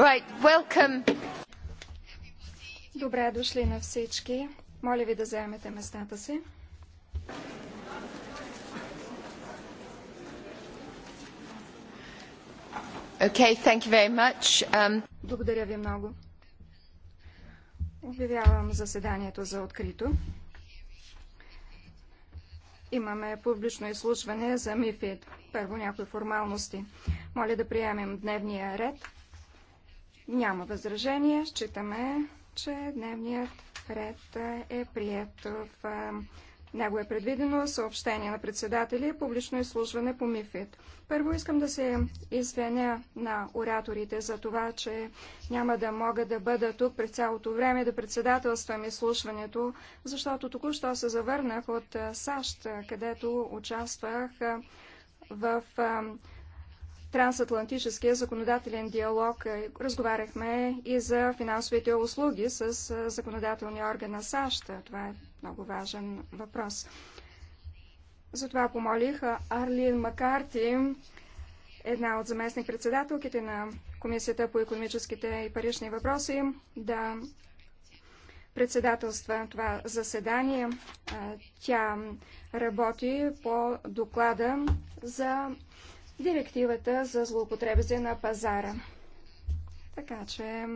Right, welcome. Добре дошли на всички. Моля ви да заемете местата си. Okay, thank you very much. Um... Благодаря ви много. Обявявам заседанието за открито. Имаме публично изслушване за МИФИД. Първо някои формалности. Моля да приемем дневния ред. Няма възражение. Считаме, че дневният ред е прият в него е предвидено съобщение на председатели и публично изслужване по МИФИД. Първо искам да се извиня на ораторите за това, че няма да мога да бъда тук през цялото време да председателствам изслушването, защото току-що се завърнах от САЩ, където участвах в трансатлантическия законодателен диалог. Е, разговаряхме и за финансовите услуги с е, законодателния орган на САЩ. Това е много важен въпрос. Затова помолих Арлин Макарти, една от заместник-председателките на Комисията по економическите и парични въпроси, да председателства това заседание. Тя работи по доклада за директивата за злоупотребите на пазара. Така че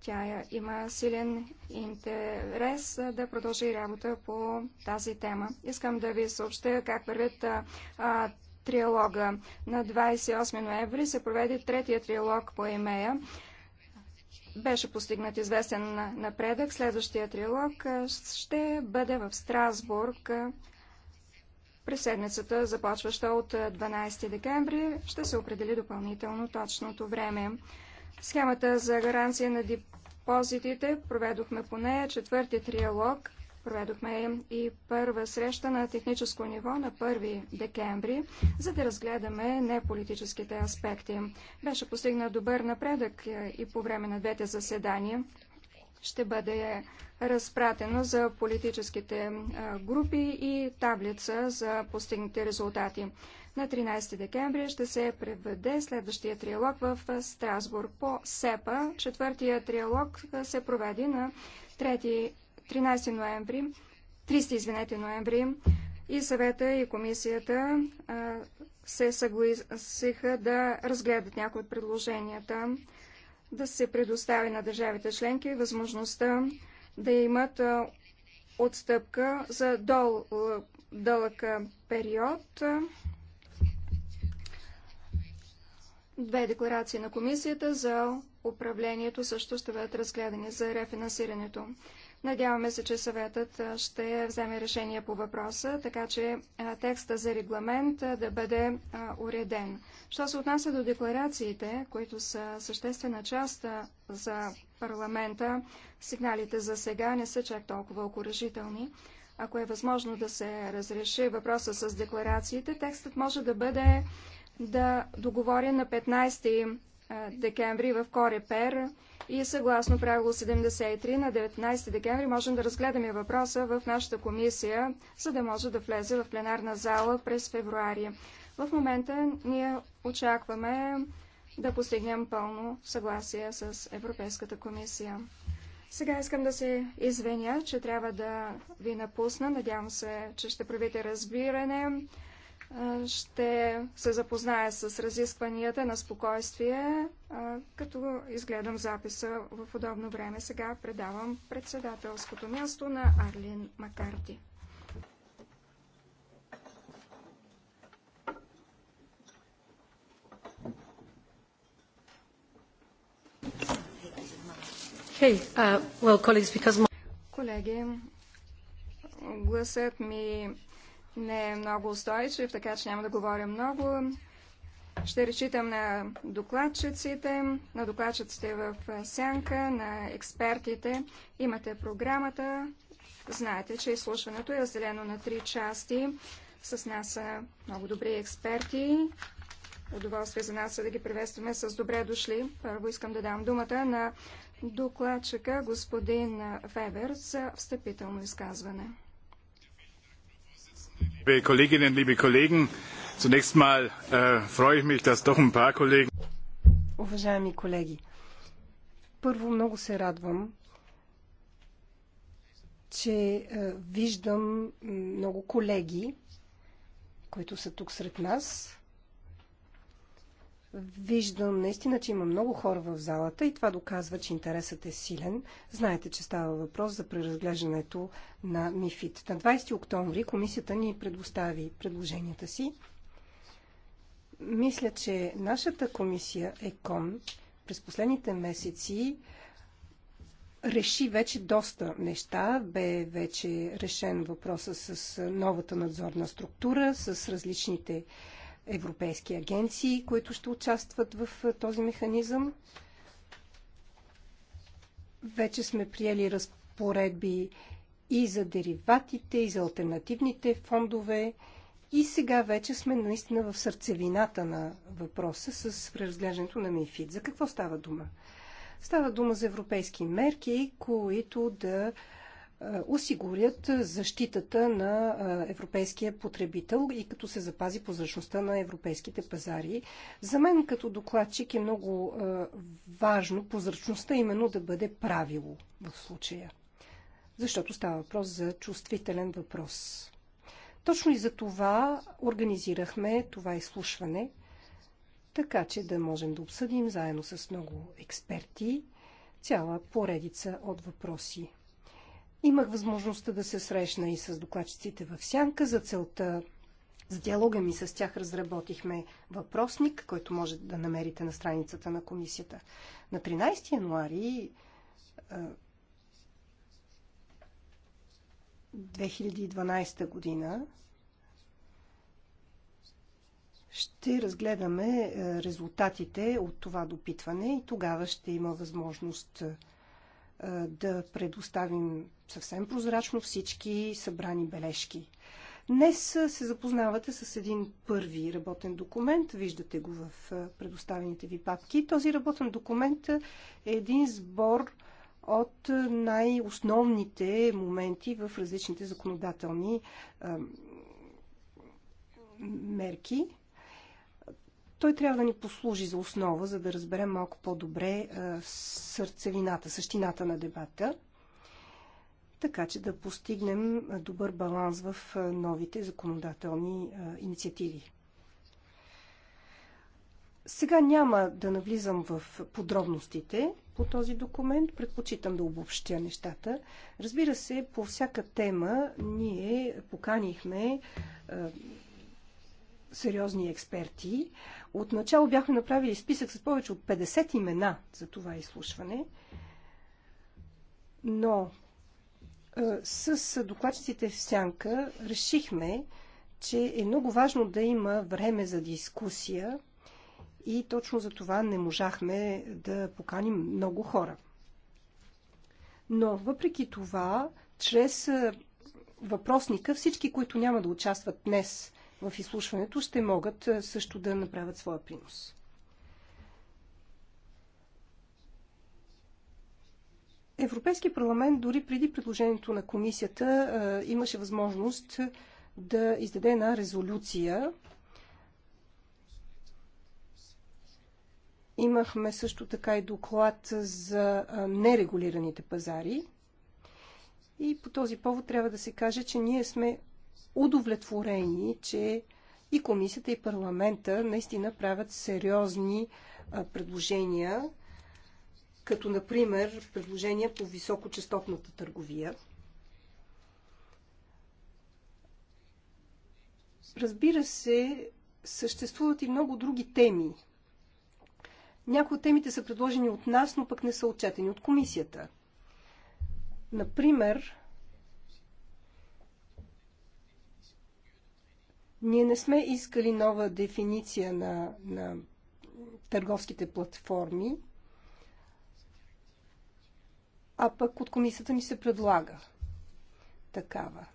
тя има силен интерес да продължи работа по тази тема. Искам да ви съобщя как вървят а, триалога. На 28 ноември се проведе третия триалог по имея. Беше постигнат известен напредък. Следващия трилог ще бъде в Страсбург през седмицата, започваща от 12 е, декември, ще се определи допълнително точното време. Схемата за гаранция на депозитите проведохме по нея четвърти триалог. Проведохме и първа среща на техническо ниво на 1 декември, за да разгледаме неполитическите аспекти. Беше постигнат добър напредък е, и по време на двете заседания ще бъде разпратено за политическите групи и таблица за постигнати резултати. На 13 декември ще се преведе следващия триалог в Страсбург по СЕПА. Четвъртия триалог се проведе на 3, 13 ноември, 30 извинете, ноември и съвета и комисията се съгласиха да разгледат някои от предложенията да се предостави на държавите членки възможността да имат отстъпка за дол, дълъг период. Две декларации на комисията за управлението също ще бъдат разгледани за рефинансирането. Надяваме се, че съветът ще вземе решение по въпроса, така че текста за регламент да бъде уреден. Що се отнася до декларациите, които са съществена част за парламента, сигналите за сега не са чак толкова окоръжителни. Ако е възможно да се разреши въпроса с декларациите, текстът може да бъде да договоря на 15 декември в Корепер. И съгласно правило 73 на 19 декември можем да разгледаме въпроса в нашата комисия, за да може да влезе в пленарна зала през февруари. В момента ние очакваме да постигнем пълно съгласие с Европейската комисия. Сега искам да се извиня, че трябва да ви напусна. Надявам се, че ще правите разбиране ще се запозная с разискванията на спокойствие, като изгледам записа в удобно време. Сега предавам председателското място на Арлин Макарти. Hey, uh, well, colleagues, because... Колеги, гласът ми не е много устойчив, така че няма да говоря много. Ще речитам на докладчиците, на докладчиците в сянка, на експертите. Имате програмата. Знаете, че изслушването е разделено на три части. С нас са много добри експерти. Удоволствие за нас е да ги приветстваме с добре дошли. Първо искам да дам думата на докладчика господин Фебер за встъпително изказване. Liebe Kolleginnen, liebe Kollegen, zunächst mal freue ich mich, dass doch ein paar Kollegen. Уважаеми колеги, първо много се радвам, че виждам много колеги, които са тук сред нас. Виждам наистина, че има много хора в залата и това доказва, че интересът е силен. Знаете, че става въпрос за преразглеждането на МИФИТ. На 20 октомври комисията ни предостави предложенията си. Мисля, че нашата комисия ЕКОН през последните месеци реши вече доста неща. Бе вече решен въпроса с новата надзорна структура, с различните европейски агенции, които ще участват в този механизъм. Вече сме приели разпоредби и за дериватите, и за альтернативните фондове. И сега вече сме наистина в сърцевината на въпроса с преразглеждането на МИФИД. За какво става дума? Става дума за европейски мерки, които да е, осигурят защитата на е, европейския потребител и като се запази позрачността на европейските пазари. За мен като докладчик е много е, важно прозрачността именно да бъде правило в случая. Защото става въпрос за чувствителен въпрос. Точно и за това организирахме това изслушване, така че да можем да обсъдим заедно с много експерти цяла поредица от въпроси. Имах възможността да се срещна и с докладчиците в Сянка. За целта, за диалога ми с тях разработихме въпросник, който може да намерите на страницата на комисията. На 13 януари 2012 година ще разгледаме резултатите от това допитване и тогава ще има възможност да предоставим съвсем прозрачно всички събрани бележки. Днес се запознавате с един първи работен документ. Виждате го в предоставените ви папки. Този работен документ е един сбор от най-основните моменти в различните законодателни мерки. Той трябва да ни послужи за основа, за да разберем малко по-добре сърцевината, същината на дебата така че да постигнем добър баланс в новите законодателни инициативи. Сега няма да навлизам в подробностите по този документ. Предпочитам да обобщя нещата. Разбира се, по всяка тема ние поканихме е, сериозни експерти. Отначало бяхме направили списък с повече от 50 имена за това изслушване. Но с докладчиците в Сянка решихме, че е много важно да има време за дискусия и точно за това не можахме да поканим много хора. Но въпреки това, чрез въпросника всички, които няма да участват днес в изслушването, ще могат също да направят своя принос. Европейския парламент дори преди предложението на комисията имаше възможност да издаде една резолюция. Имахме също така и доклад за нерегулираните пазари. И по този повод трябва да се каже, че ние сме удовлетворени, че и комисията, и парламента наистина правят сериозни предложения като например предложения по високочастотната търговия. Разбира се, съществуват и много други теми. Някои от темите са предложени от нас, но пък не са отчетени от комисията. Например, ние не сме искали нова дефиниция на, на търговските платформи, а пък от комисията ни се предлага такава.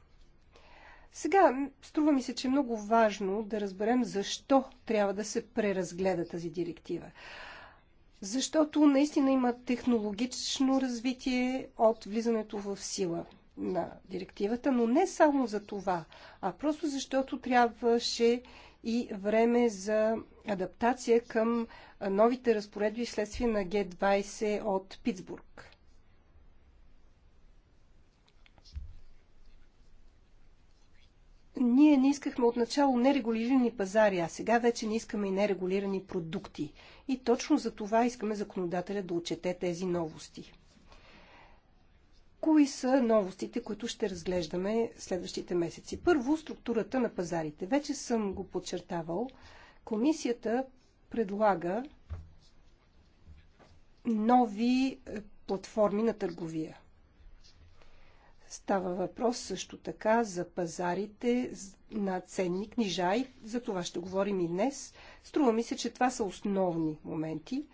Сега, струва ми се, че е много важно да разберем защо трябва да се преразгледа тази директива. Защото наистина има технологично развитие от влизането в сила на директивата, но не само за това, а просто защото трябваше и време за адаптация към новите разпоредби вследствие на Г20 от Питсбург. ние не искахме отначало нерегулирани пазари, а сега вече не искаме и нерегулирани продукти. И точно за това искаме законодателя да отчете тези новости. Кои са новостите, които ще разглеждаме следващите месеци? Първо, структурата на пазарите. Вече съм го подчертавал. Комисията предлага нови е, платформи на търговия. Става въпрос също така за пазарите на ценни книжа и за това ще говорим и днес. Струва ми се, че това са основни моменти,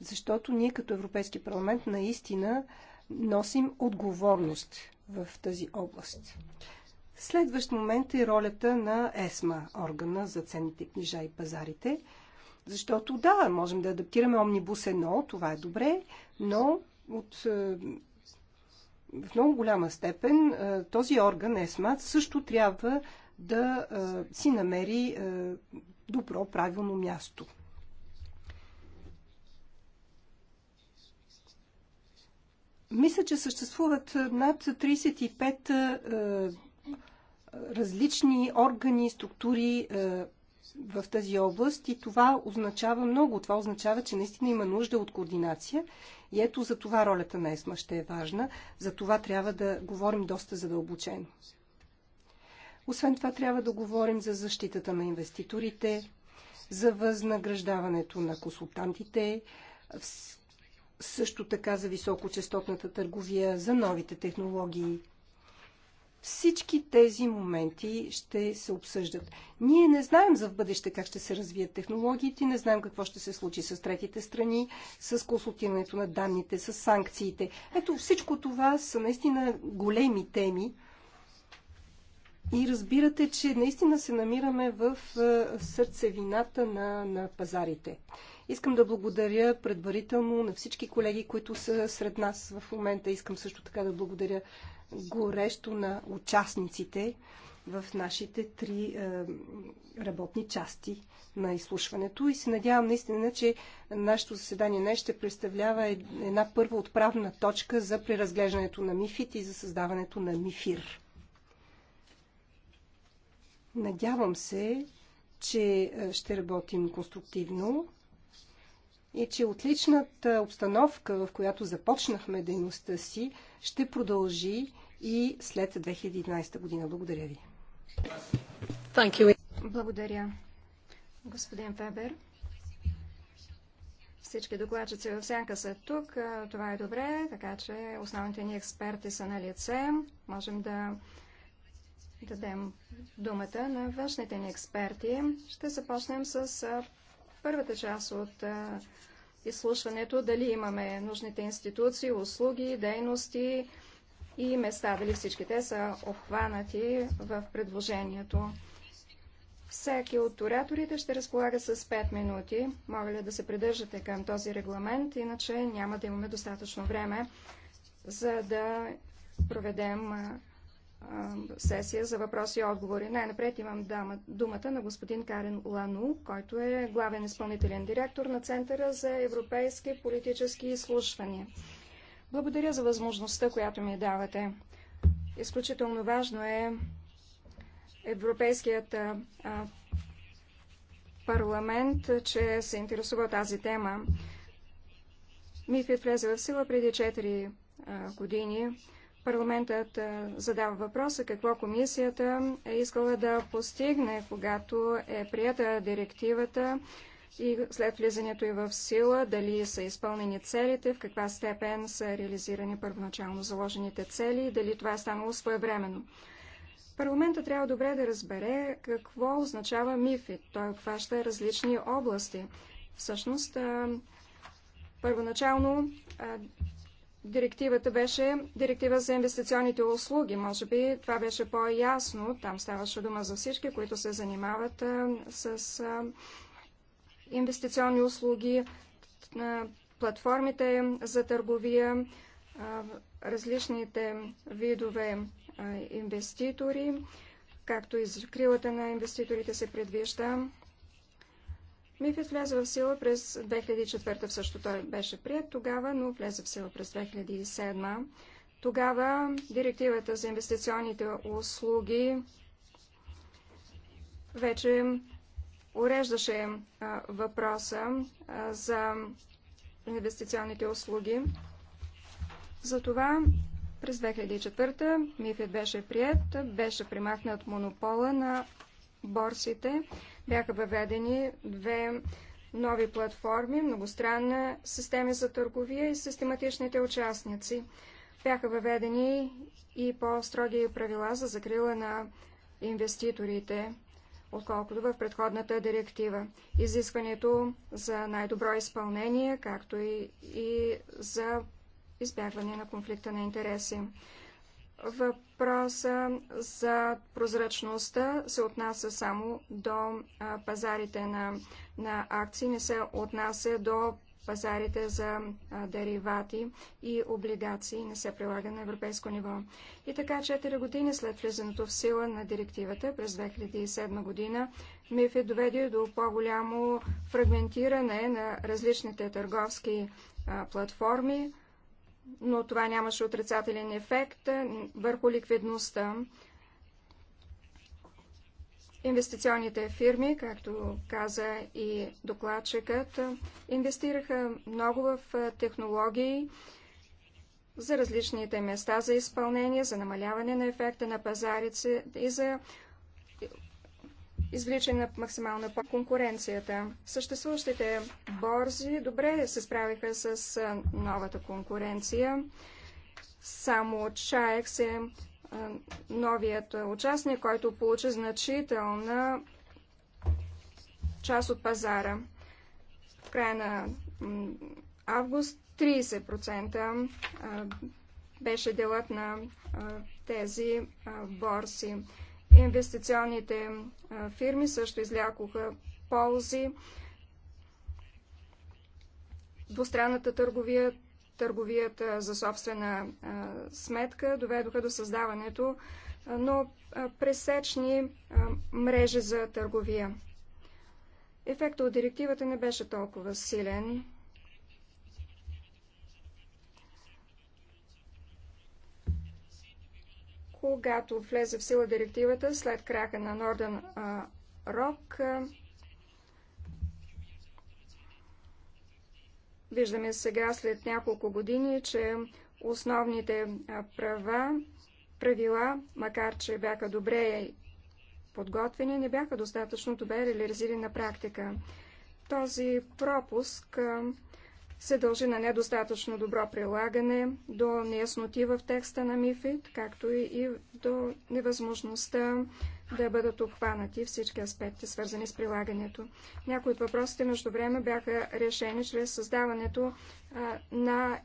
защото ние като Европейски парламент наистина носим отговорност в тази област. Следващ момент е ролята на ЕСМА, органа за ценните книжа и пазарите, защото да, можем да адаптираме Омнибус 1, това е добре, но от е, в много голяма степен е, този орган ЕСМАТ също трябва да е, си намери е, добро, правилно място. Мисля, че съществуват над 35 различни органи, структури, в тази област и това означава много. Това означава, че наистина има нужда от координация и ето за това ролята на ЕСМА ще е важна. За това трябва да говорим доста задълбочено. Освен това трябва да говорим за защитата на инвеститорите, за възнаграждаването на консултантите, също така за високочастотната търговия, за новите технологии, всички тези моменти ще се обсъждат. Ние не знаем за в бъдеще как ще се развият технологиите, не знаем какво ще се случи с третите страни, с консултирането на данните, с санкциите. Ето всичко това са наистина големи теми. И разбирате, че наистина се намираме в е, сърцевината на, на пазарите. Искам да благодаря предварително на всички колеги, които са сред нас в момента. Искам също така да благодаря горещо на участниците в нашите три е, работни части на изслушването и се надявам наистина, че нашето заседание днес ще представлява е, една първа отправна точка за преразглеждането на МИФИТ и за създаването на МИФИР. Надявам се, че е, ще работим конструктивно и че отличната обстановка, в която започнахме дейността си, ще продължи и след 2011 година. Благодаря ви. Благодаря, господин Фебер. Всички докладчици в сянка са тук. Това е добре, така че основните ни експерти са на лице. Можем да дадем думата на външните ни експерти. Ще започнем с първата част от а, изслушването, дали имаме нужните институции, услуги, дейности и места, дали всички те са обхванати в предложението. Всеки от ораторите ще разполага с 5 минути. Моля ли да се придържате към този регламент, иначе няма да имаме достатъчно време, за да проведем сесия за въпроси и отговори. Най-напред имам думата на господин Карен Лану, който е главен изпълнителен директор на Центъра за европейски политически изслушвания. Благодаря за възможността, която ми давате. Изключително важно е Европейският парламент, че се интересува тази тема. Мифит влезе в сила преди 4 години. Парламентът е, задава въпроса какво комисията е искала да постигне, когато е прията директивата и след влизането и в сила, дали са изпълнени целите, в каква степен са реализирани първоначално заложените цели и дали това е станало своевременно. Парламента трябва добре да разбере какво означава МИФИД. Той обхваща различни области. Всъщност, е, първоначално е, директивата беше директива за инвестиционните услуги. Може би това беше по-ясно. Там ставаше дума за всички, които се занимават а, с а, инвестиционни услуги, а, платформите за търговия, а, различните видове а, инвеститори, както и закрилата на инвеститорите се предвижда. Мифът е влезе в сила през 2004, също той беше прият тогава, но влезе в сила през 2007. Тогава директивата за инвестиционните услуги вече уреждаше а, въпроса а, за инвестиционните услуги. Затова през 2004 МИФИД беше прият, беше примахнат монопола на борсите. Бяха въведени две нови платформи, многостранна системи за търговия и систематичните участници. Бяха въведени и по-строги правила за закрила на инвеститорите, отколкото в предходната директива. Изискването за най-добро изпълнение, както и, и за избягване на конфликта на интереси. В въпроса за прозрачността се отнася само до пазарите на, на акции, не се отнася до пазарите за деривати и облигации, не се прилага на европейско ниво. И така, 4 години след влизането в сила на директивата през 2007 година, МИФИ е доведе до по-голямо фрагментиране на различните търговски платформи, но това нямаше отрицателен ефект върху ликвидността. Инвестиционните фирми, както каза и докладчикът, инвестираха много в технологии за различните места за изпълнение, за намаляване на ефекта на пазарите и за извличане на максимална конкуренцията. Съществуващите борзи добре се справиха с новата конкуренция. Само ЧАЕК се новият участник, който получи значителна част от пазара. В края на август 30% беше делът на тези борси. Инвестиционните фирми също излякоха ползи. Двустранната търговия, търговията за собствена сметка доведоха до създаването на пресечни мрежи за търговия. Ефектът от директивата не беше толкова силен. когато влезе в сила директивата след краха на Northern Rock. Виждаме сега, след няколко години, че основните права, правила, макар че бяха добре подготвени, не бяха достатъчно добре реализирани на практика. Този пропуск се дължи на недостатъчно добро прилагане, до неясноти в текста на МИФИД, както и до невъзможността да бъдат обхванати всички аспекти, свързани с прилагането. Някои от въпросите между време бяха решени чрез създаването а, на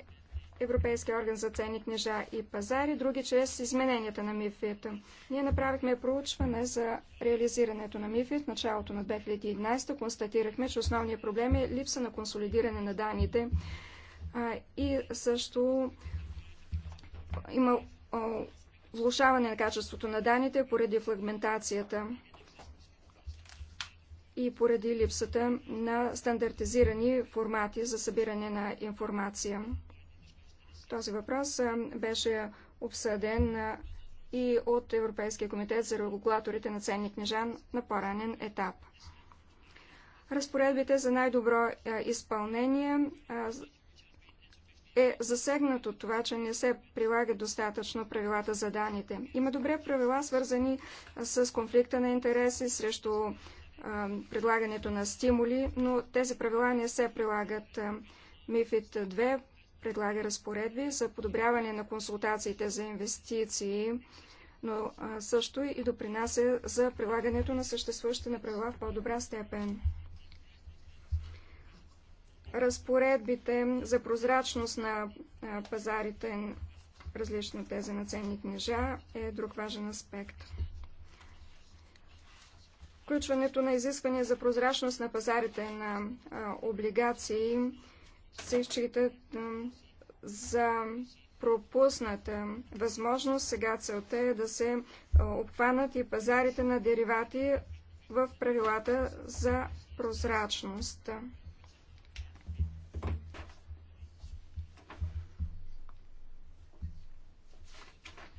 Европейския орган за ценни книжа и пазари, други чрез измененията на МИФИТ. Ние направихме проучване за реализирането на МИФИТ в началото на 2011. Констатирахме, че основният проблем е липса на консолидиране на данните а, и също има о, влушаване на качеството на данните поради флагментацията и поради липсата на стандартизирани формати за събиране на информация. Този въпрос беше обсъден и от Европейския комитет за регулаторите на ценни книжа на по-ранен етап. Разпоредбите за най-добро изпълнение е засегнато това, че не се прилагат достатъчно правилата за даните. Има добре правила, свързани с конфликта на интереси срещу предлагането на стимули, но тези правила не се прилагат. МИФИТ 2 предлага разпоредби за подобряване на консултациите за инвестиции, но също и допринася за прилагането на съществуващите правила в по-добра степен. Разпоредбите за прозрачност на пазарите, различно от тези на ценни книжа, е друг важен аспект. Включването на изисквания за прозрачност на пазарите на облигации – се считат за пропусната възможност. Сега целта е да се обхванат и пазарите на деривати в правилата за прозрачност.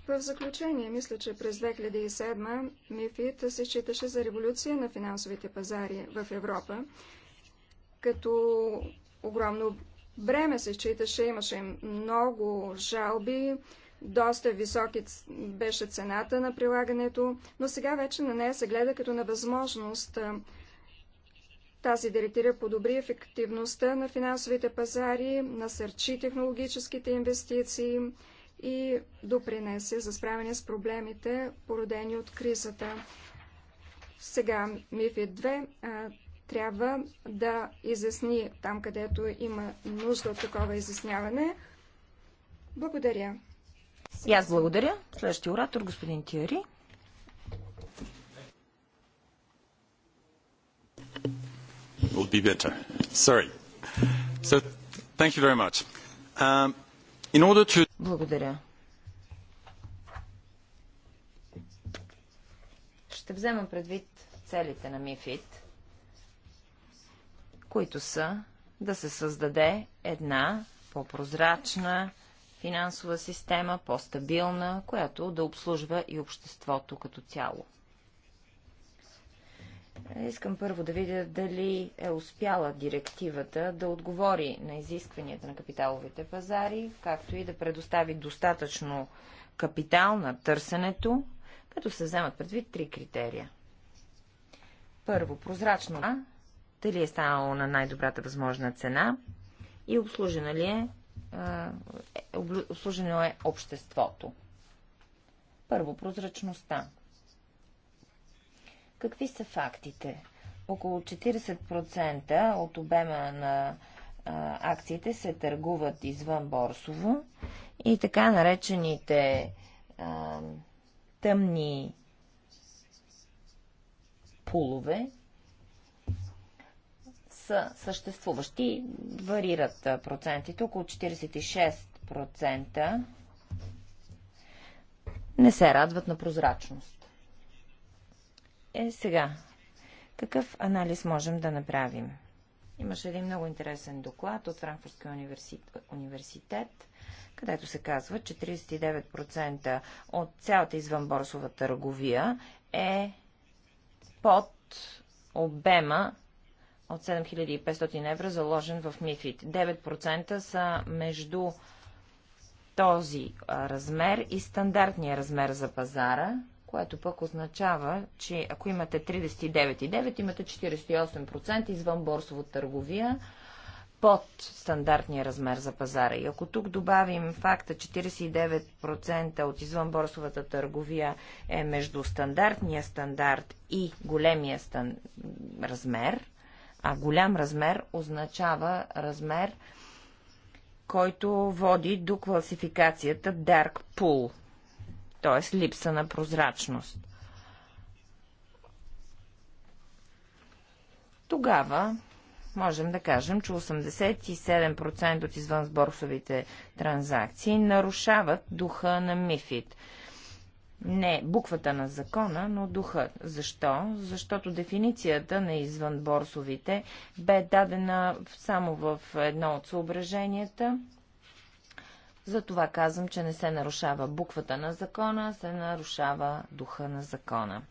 В заключение, мисля, че през 2007 МИФИТ се считаше за революция на финансовите пазари в Европа, като огромно бреме се считаше, имаше много жалби, доста високи беше цената на прилагането, но сега вече на нея се гледа като на възможност. Тази директива подобри ефективността на финансовите пазари, насърчи технологическите инвестиции и допринесе за справяне с проблемите, породени от кризата. Сега МИФИ 2 трябва да изясни там, където има нужда от такова изясняване. Благодаря. И аз благодаря. Следващия оратор, господин Тиари. Will be better. Sorry. So, thank you very much. Um, in order to... Благодаря. Ще взема предвид целите на мифит които са да се създаде една по-прозрачна финансова система, по-стабилна, която да обслужва и обществото като цяло. Искам първо да видя дали е успяла директивата да отговори на изискванията на капиталовите пазари, както и да предостави достатъчно капитал на търсенето, като се вземат предвид три критерия. Първо, прозрачно дали е станало на най-добрата възможна цена и обслужено ли е, е обслужено е обществото. Първо, прозрачността. Какви са фактите? Около 40% от обема на а, акциите се търгуват извън борсово и така наречените а, тъмни пулове са съществуващи. Варират процентите. Около 46% не се радват на прозрачност. Е, сега, какъв анализ можем да направим? Имаше един много интересен доклад от Франкфуртския университет, университет където се казва, че 39% от цялата извънборсова търговия е под обема от 7500 евро, заложен в МИФИД. 9% са между този размер и стандартния размер за пазара, което пък означава, че ако имате 39,9, имате 48% извън борсово търговия под стандартния размер за пазара. И ако тук добавим факта 49% от извънборсовата търговия е между стандартния стандарт и големия стан... размер, а голям размер означава размер, който води до класификацията Dark Pool, т.е. липса на прозрачност. Тогава можем да кажем, че 87% от извънсборсовите транзакции нарушават духа на МИФИД не буквата на закона, но духа. Защо? Защото дефиницията на извънборсовите бе дадена само в едно от съображенията. Затова казвам, че не се нарушава буквата на закона, се нарушава духа на закона.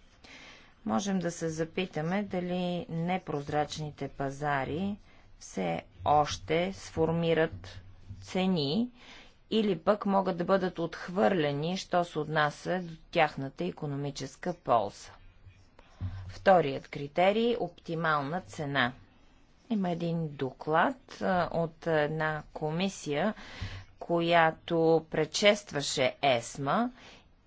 Можем да се запитаме дали непрозрачните пазари все още сформират цени или пък могат да бъдат отхвърлени, що се отнася до тяхната економическа полза. Вторият критерий – оптимална цена. Има един доклад от една комисия, която предшестваше ЕСМА.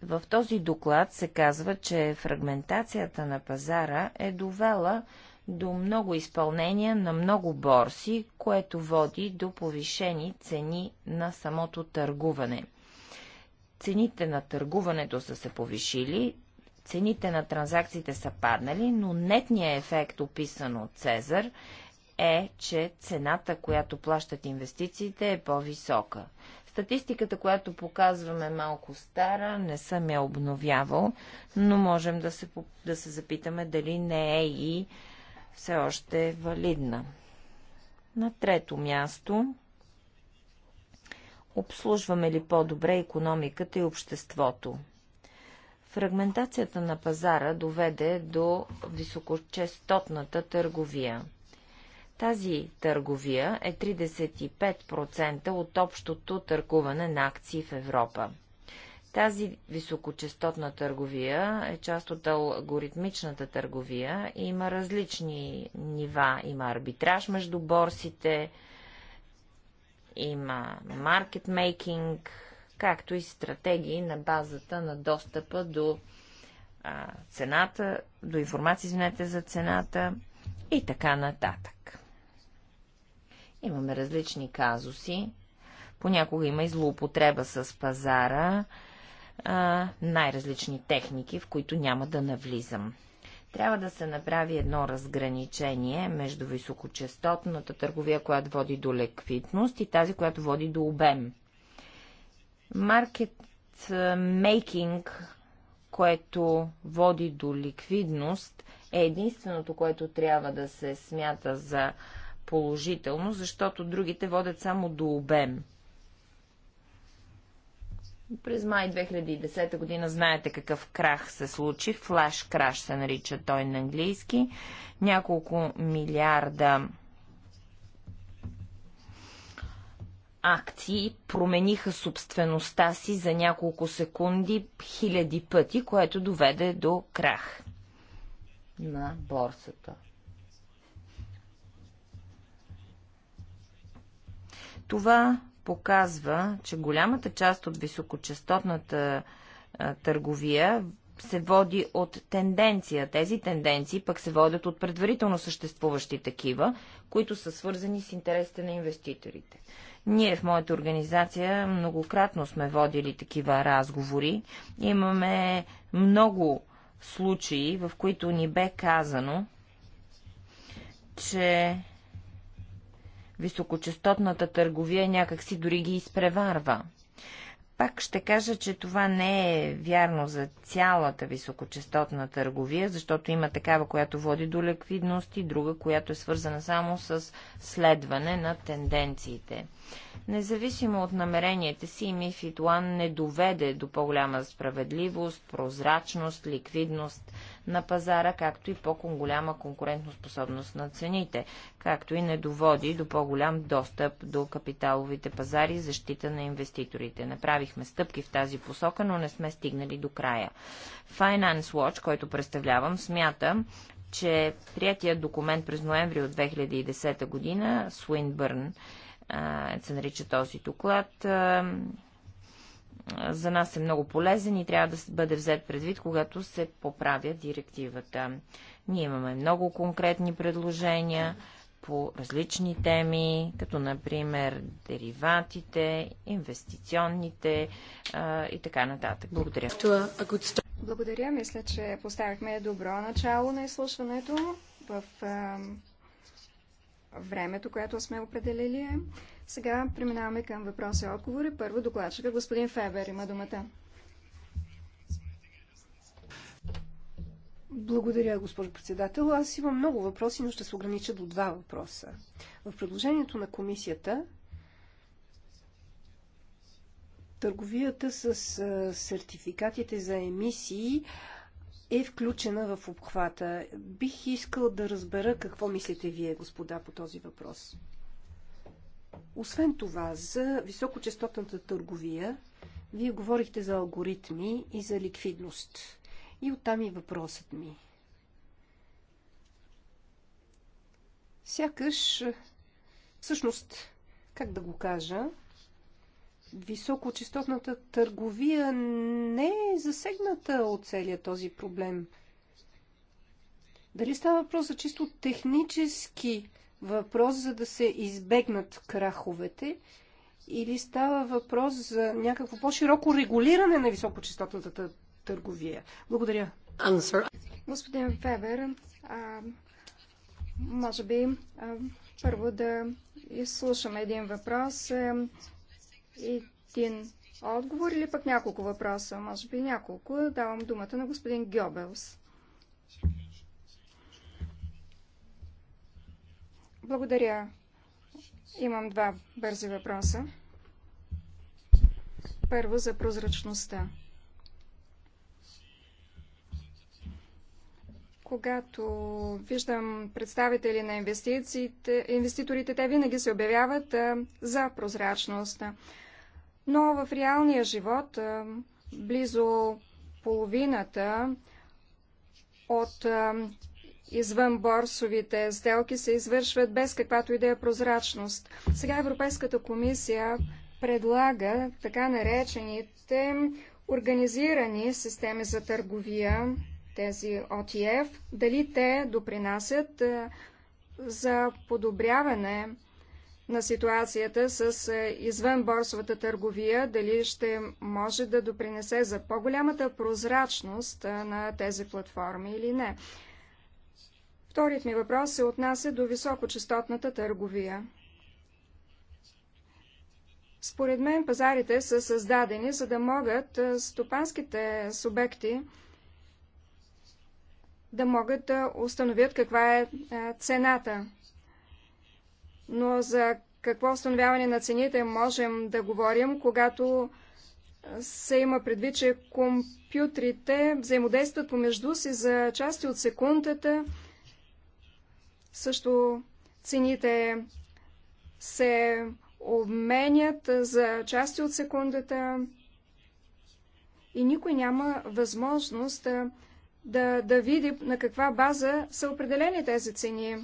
В този доклад се казва, че фрагментацията на пазара е довела до много изпълнения на много борси, което води до повишени цени на самото търгуване. Цените на търгуването са се повишили, цените на транзакциите са паднали, но нетният ефект, описан от Цезар, е, че цената, която плащат инвестициите, е по-висока. Статистиката, която показваме е малко стара, не съм я обновявал, но можем да се, да се запитаме дали не е и все още е валидна. На трето място обслужваме ли по-добре економиката и обществото? Фрагментацията на пазара доведе до високочестотната търговия. Тази търговия е 35% от общото търгуване на акции в Европа. Тази високочастотна търговия е част от алгоритмичната търговия и има различни нива. Има арбитраж между борсите, има маркетмейкинг, както и стратегии на базата на достъпа до а, цената, до информация, извинете, за цената и така нататък. Имаме различни казуси. Понякога има и злоупотреба с пазара най-различни техники, в които няма да навлизам. Трябва да се направи едно разграничение между високочастотната търговия, която води до ликвидност и тази, която води до обем. Маркет мейкинг, което води до ликвидност, е единственото, което трябва да се смята за положително, защото другите водят само до обем. През май 2010 година знаете какъв крах се случи. Флаш краш се нарича той на английски. Няколко милиарда акции промениха собствеността си за няколко секунди хиляди пъти, което доведе до крах на борсата. Това показва, че голямата част от високочастотната търговия се води от тенденция. Тези тенденции пък се водят от предварително съществуващи такива, които са свързани с интересите на инвеститорите. Ние в моята организация многократно сме водили такива разговори. Имаме много случаи, в които ни бе казано, че високочастотната търговия някакси дори ги изпреварва. Пак ще кажа, че това не е вярно за цялата високочастотна търговия, защото има такава, която води до ликвидност и друга, която е свързана само с следване на тенденциите. Независимо от намеренията си, Мифид Лан не доведе до по-голяма справедливост, прозрачност, ликвидност на пазара, както и по-голяма конкурентоспособност на цените, както и не доводи до по-голям достъп до капиталовите пазари и защита на инвеститорите. Направихме стъпки в тази посока, но не сме стигнали до края. Finance Watch, който представлявам, смята, че приятият документ през ноември от 2010 година, Swinburne, се нарича този доклад, за нас е много полезен и трябва да бъде взет предвид, когато се поправя директивата. Ние имаме много конкретни предложения по различни теми, като например дериватите, инвестиционните а, и така нататък. Благодаря. Благодаря. Мисля, че поставихме добро начало на изслушването в а, времето, което сме определили. Е. Сега преминаваме към въпроси и отговори. Първо докладчика господин Фебер има думата. Благодаря, госпожо председател. Аз имам много въпроси, но ще се огранича до два въпроса. В предложението на комисията търговията с сертификатите за емисии е включена в обхвата. Бих искал да разбера какво мислите вие, господа, по този въпрос. Освен това, за високочастотната търговия, вие говорихте за алгоритми и за ликвидност. И оттам и въпросът ми. Сякаш, всъщност, как да го кажа, високочастотната търговия не е засегната от целият този проблем. Дали става въпрос за чисто технически въпрос, за да се избегнат краховете, или става въпрос за някакво по-широко регулиране на високочастотната търговия? Благодаря. Answer. Господин Февер, а, може би а, първо да изслушаме един въпрос. А, е, един отговор или пък няколко въпроса, може би няколко. Давам думата на господин Гьобелс. Благодаря. Имам два бързи въпроса. Първо за прозрачността. Когато виждам представители на инвестициите, инвеститорите, те винаги се обявяват а, за прозрачност. Но в реалния живот близо половината от извънборсовите сделки се извършват без каквато и да е прозрачност. Сега Европейската комисия предлага така наречените организирани системи за търговия, тези ОТФ, дали те допринасят за подобряване на ситуацията с е, извънборсовата търговия, дали ще може да допринесе за по-голямата прозрачност е, на тези платформи или не. Вторият ми въпрос се отнася до високочастотната търговия. Според мен пазарите са създадени, за да могат е, стопанските субекти да могат да установят каква е цената но за какво установяване на цените можем да говорим, когато се има предвид, че компютрите взаимодействат помежду си за части от секундата. Също цените се обменят за части от секундата и никой няма възможност да, да види на каква база са определени тези цени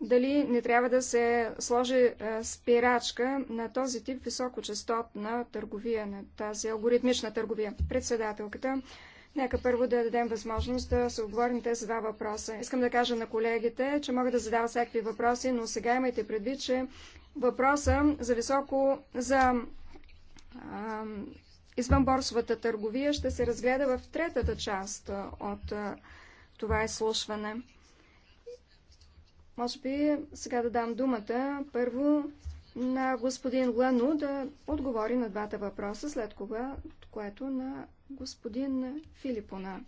дали не трябва да се сложи спирачка на този тип високочастотна търговия, на тази алгоритмична търговия. Председателката, нека първо да дадем възможност да се отговорим тези два въпроса. Искам да кажа на колегите, че могат да задават всякакви въпроси, но сега имайте предвид, че въпроса за високо, за извънборсовата търговия ще се разгледа в третата част от това изслушване. Може би сега да дам думата първо на господин Лану да отговори на двата въпроса, след кога, което на господин Филипона.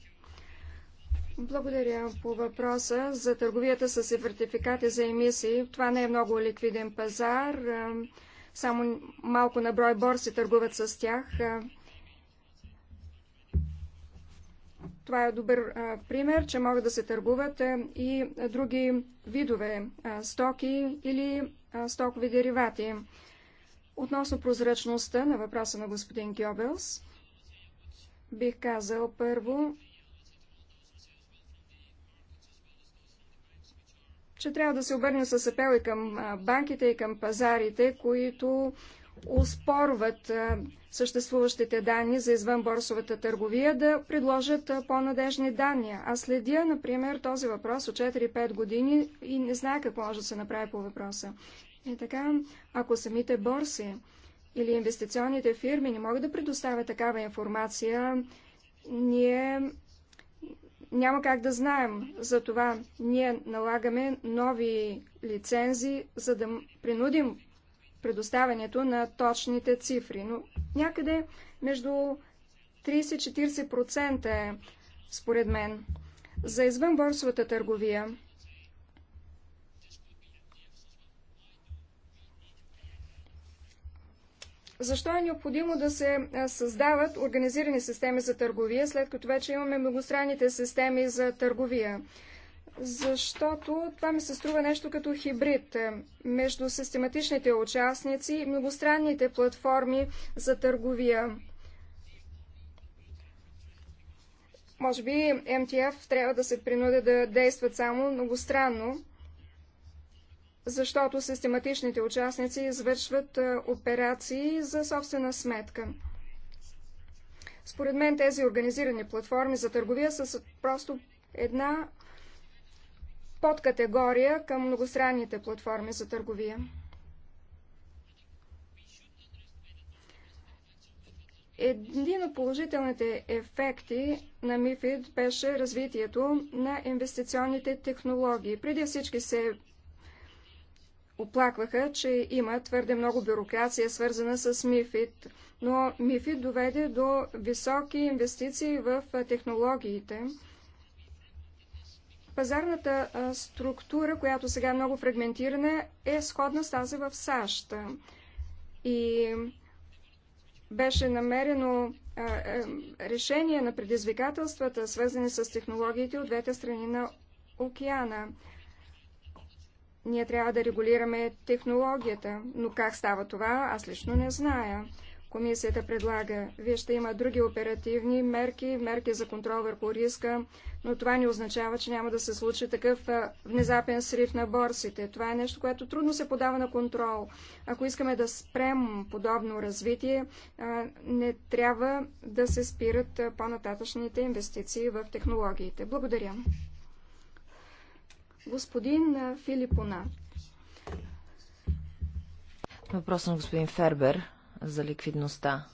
Благодаря по въпроса за търговията с сертификати за емисии. Това не е много ликвиден пазар. Само малко на брой борси търгуват с тях. Това е добър а, пример, че могат да се търгуват а, и други видове а, стоки или а, стокови деривати. Относно прозрачността на въпроса на господин Гьобелс, бих казал първо, че трябва да се обърнем с апел и към банките, и към пазарите, които успорват съществуващите данни за извънборсовата търговия, да предложат по-надежни данни. Аз следя, например, този въпрос от 4-5 години и не знае какво може да се направи по въпроса. И така, ако самите борси или инвестиционните фирми не могат да предоставят такава информация, ние няма как да знаем. Затова ние налагаме нови лицензи, за да принудим предоставянето на точните цифри, но някъде между 30-40% е, според мен, за извънборсовата търговия. Защо е необходимо да се създават организирани системи за търговия, след като вече имаме многостранните системи за търговия? защото това ми се струва нещо като хибрид е, между систематичните участници и многостранните платформи за търговия. Може би МТФ трябва да се принуди да действат само многостранно, защото систематичните участници извършват е, операции за собствена сметка. Според мен тези организирани платформи за търговия са просто една подкатегория към многостранните платформи за търговия. Един от положителните ефекти на МИФИД беше развитието на инвестиционните технологии. Преди всички се оплакваха, че има твърде много бюрокрация, свързана с МИФИД, но МИФИД доведе до високи инвестиции в технологиите – Пазарната структура, която сега е много фрагментирана, е сходна с тази в САЩ. И беше намерено е, решение на предизвикателствата, свързани с технологиите от двете страни на океана. Ние трябва да регулираме технологията, но как става това, аз лично не зная комисията предлага. Вие ще има други оперативни мерки, мерки за контрол върху риска, но това не означава, че няма да се случи такъв внезапен срив на борсите. Това е нещо, което трудно се подава на контрол. Ако искаме да спрем подобно развитие, не трябва да се спират по-нататъчните инвестиции в технологиите. Благодаря. Господин Филипона. Въпрос на господин Фербер за ликвидността.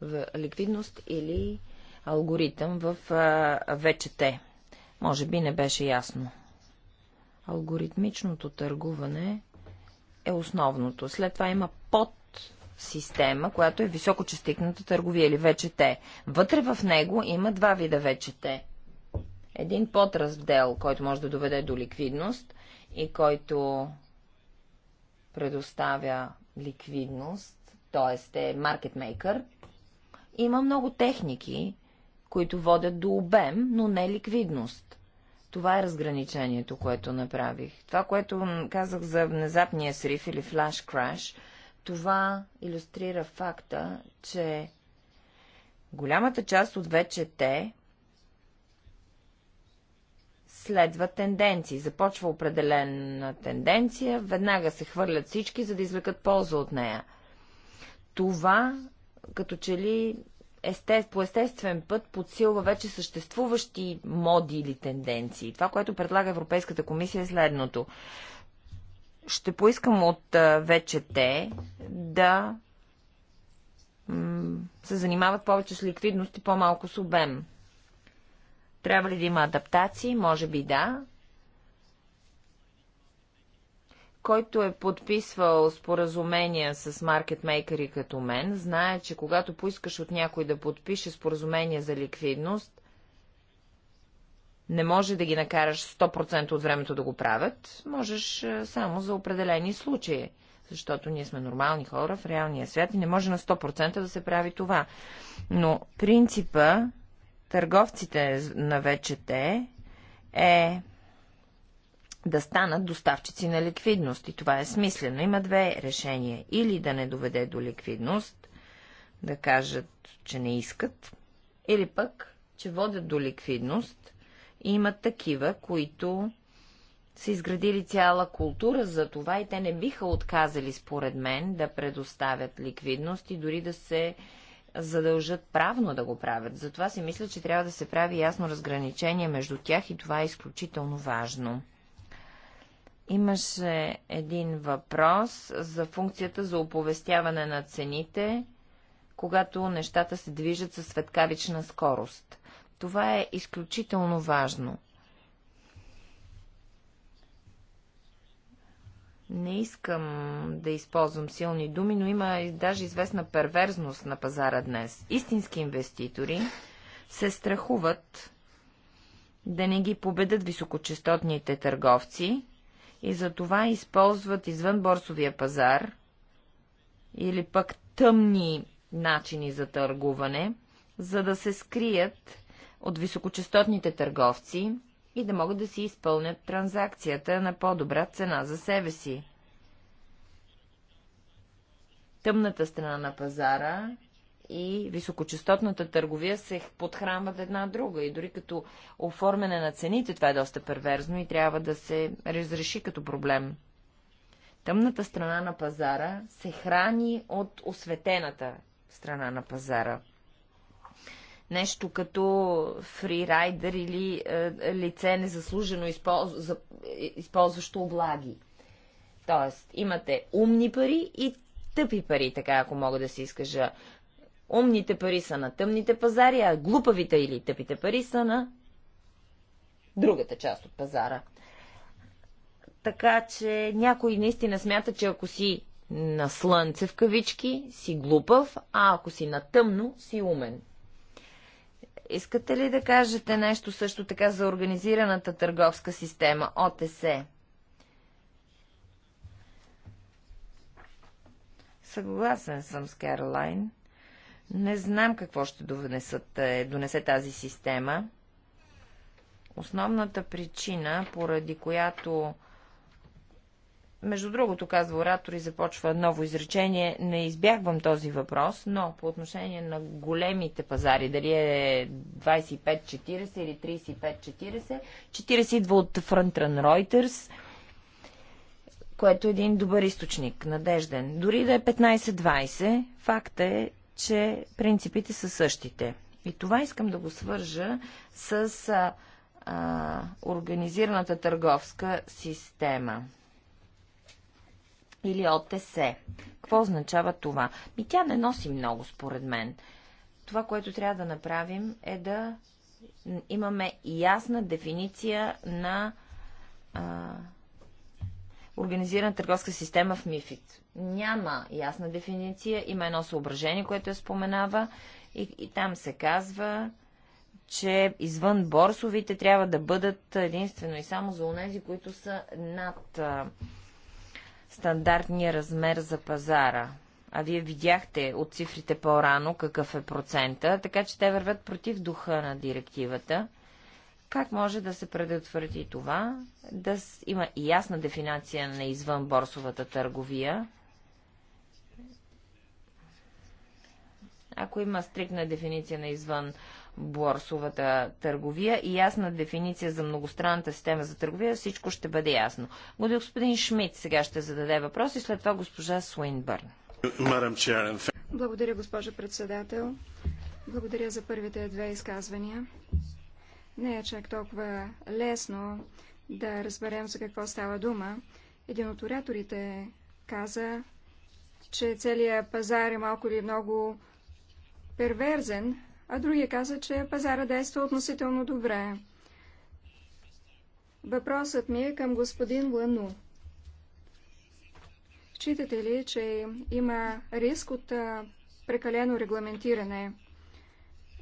В ликвидност или алгоритъм в ВЧТ. Може би не беше ясно. Алгоритмичното търгуване е основното. След това има под система, която е високочастикната търговия или ВЧТ. Вътре в него има два вида ВЧТ. Един подраздел, който може да доведе до ликвидност и който предоставя ликвидност, т.е. е маркетмейкър, има много техники, които водят до обем, но не ликвидност. Това е разграничението, което направих. Това, което казах за внезапния срив или флаш краш, това иллюстрира факта, че голямата част от вече те следва тенденции. Започва определена тенденция, веднага се хвърлят всички, за да извлекат полза от нея. Това, като че ли есте, по естествен път подсилва вече съществуващи моди или тенденции. Това, което предлага Европейската комисия е следното. Ще поискам от вече те да се занимават повече с ликвидност и по-малко с обем. Трябва ли да има адаптации? Може би да. Който е подписвал споразумения с маркетмейкери като мен, знае, че когато поискаш от някой да подпише споразумение за ликвидност, не може да ги накараш 100% от времето да го правят, можеш е, само за определени случаи, защото ние сме нормални хора в реалния свят и не може на 100% да се прави това. Но принципа търговците на ВЧТ е да станат доставчици на ликвидност. И това е смислено. Има две решения. Или да не доведе до ликвидност, да кажат, че не искат, или пък, че водят до ликвидност и имат такива, които са изградили цяла култура за това и те не биха отказали, според мен, да предоставят ликвидност и дори да се задължат правно да го правят. Затова си мисля, че трябва да се прави ясно разграничение между тях и това е изключително важно. Имаше един въпрос за функцията за оповестяване на цените, когато нещата се движат със светкавична скорост. Това е изключително важно. Не искам да използвам силни думи, но има даже известна перверзност на пазара днес. Истински инвеститори се страхуват да не ги победат високочастотните търговци и затова използват извън борсовия пазар или пък тъмни начини за търгуване, за да се скрият от високочастотните търговци и да могат да си изпълнят транзакцията на по-добра цена за себе си. Тъмната страна на пазара и високочастотната търговия се подхранват една друга. И дори като оформяне на цените, това е доста перверзно и трябва да се разреши като проблем. Тъмната страна на пазара се храни от осветената страна на пазара – нещо като фрирайдер или е, лице незаслужено използ... за... използващо облаги. Тоест, имате умни пари и тъпи пари, така ако мога да се изкажа. Умните пари са на тъмните пазари, а глупавите или тъпите пари са на другата част от пазара. Така че някой наистина смята, че ако си на слънце в кавички, си глупав, а ако си на тъмно, си умен. Искате ли да кажете нещо също така за организираната търговска система ОТС? Съгласен съм с Керолайн. Не знам какво ще донесат, е, донесе тази система. Основната причина, поради която между другото, казва оратор и започва ново изречение, не избягвам този въпрос, но по отношение на големите пазари, дали е 25-40 или 35-40, 40 идва от Фронтран Reuters, което е един добър източник, надежден. Дори да е 15-20, факта е, че принципите са същите. И това искам да го свържа с а, а, организираната търговска система или ОТС. Какво означава това? Ми тя не носи много, според мен. Това, което трябва да направим е да имаме ясна дефиниция на а, организирана търговска система в МИФИД. Няма ясна дефиниция, има едно съображение, което я споменава и, и там се казва, че извън борсовите трябва да бъдат единствено и само за унези, които са над стандартния размер за пазара. А вие видяхте от цифрите по-рано какъв е процента, така че те вървят против духа на директивата. Как може да се предотврати това? Да има и ясна дефинация на извън борсовата търговия. Ако има стрикна дефиниция на извън борсовата търговия и ясна дефиниция за многостранната система за търговия, всичко ще бъде ясно. Господин Шмидт сега ще зададе въпрос и след това госпожа Суинбърн. Благодаря, госпожа председател. Благодаря за първите две изказвания. Не е чак толкова лесно да разберем за какво става дума. Един от ораторите каза, че целият пазар е малко или много перверзен, а другия каза, че пазара действа относително добре. Въпросът ми е към господин Лану. Считате ли, че има риск от прекалено регламентиране?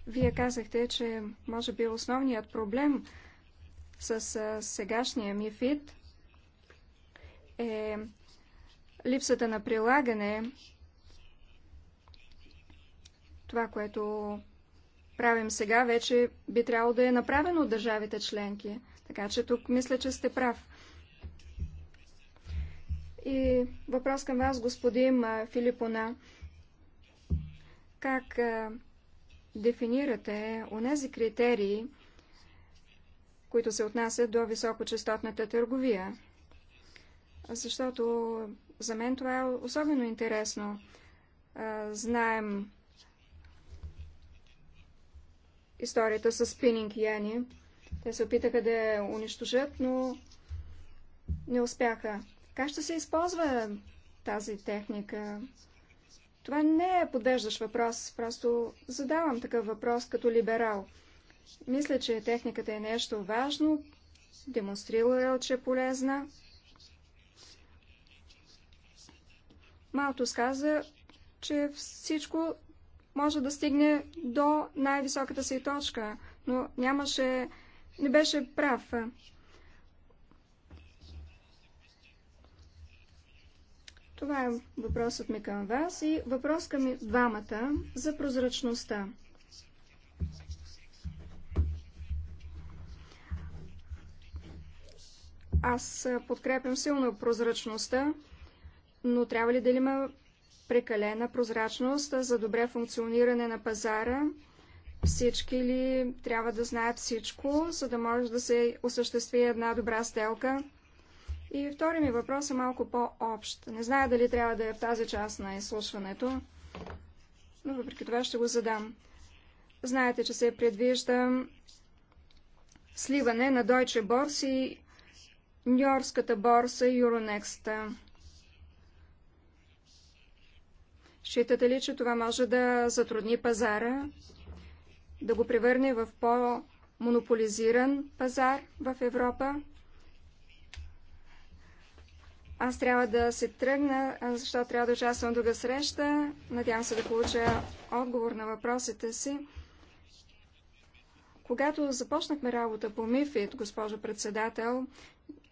Вие казахте, че може би основният проблем с сегашния МИФИД е липсата на прилагане, това, което правим сега, вече би трябвало да е направено от държавите членки. Така че тук мисля, че сте прав. И въпрос към вас, господин Филипона. Как дефинирате онези критерии, които се отнасят до високочастотната търговия? Защото за мен това е особено интересно. Знаем историята с и Яни. Те се опитаха да я унищожат, но не успяха. Как ще се използва тази техника? Това не е подвеждащ въпрос, просто задавам такъв въпрос като либерал. Мисля, че техниката е нещо важно, демонстрира, е, че е полезна. Малтус каза, че всичко може да стигне до най-високата си точка, но нямаше, не беше прав. Това е въпросът ми към вас и въпрос към двамата за прозрачността. Аз подкрепям силно прозрачността, но трябва ли да има прекалена прозрачност за добре функциониране на пазара. Всички ли трябва да знаят всичко, за да може да се осъществи една добра сделка? И втори ми въпрос е малко по-общ. Не зная дали трябва да е в тази част на изслушването, но въпреки това ще го задам. Знаете, че се предвижда сливане на Deutsche Börse и Нью-Йоркската борса Euronext. Считате ли, че това може да затрудни пазара, да го превърне в по-монополизиран пазар в Европа? Аз трябва да се тръгна, защото трябва да участвам в друга среща. Надявам се да получа отговор на въпросите си. Когато започнахме работа по МИФИД, госпожо председател,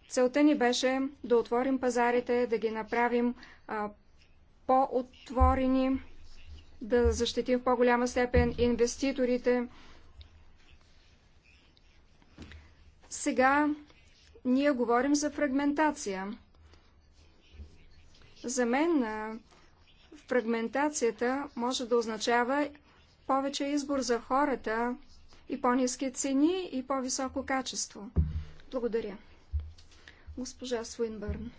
целта ни беше да отворим пазарите, да ги направим по-отворени, да защитим в по-голяма степен инвеститорите. Сега ние говорим за фрагментация. За мен фрагментацията може да означава повече избор за хората и по-низки цени и по-високо качество. Благодаря. Госпожа Суинбърн.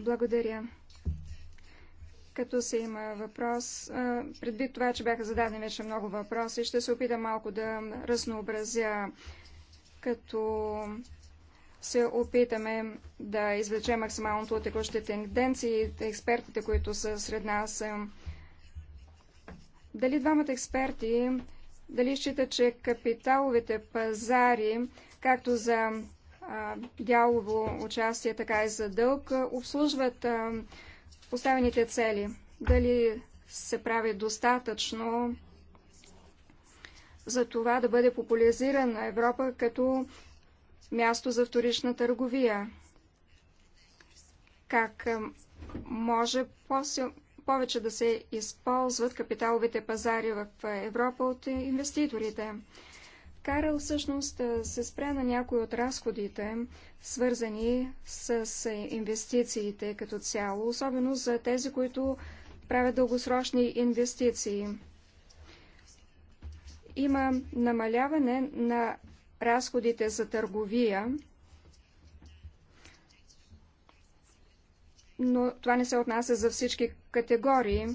Благодаря. Като се има въпрос, предвид това, че бяха зададени вече много въпроси, ще се опитам малко да разнообразя, като се опитаме да извлечем максималното от текущите тенденции. Експертите, които са сред нас, дали двамата експерти, дали считат, че капиталовите пазари, както за дялово участие, така и за дълг, обслужват поставените цели. Дали се прави достатъчно за това да бъде популяризирана Европа като място за вторична търговия? Как може повече да се използват капиталовите пазари в Европа от инвеститорите? Карал всъщност се спря на някои от разходите, свързани с инвестициите като цяло, особено за тези, които правят дългосрочни инвестиции. Има намаляване на разходите за търговия, но това не се отнася за всички категории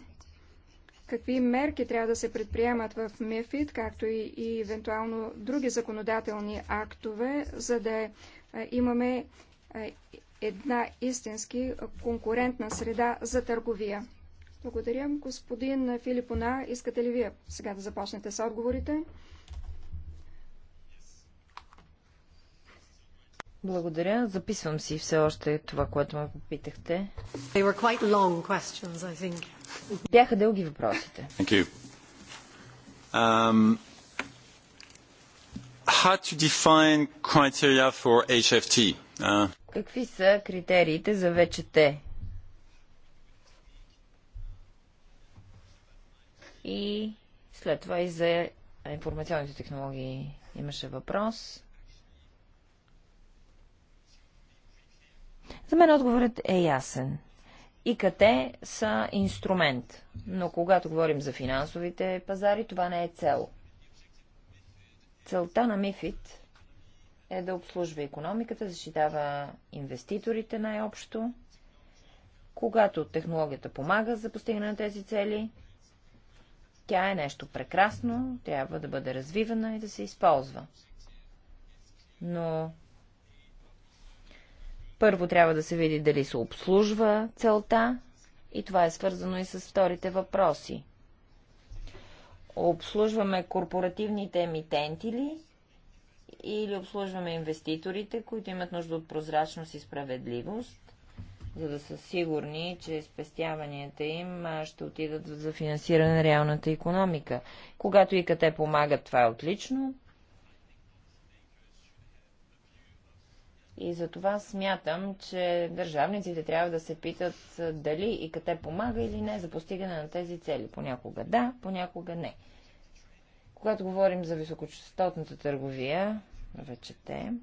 какви мерки трябва да се предприемат в МЕФИД, както и, и евентуално други законодателни актове, за да е, имаме е, една истински конкурентна среда за търговия. Благодаря. Господин Филипона, искате ли вие сега да започнете с отговорите? Благодаря. Записвам си все още това, което ме попитахте. Бяха дълги въпросите. Um, how to define criteria for HFT? Uh... Какви са критериите за ВЧТ? И след това и за информационните технологии имаше въпрос. За мен отговорът е ясен. ИКТ са инструмент, но когато говорим за финансовите пазари, това не е цел. Целта на Мифит е да обслужва економиката, защитава инвеститорите най-общо. Когато технологията помага за постигане на тези цели, тя е нещо прекрасно, трябва да бъде развивана и да се използва. Но първо трябва да се види дали се обслужва целта и това е свързано и с вторите въпроси. Обслужваме корпоративните емитенти ли или обслужваме инвеститорите, които имат нужда от прозрачност и справедливост, за да са сигурни, че спестяванията им ще отидат за финансиране на реалната економика. Когато ИКТ помагат, това е отлично. И затова смятам, че държавниците трябва да се питат дали и къде помага или не за постигане на тези цели. Понякога да, понякога не. Когато говорим за високочастотната търговия, вече те,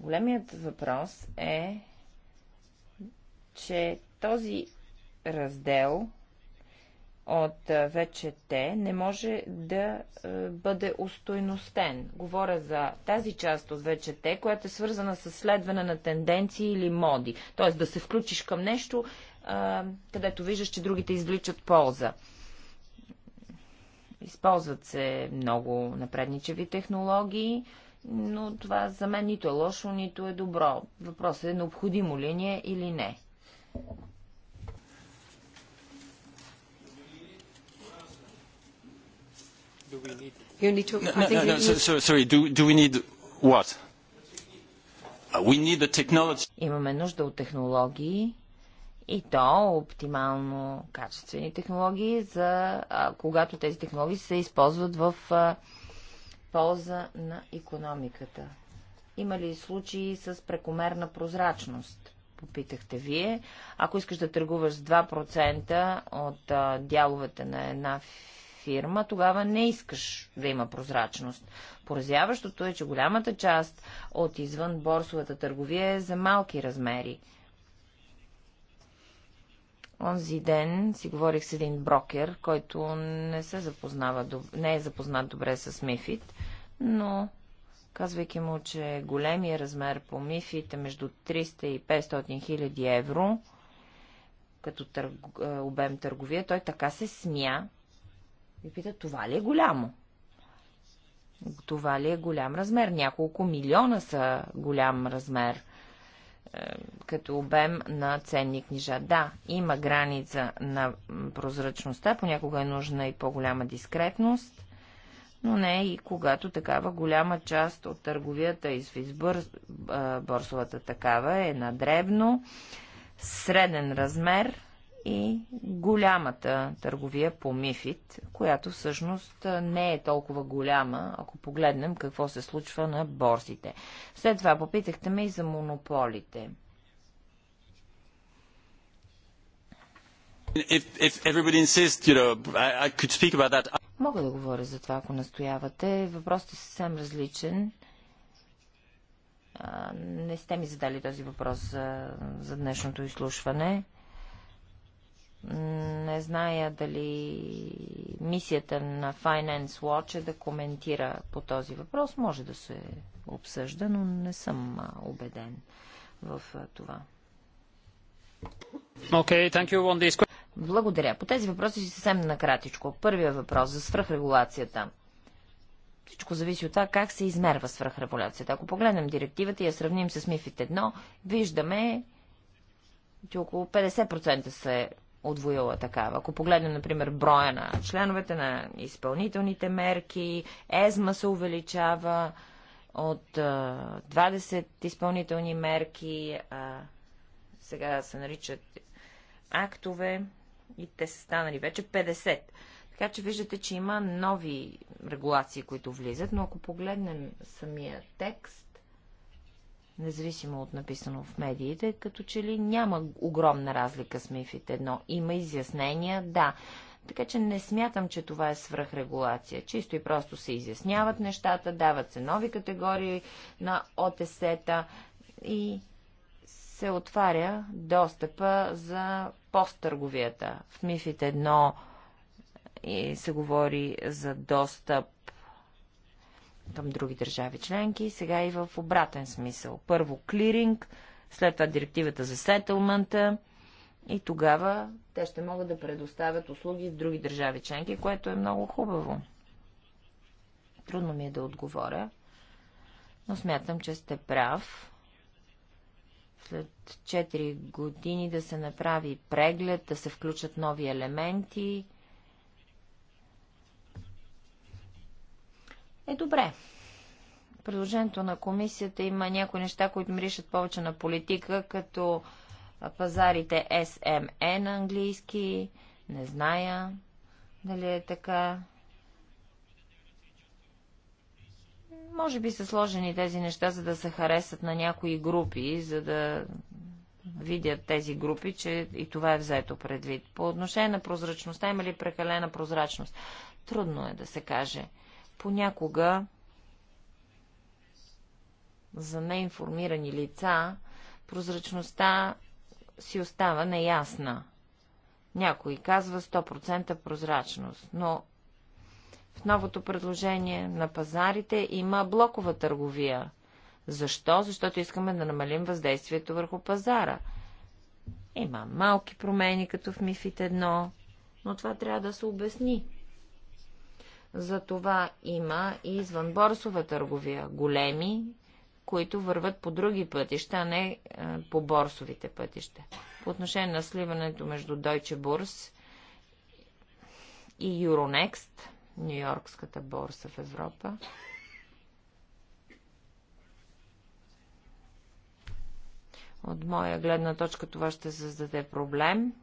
големият въпрос е, че този раздел от те не може да бъде устойностен. Говоря за тази част от те, която е свързана с следване на тенденции или моди. Т.е. да се включиш към нещо, където виждаш, че другите извличат полза. Използват се много напредничеви технологии, но това за мен нито е лошо, нито е добро. Въпросът е необходимо ли ни е или не. do we need? You need to. No, I think no, no. So, so, sorry. Do, do we need what? Uh, we need the technology. Имаме нужда от технологии и то оптимално качествени технологии, за, а, когато тези технологии се използват в а, полза на економиката. Има ли случаи с прекомерна прозрачност? Попитахте вие. Ако искаш да търгуваш с 2% от а, дяловете на една фирма, тогава не искаш да има прозрачност. Поразяващото е, че голямата част от извън борсовата търговия е за малки размери. Онзи ден си говорих с един брокер, който не, се запознава, не е запознат добре с Мифит, но казвайки му, че големия размер по Мифит е между 300 и 500 хиляди евро, като търг, е, обем търговия, той така се смя, и питат, това ли е голямо? Това ли е голям размер? Няколко милиона са голям размер е, като обем на ценни книжа. Да, има граница на прозрачността, понякога е нужна и по-голяма дискретност, но не и когато такава голяма част от търговията и с е, борсовата такава е на дребно, среден размер и голямата търговия по МИФИТ, която всъщност не е толкова голяма, ако погледнем какво се случва на борсите. След това попитахте ме и за монополите. If, if insists, you know, I, I Мога да говоря за това, ако настоявате. Въпросът е съвсем различен. не сте ми задали този въпрос за, за днешното изслушване. Не зная дали мисията на Finance Watch е да коментира по този въпрос. Може да се обсъжда, но не съм убеден в това. Okay, thank you on this... Благодаря. По тези въпроси ще съвсем накратичко. Първия въпрос за свръхрегулацията. Всичко зависи от това как се измерва свръхрегуляцията. Ако погледнем директивата и я сравним с МИФИТ 1, виждаме, че около 50% се отвоила такава. Ако погледнем, например, броя на членовете на изпълнителните мерки, ЕЗМА се увеличава от а, 20 изпълнителни мерки, а, сега се наричат актове и те са станали вече 50. Така че виждате, че има нови регулации, които влизат, но ако погледнем самия текст, независимо от написано в медиите, като че ли няма огромна разлика с МИФИТ 1. Има изяснения, да. Така че не смятам, че това е свръхрегулация. Чисто и просто се изясняват нещата, дават се нови категории на ОТС-та и се отваря достъпа за посттърговията. В МИФИТ 1 се говори за достъп към други държави членки, сега и в обратен смисъл. Първо клиринг, след това директивата за сетълмента и тогава те ще могат да предоставят услуги в други държави членки, което е много хубаво. Трудно ми е да отговоря, но смятам, че сте прав. След 4 години да се направи преглед, да се включат нови елементи, е добре. Предложението на комисията има някои неща, които миришат повече на политика, като пазарите SME на английски, не зная дали е така. Може би са сложени тези неща, за да се харесат на някои групи, за да видят тези групи, че и това е взето предвид. По отношение на прозрачността, има ли прекалена прозрачност? Трудно е да се каже. Понякога за неинформирани лица прозрачността си остава неясна. Някой казва 100% прозрачност, но в новото предложение на пазарите има блокова търговия. Защо? Защото искаме да намалим въздействието върху пазара. Има малки промени, като в Мифит 1, но това трябва да се обясни. За това има и извън борсова търговия, големи, които върват по други пътища, а не е, по борсовите пътища. По отношение на сливането между Deutsche Burs и Euronext, Нью-Йоркската борса в Европа, от моя гледна точка това ще създаде проблем –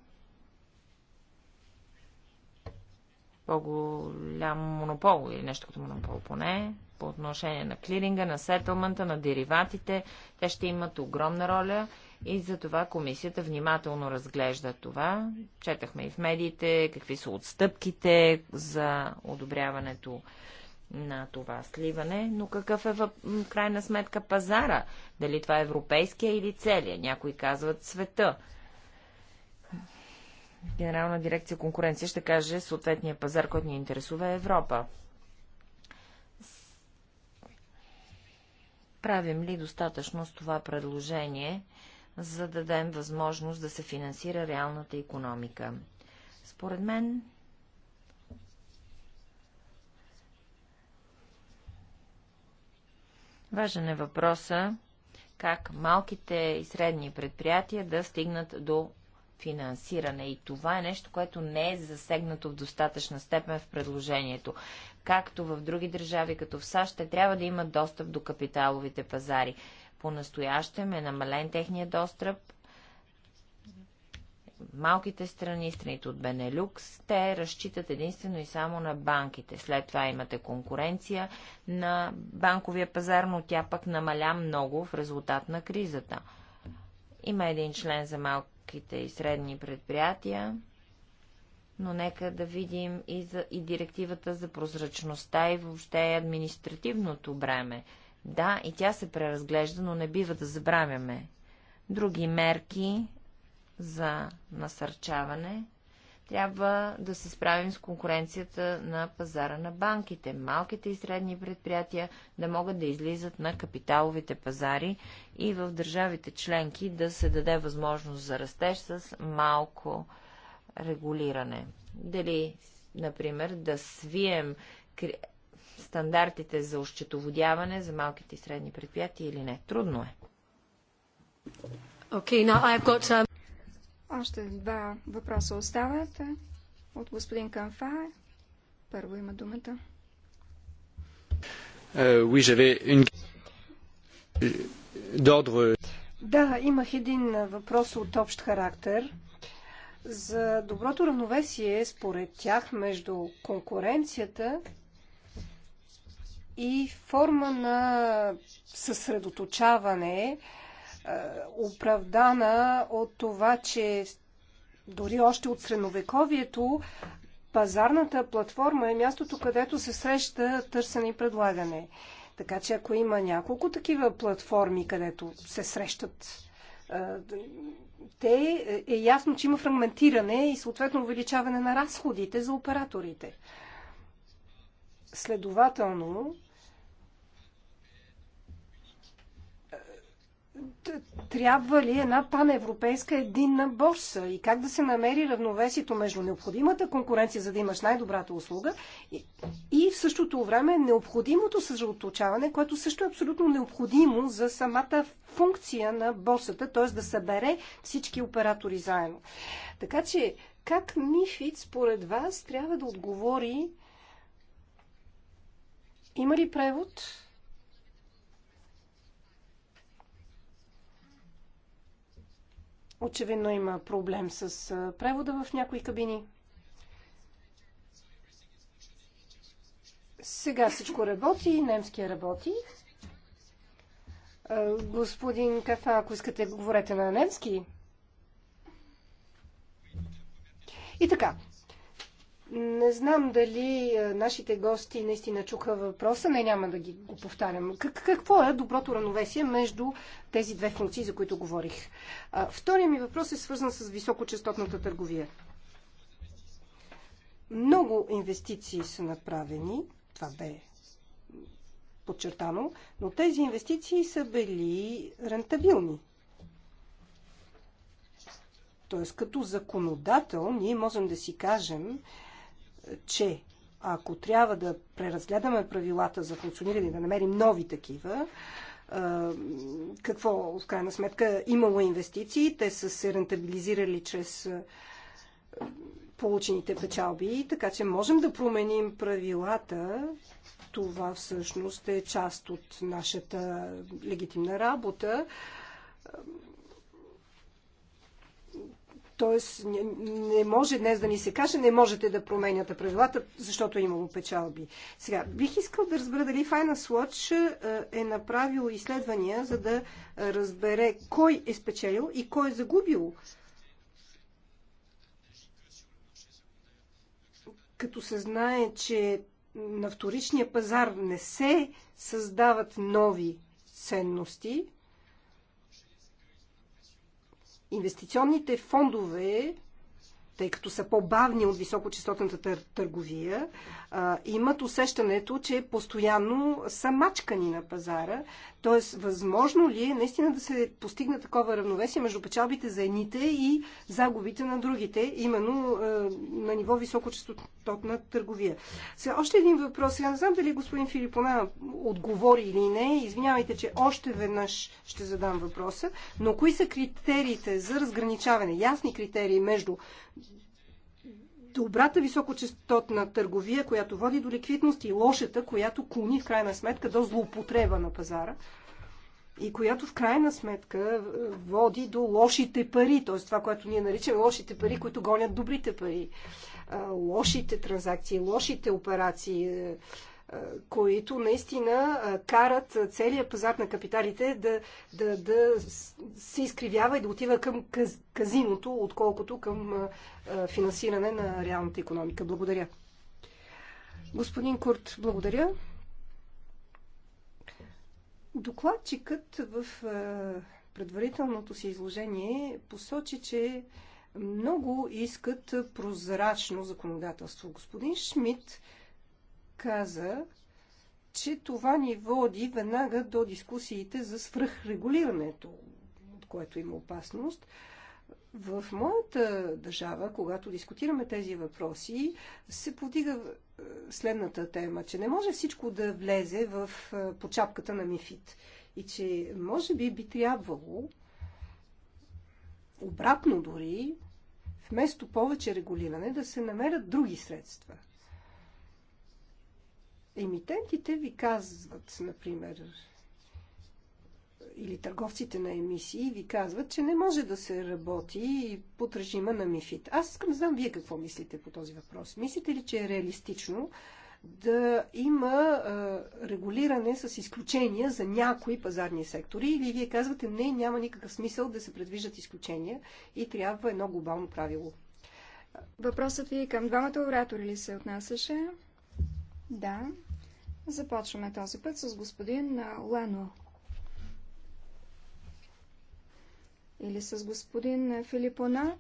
по-голям монопол или нещо като монопол поне по отношение на клиринга, на сетълмента, на дериватите. Те ще имат огромна роля и затова комисията внимателно разглежда това. Четахме и в медиите какви са отстъпките за одобряването на това сливане, но какъв е в крайна сметка пазара? Дали това е европейския или целия? Някои казват света. Генерална дирекция конкуренция ще каже съответния пазар, който ни интересува е Европа. Правим ли достатъчно с това предложение, за да дадем възможност да се финансира реалната економика? Според мен Важен е въпроса как малките и средни предприятия да стигнат до финансиране. И това е нещо, което не е засегнато в достатъчна степен в предложението. Както в други държави, като в САЩ, те трябва да имат достъп до капиталовите пазари. По-настоящем е намален техния достъп. Малките страни, страните от Бенелюкс, те разчитат единствено и само на банките. След това имате конкуренция на банковия пазар, но тя пък намаля много в резултат на кризата. Има един член за малко малките и средни предприятия, но нека да видим и, за, и директивата за прозрачността и въобще административното бреме. Да, и тя се преразглежда, но не бива да забравяме. Други мерки за насърчаване трябва да се справим с конкуренцията на пазара на банките. Малките и средни предприятия да могат да излизат на капиталовите пазари и в държавите членки да се даде възможност за растеж с малко регулиране. Дали, например, да свием стандартите за ощетоводяване за малките и средни предприятия или не. Трудно е. Okay, now I've got, um... Още два въпроса остават от господин Канфа. Първо има думата. Е, да, имах един въпрос от общ характер. За доброто равновесие, според тях, между конкуренцията и форма на съсредоточаване, е, оправдана от това, че дори още от средновековието пазарната платформа е мястото, където се среща търсене и предлагане. Така че ако има няколко такива платформи, където се срещат е, те, е, е ясно, че има фрагментиране и съответно увеличаване на разходите за операторите. Следователно, трябва ли една паневропейска единна борса и как да се намери равновесието между необходимата конкуренция, за да имаш най-добрата услуга и, и в същото време необходимото съжалоточаване, което също е абсолютно необходимо за самата функция на борсата, т.е. да събере всички оператори заедно. Така че, как Мифит според вас трябва да отговори има ли превод? Очевидно има проблем с превода в някои кабини. Сега всичко работи, немския работи. Господин Кафа, ако искате, говорете на немски. И така, не знам дали нашите гости наистина чуха въпроса, не няма да ги го повтарям. Как, какво е доброто равновесие между тези две функции, за които говорих? Втория ми въпрос е свързан с високочастотната търговия. Много инвестиции са направени, това бе подчертано, но тези инвестиции са били рентабилни. Тоест, като законодател, ние можем да си кажем, че ако трябва да преразгледаме правилата за функциониране да намерим нови такива, какво в крайна сметка имало е инвестиции, те са се рентабилизирали чрез получените печалби, така че можем да променим правилата. Това всъщност е част от нашата легитимна работа. Тоест, не може днес да ни се каже, не можете да променяте правилата, защото е имало печалби. Сега, бих искал да разбера дали Finance Watch е, е направил изследвания, за да разбере кой е спечелил и кой е загубил. Като се знае, че на вторичния пазар не се създават нови ценности, инвестиционните фондове, тъй като са по-бавни от високочастотната търговия, а, имат усещането, че постоянно са мачкани на пазара. Тоест, възможно ли е наистина да се постигне такова равновесие между печалбите за едните и загубите на другите, именно а, на ниво високочастотна търговия? Сега, още един въпрос. Сега не знам дали господин Филипона отговори или не. Извинявайте, че още веднъж ще задам въпроса. Но кои са критериите за разграничаване? Ясни критерии между добрата високочастотна търговия, която води до ликвидност и лошата, която клони в крайна сметка до злоупотреба на пазара и която в крайна сметка е, води до лошите пари, т.е. това, което ние наричаме лошите пари, които гонят добрите пари. Лошите транзакции, лошите операции, е, които наистина карат целият пазар на капиталите да, да, да се изкривява и да отива към казиното, отколкото към финансиране на реалната економика. Благодаря. Господин Курт, благодаря. Докладчикът в предварителното си изложение посочи, че много искат прозрачно законодателство. Господин Шмидт каза, че това ни води веднага до дискусиите за свръхрегулирането, от което има опасност. В моята държава, когато дискутираме тези въпроси, се подига е, следната тема, че не може всичко да влезе в е, почапката на Мифит. И че може би би трябвало обратно дори, вместо повече регулиране, да се намерят други средства – Емитентите ви казват, например, или търговците на емисии ви казват, че не може да се работи под режима на МИФИТ. Аз искам да знам вие какво мислите по този въпрос. Мислите ли, че е реалистично да има регулиране с изключения за някои пазарни сектори? Или вие казвате, не, няма никакъв смисъл да се предвиждат изключения и трябва едно глобално правило? Въпросът ви към двамата оратори ли се отнасяше? Да. Започваме този път с господин Лено. Или с господин Филипона.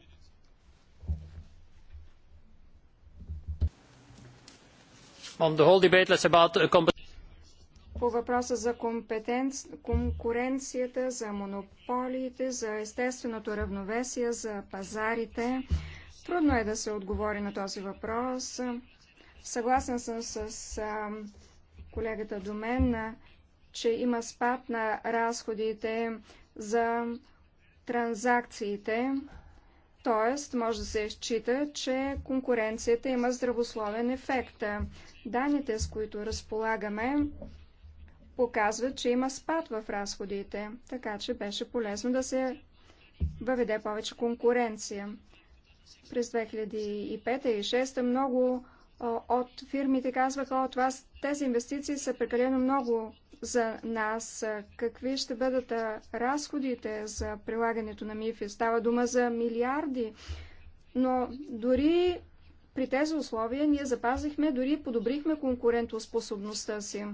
Uh, по въпроса за конкуренцията, за монополиите, за естественото равновесие, за пазарите. Трудно е да се отговори на този въпрос. Съгласен съм с колегата до мен, че има спад на разходите за транзакциите, т.е. може да се счита, че конкуренцията има здравословен ефект. Даните, с които разполагаме, показват, че има спад в разходите, така че беше полезно да се въведе повече конкуренция. През 2005 и 2006 много от фирмите казваха от вас, тези инвестиции са прекалено много за нас. Какви ще бъдат разходите за прилагането на МИФИ? Става дума за милиарди. Но дори при тези условия ние запазихме, дори подобрихме конкурентоспособността си.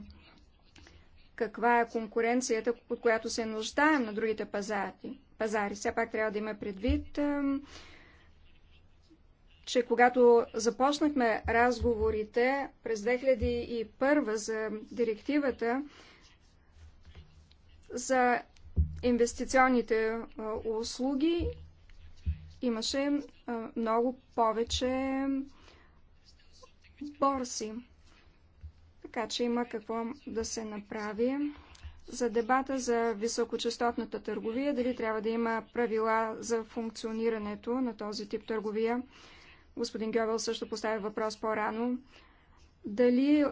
Каква е конкуренцията, от която се нуждаем на другите пазари? пазари. Все пак трябва да има предвид че когато започнахме разговорите през 2001 за директивата за инвестиционните услуги, имаше много повече борси. Така че има какво да се направи. За дебата за високочастотната търговия, дали трябва да има правила за функционирането на този тип търговия господин Гьобел също поставя въпрос по-рано, дали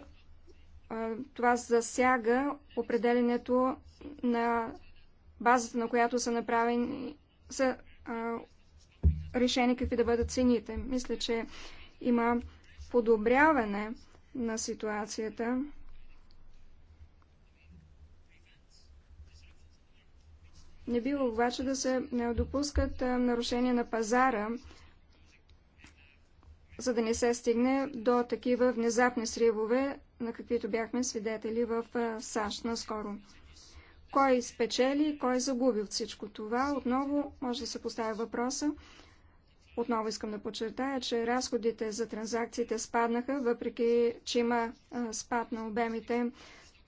това засяга определенето на базата, на която са направени, са а, решени какви да бъдат цените. Мисля, че има подобряване на ситуацията. Не бива обаче да се допускат нарушения на пазара, за да не се стигне до такива внезапни сривове, на каквито бяхме свидетели в САЩ наскоро. Кой спечели, кой загуби от всичко това? Отново може да се поставя въпроса. Отново искам да подчертая, че разходите за транзакциите спаднаха, въпреки че има спад на обемите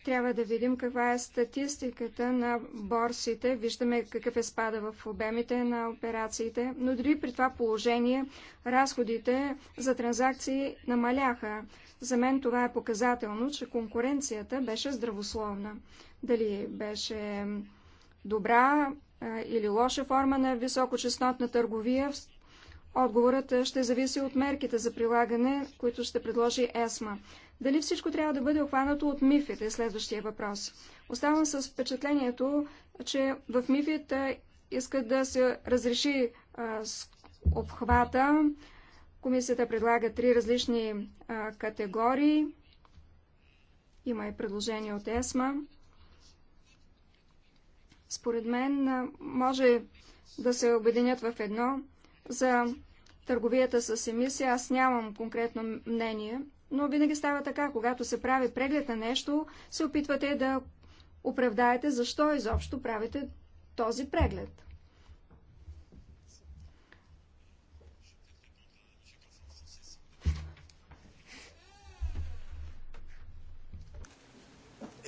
трябва да видим каква е статистиката на борсите. Виждаме какъв е спада в обемите на операциите. Но дори при това положение разходите за транзакции намаляха. За мен това е показателно, че конкуренцията беше здравословна. Дали беше добра или лоша форма на високочастотна търговия, Отговорът е, ще зависи от мерките за прилагане, които ще предложи ЕСМА. Дали всичко трябва да бъде обхванато от МИФИТ е следващия въпрос. Оставам с впечатлението, че в МИФИТ е, искат да се разреши а, е, обхвата. Комисията предлага три различни а, категории. Има и предложение от ЕСМА. Според мен а, може да се обединят в едно за търговията с емисия, аз нямам конкретно мнение, но винаги става така, когато се прави преглед на нещо, се опитвате да оправдаете защо изобщо правите този преглед.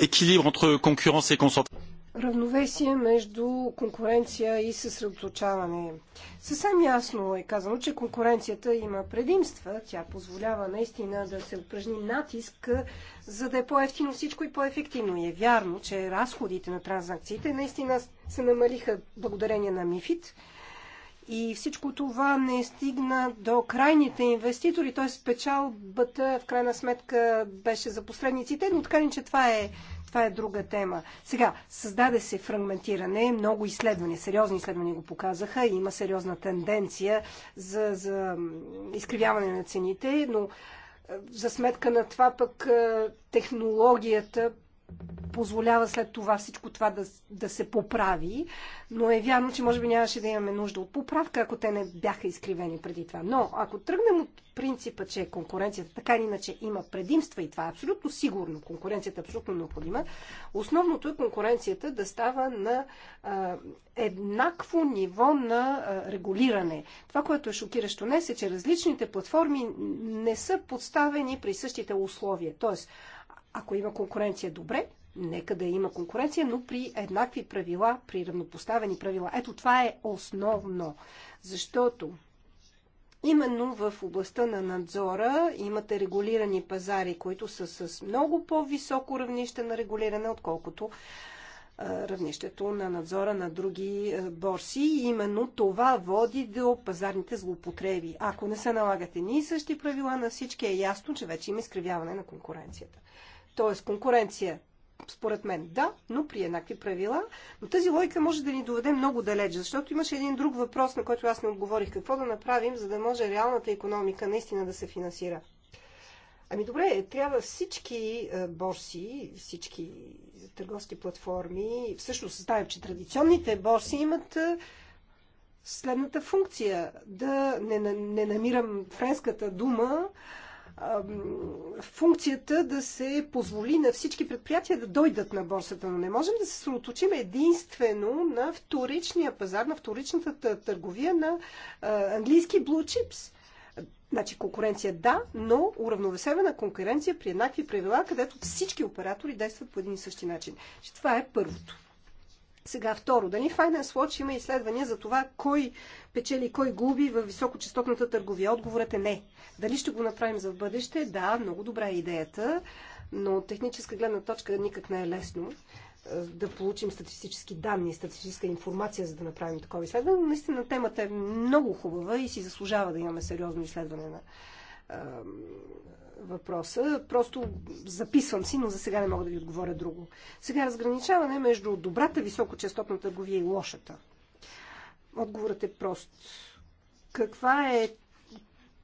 Équilibre entre concurrence et concentration равновесие между конкуренция и съсредоточаване. Съвсем ясно е казано, че конкуренцията има предимства. Тя позволява наистина да се упражни натиск, за да е по-ефтино всичко и по-ефективно. И е вярно, че разходите на транзакциите наистина се намалиха благодарение на МИФИТ. И всичко това не стигна до крайните инвеститори, т.е. печалбата в крайна сметка беше за посредниците, но така ли, че това е това е друга тема. Сега, създаде се фрагментиране, много изследвания, сериозни изследвания го показаха, и има сериозна тенденция за, за изкривяване на цените, но за сметка на това пък технологията позволява след това всичко това да, да се поправи, но е вярно, че може би нямаше да имаме нужда от поправка, ако те не бяха изкривени преди това. Но ако тръгнем от принципа, че конкуренцията така или иначе има предимства и това е абсолютно сигурно, конкуренцията е абсолютно необходима, основното е конкуренцията да става на а, еднакво ниво на а, регулиране. Това, което е шокиращо днес е, че различните платформи не са подставени при същите условия. Тоест, ако има конкуренция, добре, нека да има конкуренция, но при еднакви правила, при равнопоставени правила. Ето това е основно, защото Именно в областта на надзора имате регулирани пазари, които са с много по-високо равнище на регулиране, отколкото е, равнището на надзора на други е, борси. И именно това води до пазарните злоупотреби. Ако не се налагате ни същи правила на всички, е ясно, че вече има изкривяване на конкуренцията. Т.е. конкуренция, според мен, да, но при еднакви правила. Но тази логика може да ни доведе много далеч, защото имаше един друг въпрос, на който аз не отговорих. Какво да направим, за да може реалната економика наистина да се финансира? Ами добре, трябва всички е, борси, всички търговски платформи, всъщност знаем, че традиционните борси имат е, следната функция. Да не, не намирам френската дума, функцията да се позволи на всички предприятия да дойдат на борсата, но не можем да се съсредоточим единствено на вторичния пазар, на вторичната търговия на английски blue chips. Значи конкуренция да, но уравновесена конкуренция при еднакви правила, където всички оператори действат по един и същи начин. това е първото. Сега второ, Дани Finance Watch има изследвания за това кой печели и кой губи в високочастотната търговия. Отговорът е не. Дали ще го направим за в бъдеще? Да, много добра е идеята, но от техническа гледна точка никак не е лесно е, да получим статистически данни, статистическа информация, за да направим такова изследване. Но наистина темата е много хубава и си заслужава да имаме сериозно изследване на е, въпроса. Просто записвам си, но за сега не мога да ви отговоря друго. Сега разграничаване между добрата високочастотна търговия и лошата. Отговорът е прост. Каква е,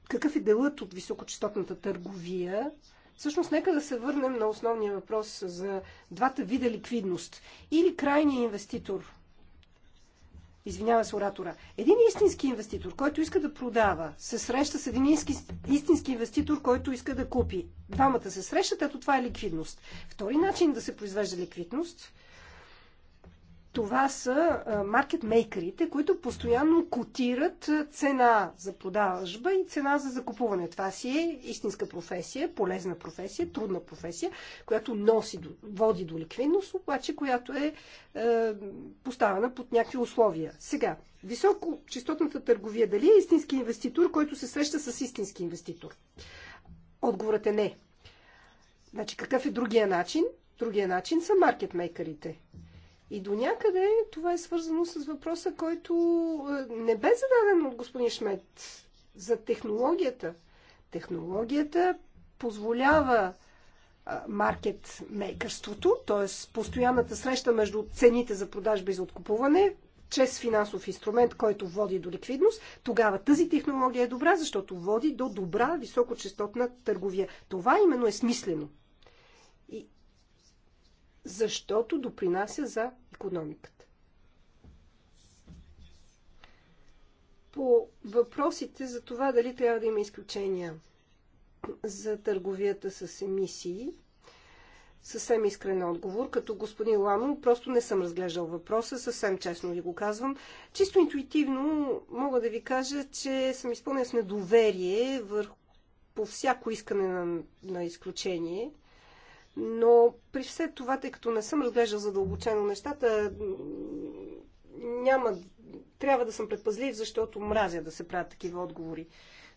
какъв е делът от високочастотната търговия? Всъщност, нека да се върнем на основния въпрос за двата вида ликвидност. Или крайния инвеститор извинява се оратора, един истински инвеститор, който иска да продава, се среща с един истински инвеститор, който иска да купи. Двамата се срещат, ето това е ликвидност. Втори начин да се произвежда ликвидност това са маркетмейкерите, които постоянно котират цена за продажба и цена за закупуване. Това си е истинска професия, полезна професия, трудна професия, която носи, води до ликвидност, обаче която е, е поставена под някакви условия. Сега, високочастотната търговия, дали е истински инвеститор, който се среща с истински инвеститор? Отговорът е не. Значи, какъв е другия начин? Другия начин са маркетмейкерите. И до някъде това е свързано с въпроса, който е, не бе зададен от господин Шмет за технологията. Технологията позволява е, маркетмейкърството, т.е. постоянната среща между цените за продажба и за откупуване, чрез финансов инструмент, който води до ликвидност, тогава тази технология е добра, защото води до добра високочастотна търговия. Това именно е смислено защото допринася за економиката. По въпросите за това дали трябва да има изключения за търговията с емисии, съвсем искрен отговор. Като господин Ламо, просто не съм разглеждал въпроса, съвсем честно ви го казвам. Чисто интуитивно мога да ви кажа, че съм изпълнен с недоверие върху по всяко искане на, на изключение – но при все това, тъй като не съм разглеждал задълбочено нещата, няма, трябва да съм предпазлив, защото мразя да се правят такива отговори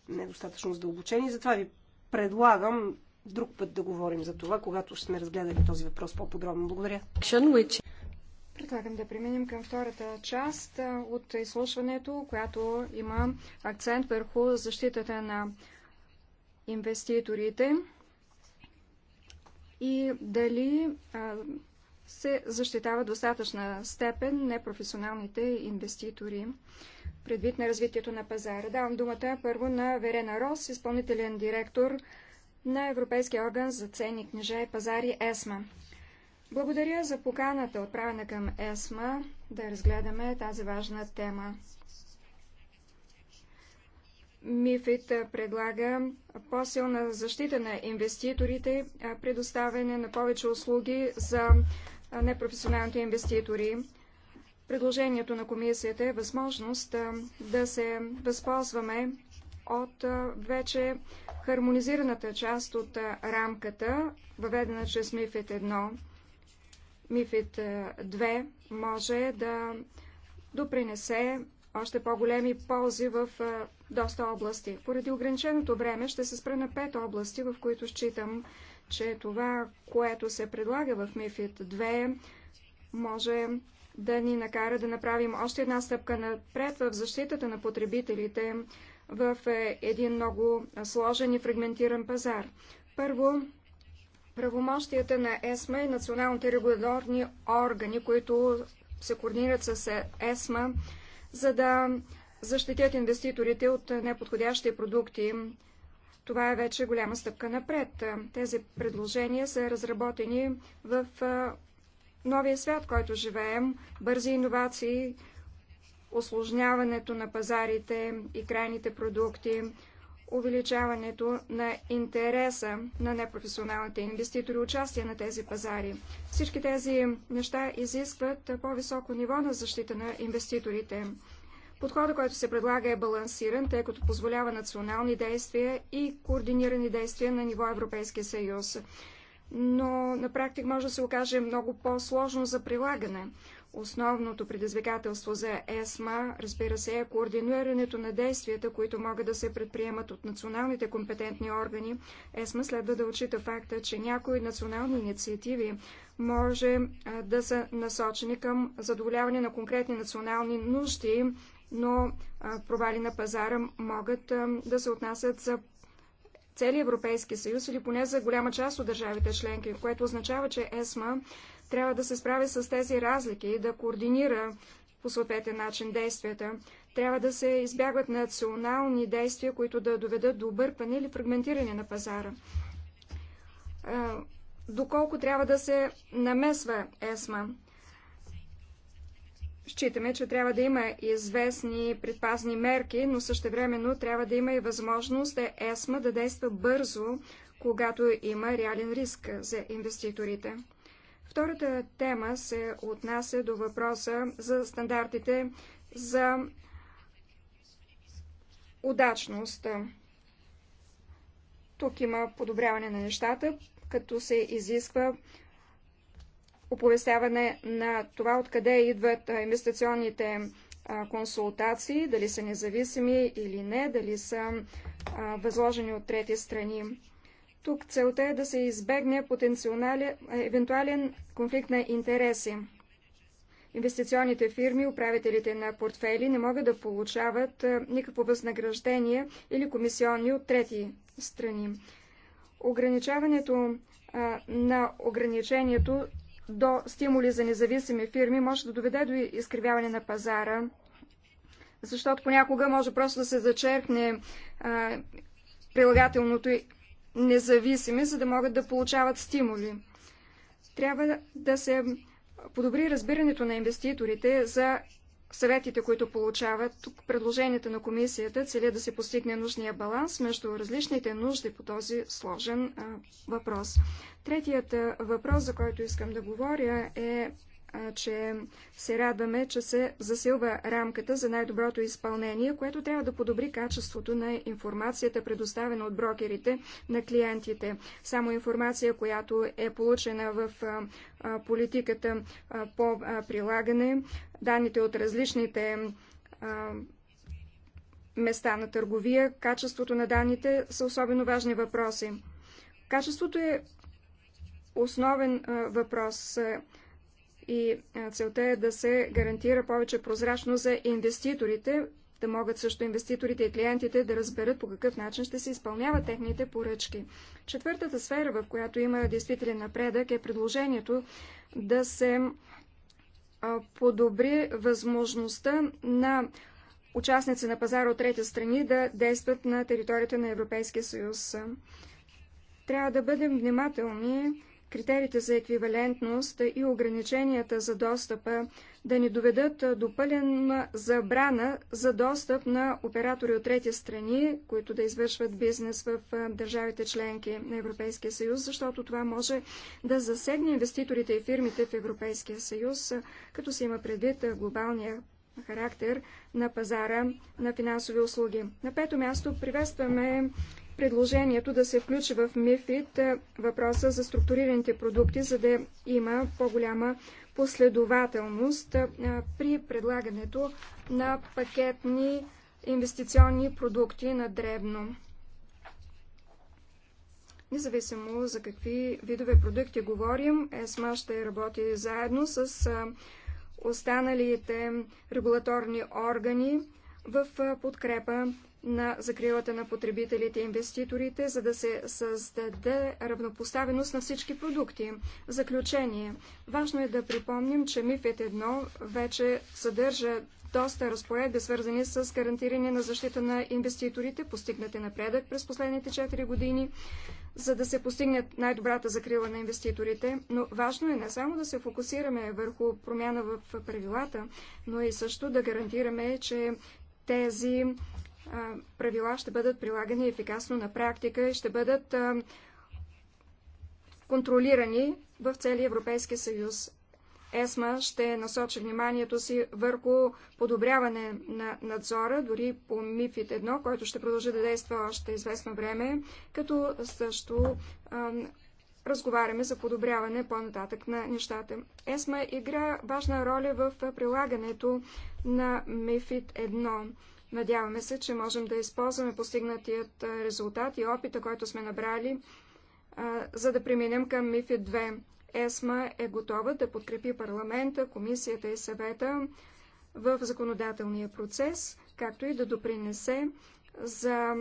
недостатъчно задълбочени. Затова ви предлагам друг път да говорим за това, когато ще сме разгледали този въпрос по-подробно. Благодаря. Предлагам да преминем към втората част от изслушването, която има акцент върху защитата на инвеститорите и дали се защитава достатъчна степен непрофесионалните инвеститори предвид на развитието на пазара. Давам думата първо на Верена Рос, изпълнителен директор на Европейския орган за ценни книжа и пазари ЕСМА. Благодаря за поканата, отправена към ЕСМА, да разгледаме тази важна тема. МИФИТ предлага по-силна защита на инвеститорите, предоставяне на повече услуги за непрофесионалните инвеститори. Предложението на комисията е възможност да се възползваме от вече хармонизираната част от рамката, въведена чрез МИФИТ 1. МИФИТ 2 може да допринесе още по-големи ползи в доста области. Поради ограниченото време ще се спра на пет области, в които считам, че това, което се предлага в МИФИД 2, може да ни накара да направим още една стъпка напред в защитата на потребителите в е, един много сложен и фрагментиран пазар. Първо, правомощията на ЕСМА и националните регуляторни органи, които се координират с е, ЕСМА, за да защитят инвеститорите от неподходящи продукти. Това е вече голяма стъпка напред. Тези предложения са разработени в новия свят, който живеем, бързи иновации, осложняването на пазарите и крайните продукти, увеличаването на интереса на непрофесионалните инвеститори, участие на тези пазари. Всички тези неща изискват по-високо ниво на защита на инвеститорите. Подходът, който се предлага е балансиран, тъй като позволява национални действия и координирани действия на ниво Европейския съюз. Но на практик може да се окаже много по-сложно за прилагане. Основното предизвикателство за ЕСМА, разбира се, е координирането на действията, които могат да се предприемат от националните компетентни органи. ЕСМА следва да отчита факта, че някои национални инициативи може да са насочени към задоволяване на конкретни национални нужди но провали на пазара могат да се отнасят за целия Европейски съюз или поне за голяма част от държавите членки, което означава, че ЕСМА трябва да се справи с тези разлики и да координира по съответен начин действията. Трябва да се избягват национални действия, които да доведат до объркване или фрагментиране на пазара. Доколко трябва да се намесва ЕСМА? Считаме, че трябва да има известни предпазни мерки, но същевременно трябва да има и възможност да е ЕСМА да действа бързо, когато има реален риск за инвеститорите. Втората тема се отнася до въпроса за стандартите за удачност. Тук има подобряване на нещата, като се изисква оповестяване на това откъде идват инвестиционните консултации, дали са независими или не, дали са възложени от трети страни. Тук целта е да се избегне евентуален конфликт на интереси. Инвестиционните фирми, управителите на портфели не могат да получават никакво възнаграждение или комисионни от трети страни. Ограничаването на ограничението до стимули за независими фирми може да доведе до изкривяване на пазара, защото понякога може просто да се зачеркне а, прилагателното независими, за да могат да получават стимули. Трябва да се подобри разбирането на инвеститорите за съветите, които получават. Тук предложенията на комисията целят да се постигне нужния баланс между различните нужди по този сложен а, въпрос. Третият въпрос, за който искам да говоря, е че се радваме, че се засилва рамката за най-доброто изпълнение, което трябва да подобри качеството на информацията, предоставена от брокерите на клиентите. Само информация, която е получена в политиката по прилагане, данните от различните места на търговия, качеството на данните са особено важни въпроси. Качеството е основен въпрос и целта е да се гарантира повече прозрачно за инвеститорите, да могат също инвеститорите и клиентите да разберат по какъв начин ще се изпълняват техните поръчки. Четвъртата сфера, в която има действителен напредък, е предложението да се подобри възможността на участници на пазара от трети страни да действат на територията на Европейския съюз. Трябва да бъдем внимателни критериите за еквивалентност и ограниченията за достъпа да ни доведат до пълен забрана за достъп на оператори от трети страни, които да извършват бизнес в държавите членки на Европейския съюз, защото това може да засегне инвеститорите и фирмите в Европейския съюз, като се има предвид глобалния характер на пазара на финансови услуги. На пето място приветстваме предложението да се включи в МИФИД е, въпроса за структурираните продукти, за да има по-голяма последователност е, при предлагането на пакетни инвестиционни продукти на дребно. Независимо за какви видове продукти говорим, ЕСМА ще работи заедно с е, останалите регулаторни органи в подкрепа на закрилата на потребителите и инвеститорите, за да се създаде равнопоставеност на всички продукти. Заключение. Важно е да припомним, че МИФЕТ 1 вече съдържа доста разпоредби, свързани с гарантиране на защита на инвеститорите, постигнати напредък през последните 4 години, за да се постигнат най-добрата закрила на инвеститорите. Но важно е не само да се фокусираме върху промяна в правилата, но и също да гарантираме, че тези правила ще бъдат прилагани ефикасно на практика и ще бъдат контролирани в целия Европейски съюз. ЕСМА ще насочи вниманието си върху подобряване на надзора, дори по МИФИТ 1, който ще продължи да действа още известно време, като също а, разговаряме за подобряване по-нататък на нещата. ЕСМА игра важна роля в прилагането на МИФИТ 1. Надяваме се, че можем да използваме постигнатият резултат и опита, който сме набрали, за да преминем към МИФИ 2. ЕСМА е готова да подкрепи парламента, комисията и съвета в законодателния процес, както и да допринесе за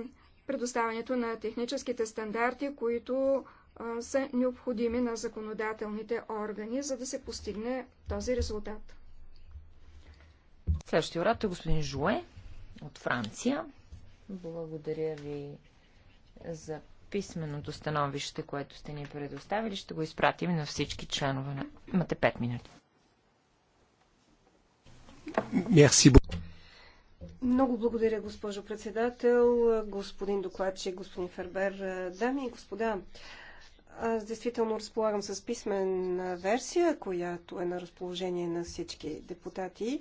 предоставянето на техническите стандарти, които са необходими на законодателните органи, за да се постигне този резултат. Следващия оратор е господин Жуе от Франция. Благодаря ви за писменото становище, което сте ни предоставили. Ще го изпратим на всички членове. На... Имате 5 минути. Мерси. Много благодаря, госпожо председател, господин докладчик, господин Фербер, дами и господа. Аз действително разполагам с писмена версия, която е на разположение на всички депутати.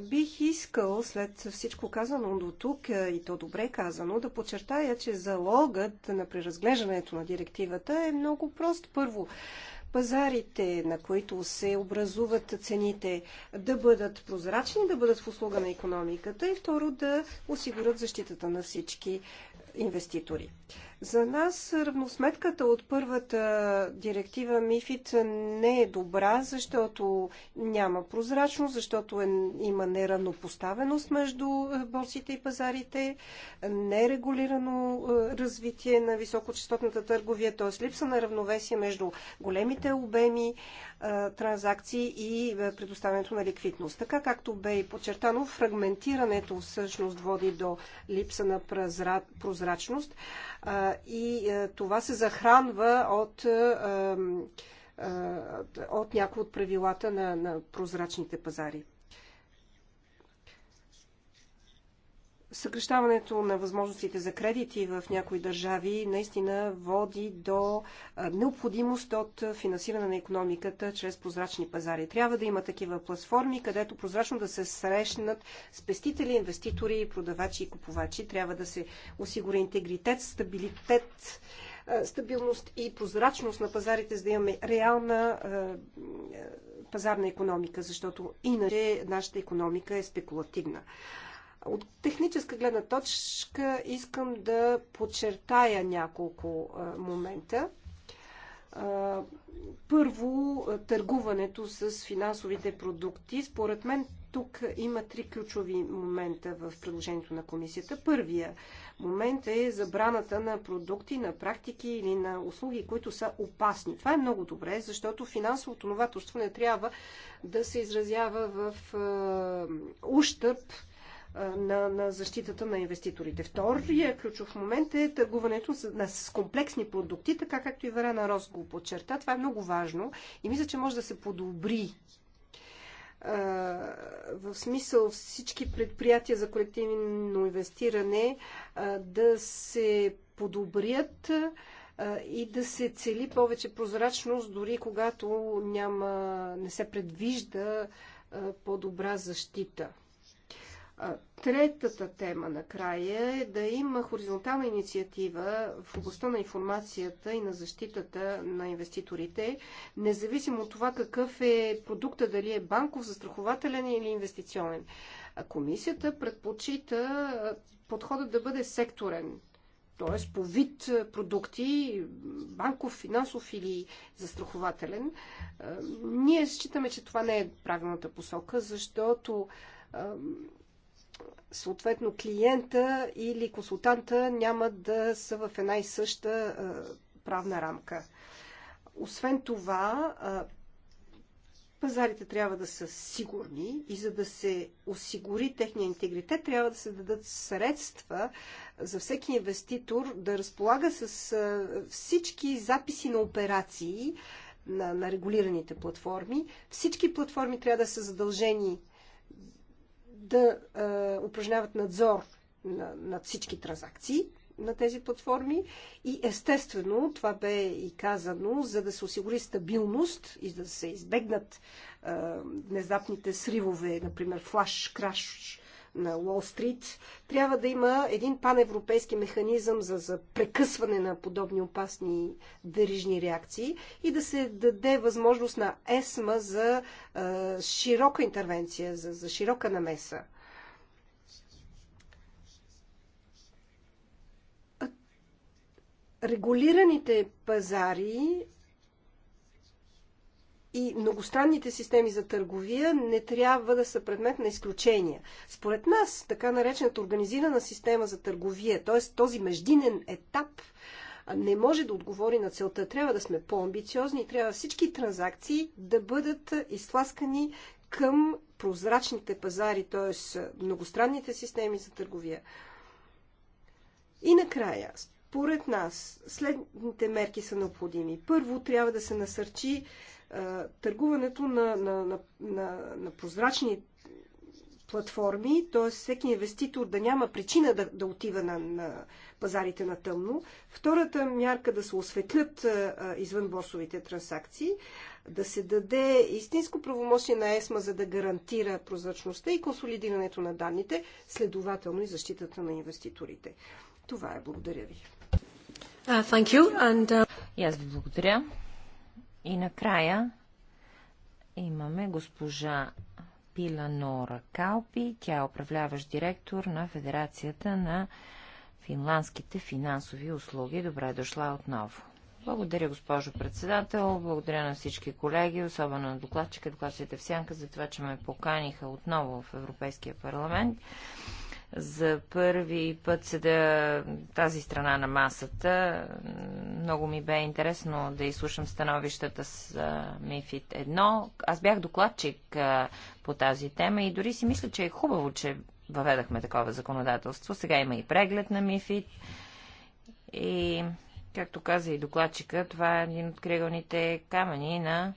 Бих искал, след всичко казано до тук е, и то добре казано, да подчертая, че залогът на преразглеждането на директивата е много прост. Първо, пазарите, на които се образуват цените, да бъдат прозрачни, да бъдат в услуга на економиката и второ, да осигурят защитата на всички инвеститори. За нас равносметката от първата директива МИФИТ не е добра, защото няма прозрачност, защото е, има неравнопоставеност между е, борсите и пазарите, нерегулирано е, развитие на високочастотната търговия, т.е. липса на равновесие между големите обеми е, транзакции и предоставянето на ликвидност. Така както бе и подчертано, фрагментирането всъщност води до липса на прозрачност и е, това се захранва от, е, е, от някои от правилата на, на прозрачните пазари. Съкрещаването на възможностите за кредити в някои държави наистина води до необходимост от финансиране на економиката чрез прозрачни пазари. Трябва да има такива платформи, където прозрачно да се срещнат спестители, инвеститори, продавачи и купувачи. Трябва да се осигури интегритет, стабилитет стабилност и прозрачност на пазарите, за да имаме реална пазарна економика, защото иначе нашата економика е спекулативна. От техническа гледна точка искам да подчертая няколко момента. Първо, търгуването с финансовите продукти. Според мен тук има три ключови момента в предложението на комисията. Първия момент е забраната на продукти, на практики или на услуги, които са опасни. Това е много добре, защото финансовото новаторство не трябва да се изразява в е, ущърп на, на защитата на инвеститорите. Втория ключов момент е търгуването с, с комплексни продукти, така както и Варена Рос го подчерта. Това е много важно и мисля, че може да се подобри в смисъл всички предприятия за колективно инвестиране да се подобрят и да се цели повече прозрачност, дори когато няма, не се предвижда по-добра защита. Третата тема накрая е да има хоризонтална инициатива в областта на информацията и на защитата на инвеститорите, независимо от това какъв е продукта, дали е банков, застрахователен или инвестиционен. Комисията предпочита подходът да бъде секторен, т.е. по вид продукти, банков, финансов или застрахователен. Ние считаме, че това не е правилната посока, защото съответно клиента или консултанта няма да са в една и съща правна рамка. Освен това, пазарите трябва да са сигурни и за да се осигури техния интегритет, трябва да се дадат средства за всеки инвеститор да разполага с всички записи на операции на, на регулираните платформи. Всички платформи трябва да са задължени да а, упражняват надзор на, над всички транзакции на тези платформи и естествено това бе и казано, за да се осигури стабилност и за да се избегнат а, внезапните сривове, например флаш, краш на Уолл Стрит, трябва да има един паневропейски механизъм за, за прекъсване на подобни опасни дерижни реакции и да се даде възможност на ЕСМА за а, широка интервенция, за, за широка намеса. регулираните пазари и многостранните системи за търговия не трябва да са предмет на изключения. Според нас, така наречената организирана система за търговия, т.е. този междинен етап, не може да отговори на целта. Трябва да сме по-амбициозни и трябва всички транзакции да бъдат изтласкани към прозрачните пазари, т.е. многостранните системи за търговия. И накрая, според нас, следните мерки са необходими. Първо, трябва да се насърчи търгуването на, на, на, на, на прозрачни платформи, т.е. всеки инвеститор да няма причина да, да отива на, на пазарите на тъмно. Втората мярка да се осветлят а, извън борсовите транзакции, да се даде истинско правомощие на ЕСМА, за да гарантира прозрачността и консолидирането на данните, следователно и защитата на инвеститорите. Това е. Благодаря ви. Uh, thank you and, uh... И аз ви благодаря. И накрая имаме госпожа Пила Нора Калпи. Тя е управляващ директор на Федерацията на финландските финансови услуги. Добре е дошла отново. Благодаря, госпожо председател. Благодаря на всички колеги, особено на докладчика, докладчите в сянка, за това, че ме поканиха отново в Европейския парламент. За първи път седа тази страна на масата. Много ми бе интересно да изслушам становищата с Мифит 1. Аз бях докладчик по тази тема и дори си мисля, че е хубаво, че въведахме такова законодателство. Сега има и преглед на Мифит. И, както каза и докладчика, това е един от кригълните камъни на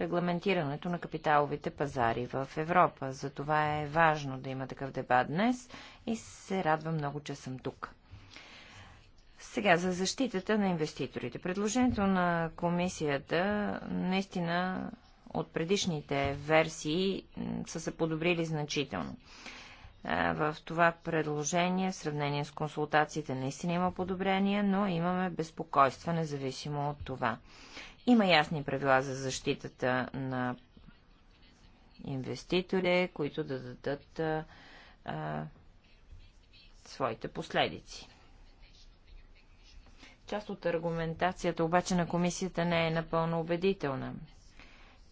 регламентирането на капиталовите пазари в Европа. За това е важно да има такъв дебат днес и се радвам много, че съм тук. Сега за защитата на инвеститорите. Предложението на комисията наистина от предишните версии са се подобрили значително. В това предложение, в сравнение с консултациите, наистина има подобрения, но имаме безпокойства, независимо от това. Има ясни правила за защитата на инвеститори, които да дадат а, а, своите последици. Част от аргументацията обаче на комисията не е напълно убедителна.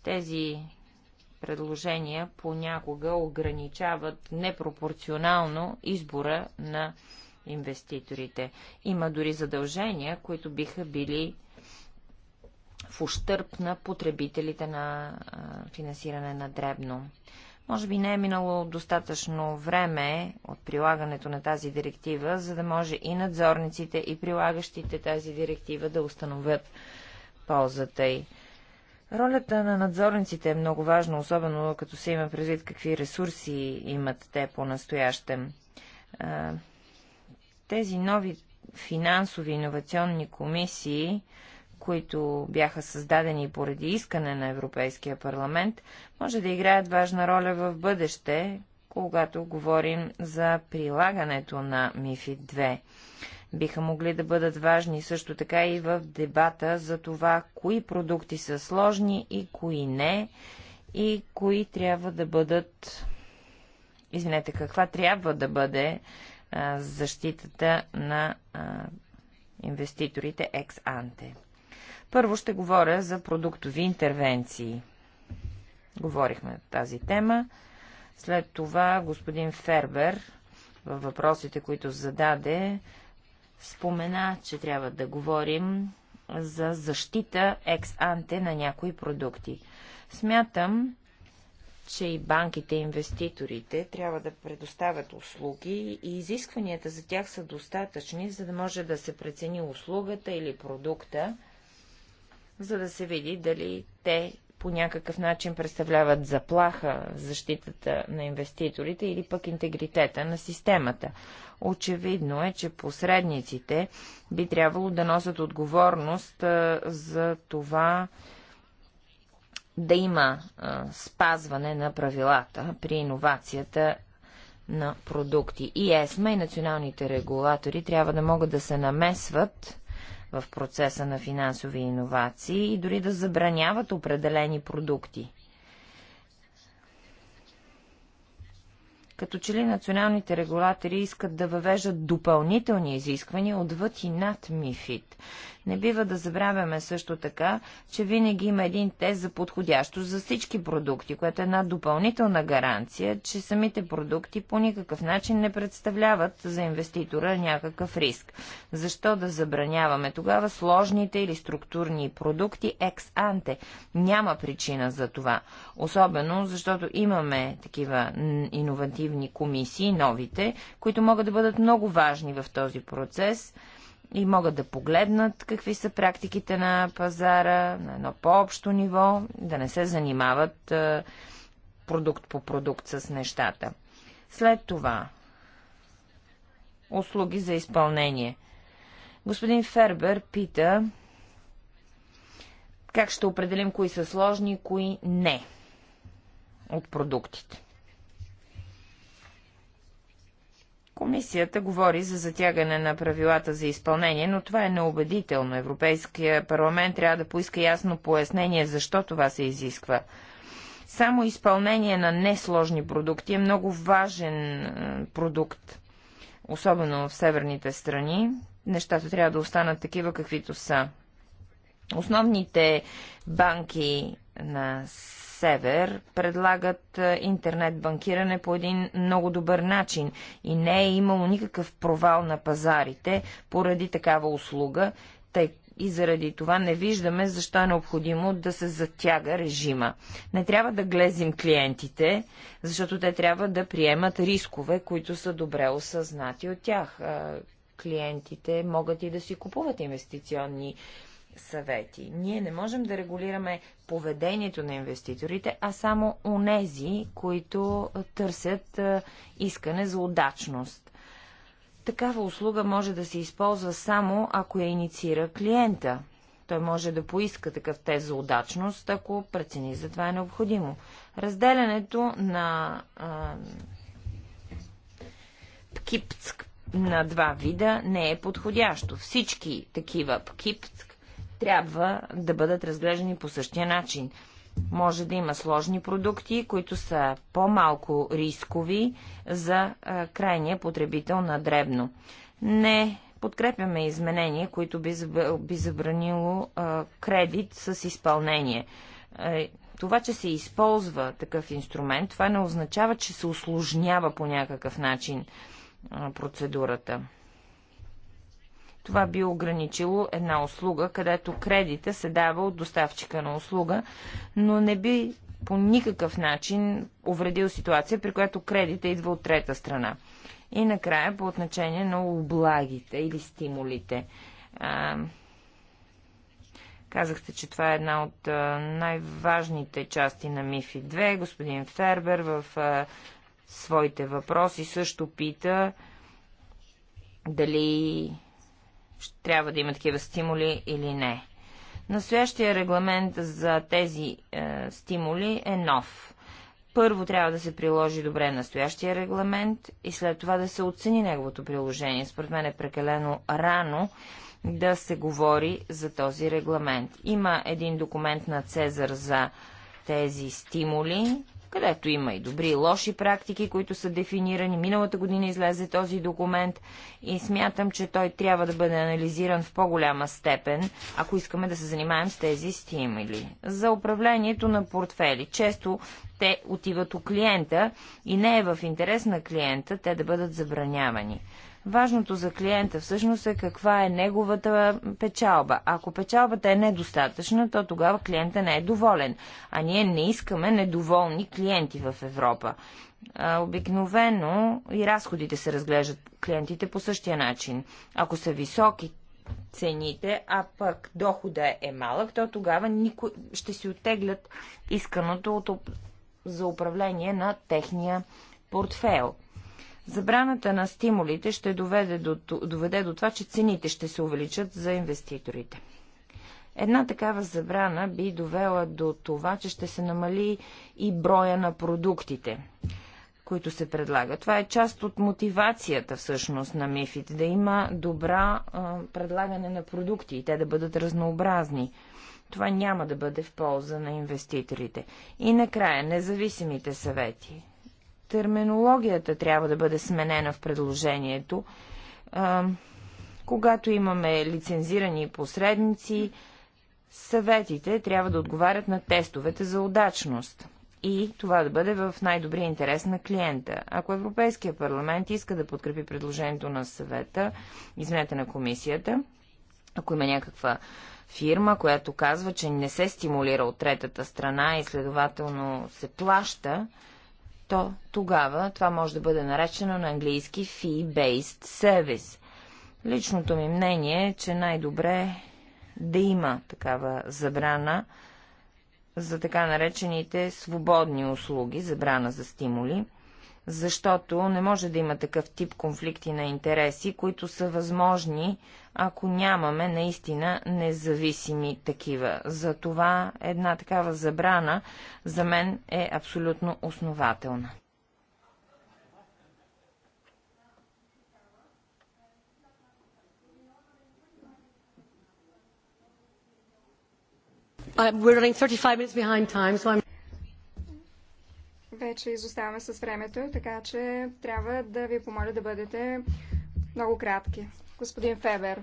Тези предложения понякога ограничават непропорционално избора на инвеститорите. Има дори задължения, които биха били в ущърп на потребителите на финансиране на дребно. Може би не е минало достатъчно време от прилагането на тази директива, за да може и надзорниците, и прилагащите тази директива да установят ползата й. Ролята на надзорниците е много важна, особено като се има предвид какви ресурси имат те по-настоящем. Тези нови финансови иновационни комисии които бяха създадени поради искане на Европейския парламент, може да играят важна роля в бъдеще, когато говорим за прилагането на МИФИД 2. Биха могли да бъдат важни също така и в дебата за това, кои продукти са сложни и кои не, и кои трябва да бъдат. Извинете, каква трябва да бъде а, защитата на а, инвеститорите екс-анте. Първо ще говоря за продуктови интервенции. Говорихме тази тема. След това господин Фербер във въпросите, които зададе, спомена, че трябва да говорим за защита екс-анте на някои продукти. Смятам, че и банките, и инвеститорите трябва да предоставят услуги и изискванията за тях са достатъчни, за да може да се прецени услугата или продукта за да се види дали те по някакъв начин представляват заплаха защитата на инвеститорите или пък интегритета на системата. Очевидно е, че посредниците би трябвало да носят отговорност за това да има спазване на правилата при иновацията на продукти. И ЕСМА и националните регулатори трябва да могат да се намесват в процеса на финансови иновации и дори да забраняват определени продукти. Като че ли националните регулатори искат да въвеждат допълнителни изисквания отвъд и над МИФИД. Не бива да забравяме също така, че винаги има един тест за подходящо за всички продукти, което е една допълнителна гаранция, че самите продукти по никакъв начин не представляват за инвеститора някакъв риск. Защо да забраняваме тогава сложните или структурни продукти екс-анте? Няма причина за това. Особено, защото имаме такива иновативни комисии, новите, които могат да бъдат много важни в този процес – и могат да погледнат какви са практиките на пазара на едно по-общо ниво, да не се занимават е, продукт по продукт с нещата. След това услуги за изпълнение. Господин Фербер пита как ще определим кои са сложни, и кои не от продуктите. Комисията говори за затягане на правилата за изпълнение, но това е неубедително. Европейския парламент трябва да поиска ясно пояснение защо това се изисква. Само изпълнение на несложни продукти е много важен е, продукт, особено в северните страни. Нещата трябва да останат такива, каквито са. Основните банки на север предлагат е, интернет банкиране по един много добър начин и не е имало никакъв провал на пазарите поради такава услуга, тъй и заради това не виждаме защо е необходимо да се затяга режима. Не трябва да глезим клиентите, защото те трябва да приемат рискове, които са добре осъзнати от тях. Е, клиентите могат и да си купуват инвестиционни съвети. Ние не можем да регулираме поведението на инвеститорите, а само онези, които търсят искане за удачност. Такава услуга може да се използва само ако я инициира клиента. Той може да поиска такъв тест за удачност, ако прецени за това е необходимо. Разделянето на а, ПКИПЦК на два вида не е подходящо. Всички такива ПКИПЦК трябва да бъдат разглеждани по същия начин. Може да има сложни продукти, които са по-малко рискови за а, крайния потребител на дребно. Не подкрепяме изменения, които би, би забранило а, кредит с изпълнение. А, това, че се използва такъв инструмент, това не означава, че се осложнява по някакъв начин процедурата. Това би ограничило една услуга, където кредита се дава от доставчика на услуга, но не би по никакъв начин увредил ситуация, при която кредита идва от трета страна. И накрая по отношение на облагите или стимулите. А, казахте, че това е една от най-важните части на МИФИ 2. Господин Фербер в а, своите въпроси също пита дали трябва да има такива стимули или не. Настоящия регламент за тези е, стимули е нов. Първо трябва да се приложи добре настоящия регламент и след това да се оцени неговото приложение. Според мен е прекалено рано да се говори за този регламент. Има един документ на Цезар за тези стимули, където има и добри и лоши практики, които са дефинирани. Миналата година излезе този документ и смятам, че той трябва да бъде анализиран в по-голяма степен, ако искаме да се занимаем с тези стимули. За управлението на портфели. Често те отиват у клиента и не е в интерес на клиента те да бъдат забранявани. Важното за клиента всъщност е каква е неговата печалба. Ако печалбата е недостатъчна, то тогава клиента не е доволен. А ние не искаме недоволни клиенти в Европа. Обикновено и разходите се разглеждат клиентите по същия начин. Ако са високи цените, а пък дохода е малък, то тогава никой ще си оттеглят исканото от... за управление на техния портфел. Забраната на стимулите ще доведе до, доведе до това, че цените ще се увеличат за инвеститорите. Една такава забрана би довела до това, че ще се намали и броя на продуктите, които се предлагат. Това е част от мотивацията всъщност на мифите, да има добра а, предлагане на продукти и те да бъдат разнообразни. Това няма да бъде в полза на инвеститорите. И накрая, независимите съвети терминологията трябва да бъде сменена в предложението. А, когато имаме лицензирани посредници, съветите трябва да отговарят на тестовете за удачност и това да бъде в най-добрия интерес на клиента. Ако Европейския парламент иска да подкрепи предложението на съвета, извинете на комисията, ако има някаква фирма, която казва, че не се стимулира от третата страна и следователно се плаща, то тогава това може да бъде наречено на английски fee-based service. Личното ми мнение е, че най-добре да има такава забрана за така наречените свободни услуги, забрана за стимули, защото не може да има такъв тип конфликти на интереси, които са възможни ако нямаме наистина независими такива. Затова една такава забрана за мен е абсолютно основателна. Uh, Вече изоставаме с времето, така че трябва да ви помоля да бъдете много кратки господин Фебер.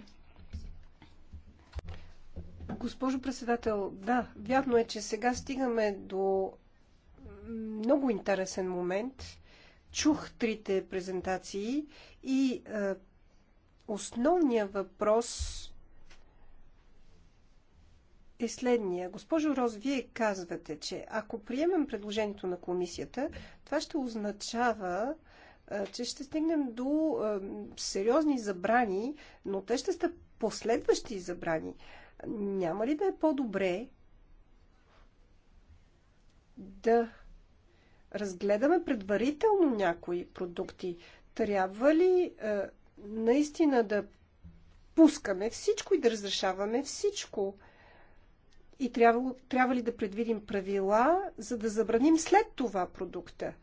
Госпожо председател, да, вярно е, че сега стигаме до много интересен момент. Чух трите презентации и е, основният въпрос е следния. Госпожо Роз, вие казвате, че ако приемем предложението на комисията, това ще означава, че ще стигнем до сериозни забрани, но те ще са последващи забрани. Няма ли да е по-добре да разгледаме предварително някои продукти? Трябва ли наистина да пускаме всичко и да разрешаваме всичко? И трябва, трябва ли да предвидим правила, за да забраним след това продукта?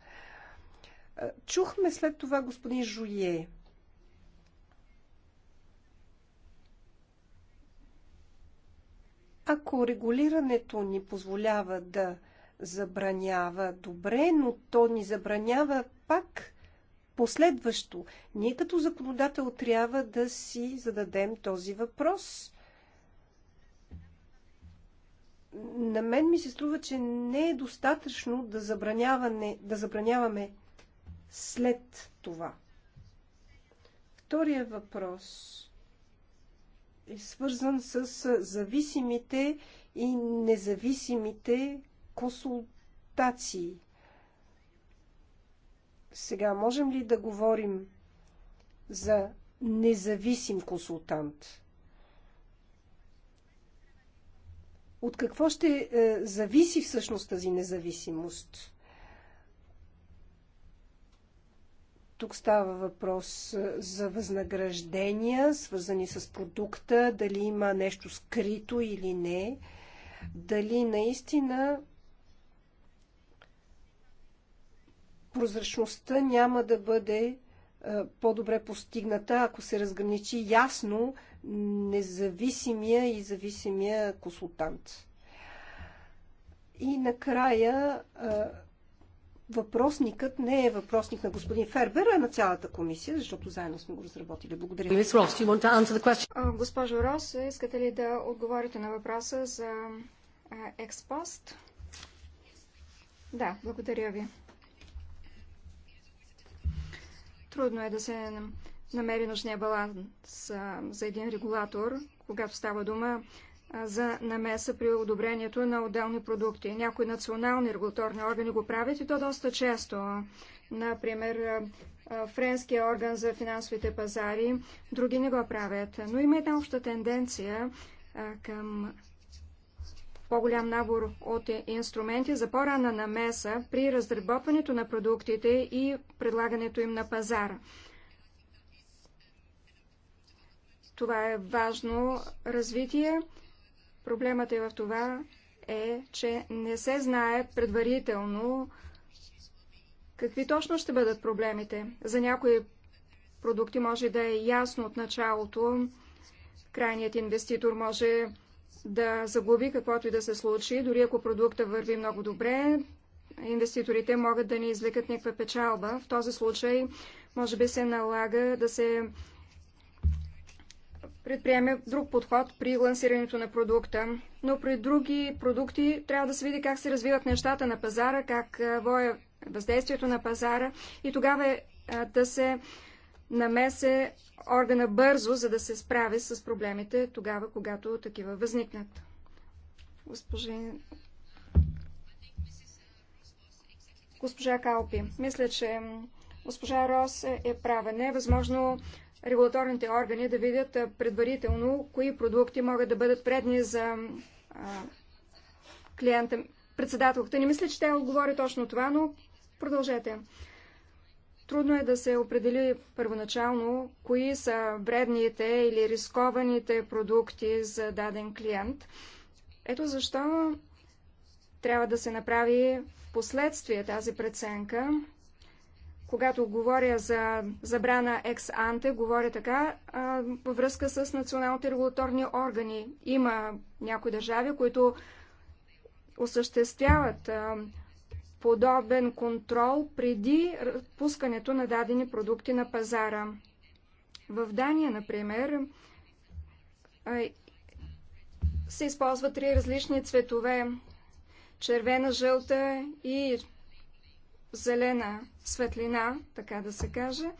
Чухме след това господин Жуе. Ако регулирането ни позволява да забранява, добре, но то ни забранява пак последващо. Ние като законодател трябва да си зададем този въпрос. На мен ми се струва, че не е достатъчно да, забраняване, да забраняваме след това. Втория въпрос е свързан с зависимите и независимите консултации. Сега можем ли да говорим за независим консултант? От какво ще е, зависи всъщност тази независимост? Тук става въпрос за възнаграждения, свързани с продукта, дали има нещо скрито или не, дали наистина прозрачността няма да бъде по-добре постигната, ако се разграничи ясно независимия и зависимия консултант. И накрая въпросникът не е въпросник на господин Фербер, а е на цялата комисия, защото заедно сме го разработили. Благодаря. Госпожо Рос, искате ли да отговорите на въпроса за експост? Да, благодаря ви. Трудно е да се намери нужния баланс за един регулатор, когато става дума за намеса при одобрението на отделни продукти. Някои национални регулаторни органи го правят и то доста често. Например, френския орган за финансовите пазари, други не го правят. Но има една обща тенденция към по-голям набор от инструменти за по-рана намеса при разработването на продуктите и предлагането им на пазара. Това е важно развитие Проблемът е в това, е, че не се знае предварително какви точно ще бъдат проблемите. За някои продукти може да е ясно от началото, крайният инвеститор може да загуби каквото и да се случи, дори ако продукта върви много добре, инвеститорите могат да не извлекат някаква печалба. В този случай може би се налага да се предприеме друг подход при лансирането на продукта. Но при други продукти трябва да се види как се развиват нещата на пазара, как воя въздействието на пазара и тогава е, да се намесе органа бързо, за да се справи с проблемите тогава, когато такива възникнат. Госпожи. Госпожа Калпи, мисля, че госпожа Рос е права. Не е възможно регулаторните органи да видят предварително кои продукти могат да бъдат предни за клиента. Председателката не мисля, че тя отговори точно това, но продължете. Трудно е да се определи първоначално кои са вредните или рискованите продукти за даден клиент. Ето защо трябва да се направи последствие тази преценка когато говоря за забрана екс-анте, говоря така а, във връзка с националните регулаторни органи. Има някои държави, които осъществяват а, подобен контрол преди пускането на дадени продукти на пазара. В Дания, например, а, се използват три различни цветове червена, жълта и зелена светлина, така да се каже.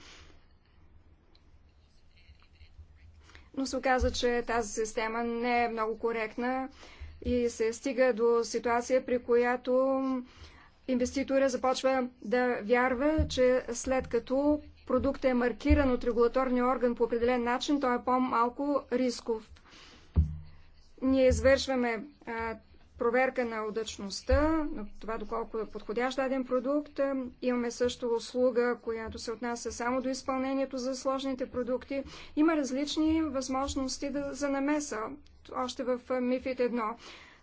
Но се оказа, че тази система не е много коректна и се стига до ситуация, при която инвеститора започва да вярва, че след като продуктът е маркиран от регулаторния орган по определен начин, той е по-малко рисков. Ние извършваме а, проверка на удачността, на това доколко е подходящ даден продукт. Имаме също услуга, която се отнася само до изпълнението за сложните продукти. Има различни възможности да, за намеса, още в МИФИТ 1.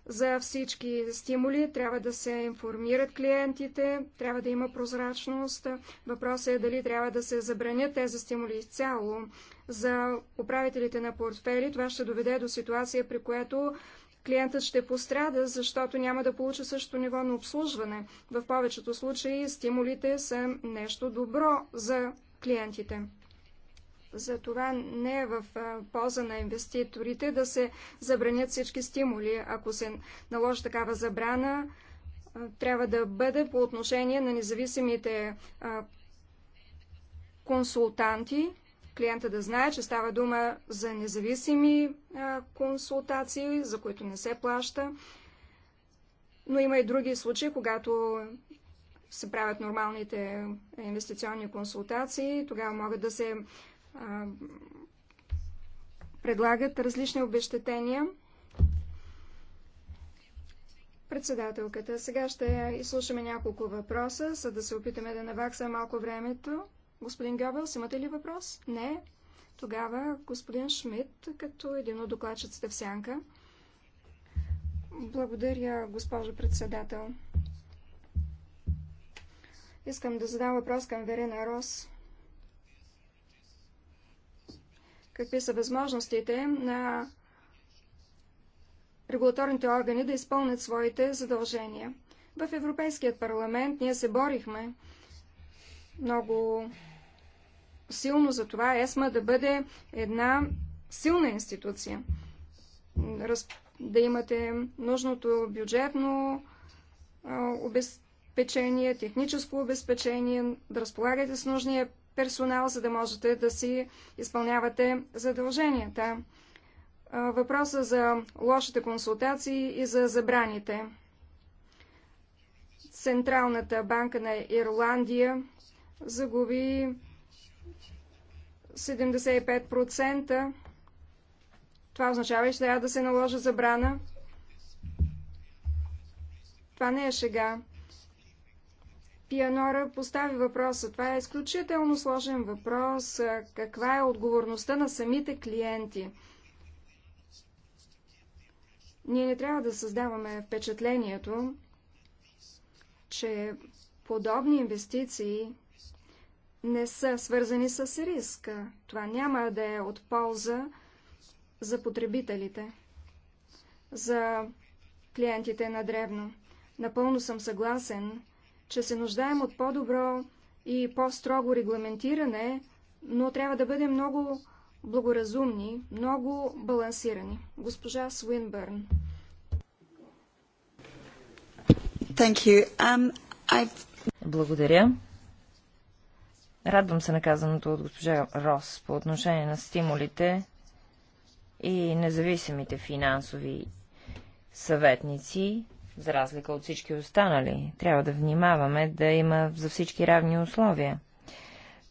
За всички стимули трябва да се информират клиентите, трябва да има прозрачност. Въпросът е дали трябва да се забранят тези стимули изцяло. За управителите на портфели това ще доведе до ситуация, при която клиентът ще пострада, защото няма да получи същото ниво на обслужване. В повечето случаи стимулите са нещо добро за клиентите. Затова не е в полза на инвеститорите да се забранят всички стимули. Ако се наложи такава забрана, трябва да бъде по отношение на независимите консултанти, клиента да знае, че става дума за независими а, консултации, за които не се плаща. Но има и други случаи, когато се правят нормалните инвестиционни консултации, тогава могат да се а, предлагат различни обещетения. Председателката, сега ще изслушаме няколко въпроса, за да се опитаме да наваксаме малко времето. Господин Гьобелс, имате ли въпрос? Не. Тогава господин Шмидт, като един от докладчиците в сянка. Благодаря, госпожо председател. Искам да задам въпрос към Верена Рос. Какви са възможностите на регулаторните органи да изпълнят своите задължения? В Европейският парламент ние се борихме много силно за това ЕСМА да бъде една силна институция. Да имате нужното бюджетно обезпечение, техническо обезпечение, да разполагате с нужния персонал, за да можете да си изпълнявате задълженията. Въпроса за лошите консултации и за забраните. Централната банка на Ирландия загуби 75%. Това означава, че трябва да се наложи забрана. Това не е шега. Пианора постави въпроса. Това е изключително сложен въпрос. Каква е отговорността на самите клиенти? Ние не трябва да създаваме впечатлението, че подобни инвестиции не са свързани с риска. Това няма да е от полза за потребителите, за клиентите на древно. Напълно съм съгласен, че се нуждаем от по-добро и по-строго регламентиране, но трябва да бъдем много благоразумни, много балансирани. Госпожа Свинбърн. Um, Благодаря. Радвам се наказаното от госпожа Рос по отношение на стимулите и независимите финансови съветници, за разлика от всички останали. Трябва да внимаваме да има за всички равни условия.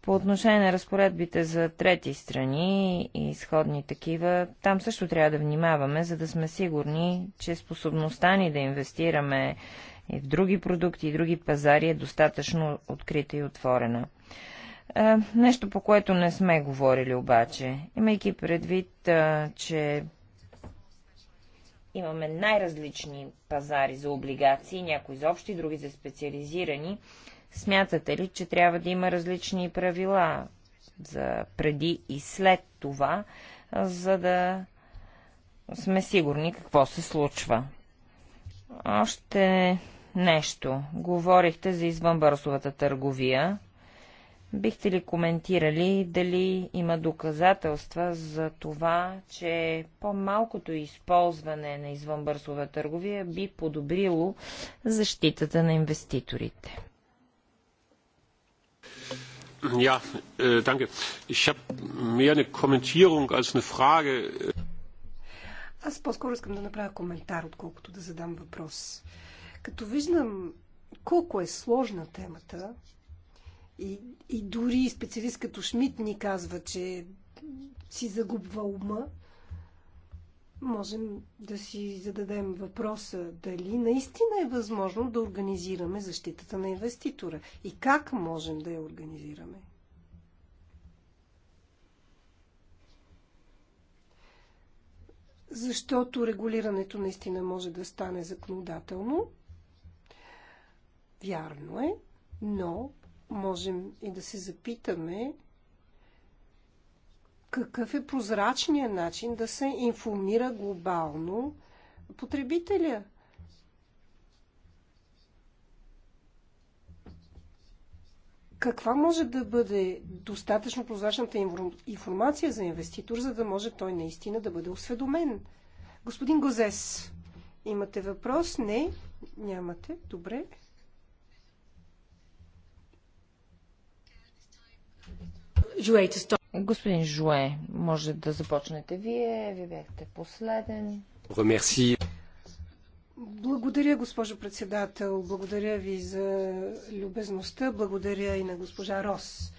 По отношение на разпоредбите за трети страни и изходни такива, там също трябва да внимаваме, за да сме сигурни, че способността ни да инвестираме и в други продукти и други пазари е достатъчно открита и отворена. Е, нещо, по което не сме говорили обаче, имайки предвид, е, че имаме най-различни пазари за облигации, някои за общи, други за специализирани, смятате ли, че трябва да има различни правила за преди и след това, за да сме сигурни какво се случва? Още нещо. Говорихте за извънбърсовата търговия. Бихте ли коментирали дали има доказателства за това, че по-малкото използване на извънбърсова търговия би подобрило защитата на инвеститорите? Ja, äh, danke. Ich habe mehr eine Kommentierung als eine Frage. Аз по-скоро искам да направя коментар, отколкото да задам въпрос. Като виждам колко е сложна темата, и, и дори специалист като Шмидт ни казва, че си загубва ума. Можем да си зададем въпроса дали наистина е възможно да организираме защитата на инвеститора и как можем да я организираме. Защото регулирането наистина може да стане законодателно. Вярно е, но Можем и да се запитаме какъв е прозрачният начин да се информира глобално потребителя. Каква може да бъде достатъчно прозрачната информация за инвеститор, за да може той наистина да бъде осведомен? Господин Гозес, имате въпрос? Не, нямате. Добре. Господин Жуе, може да започнете вие. Вие бяхте последен. Ремерси. Благодаря, госпожо председател. Благодаря ви за любезността. Благодаря и на госпожа Рос.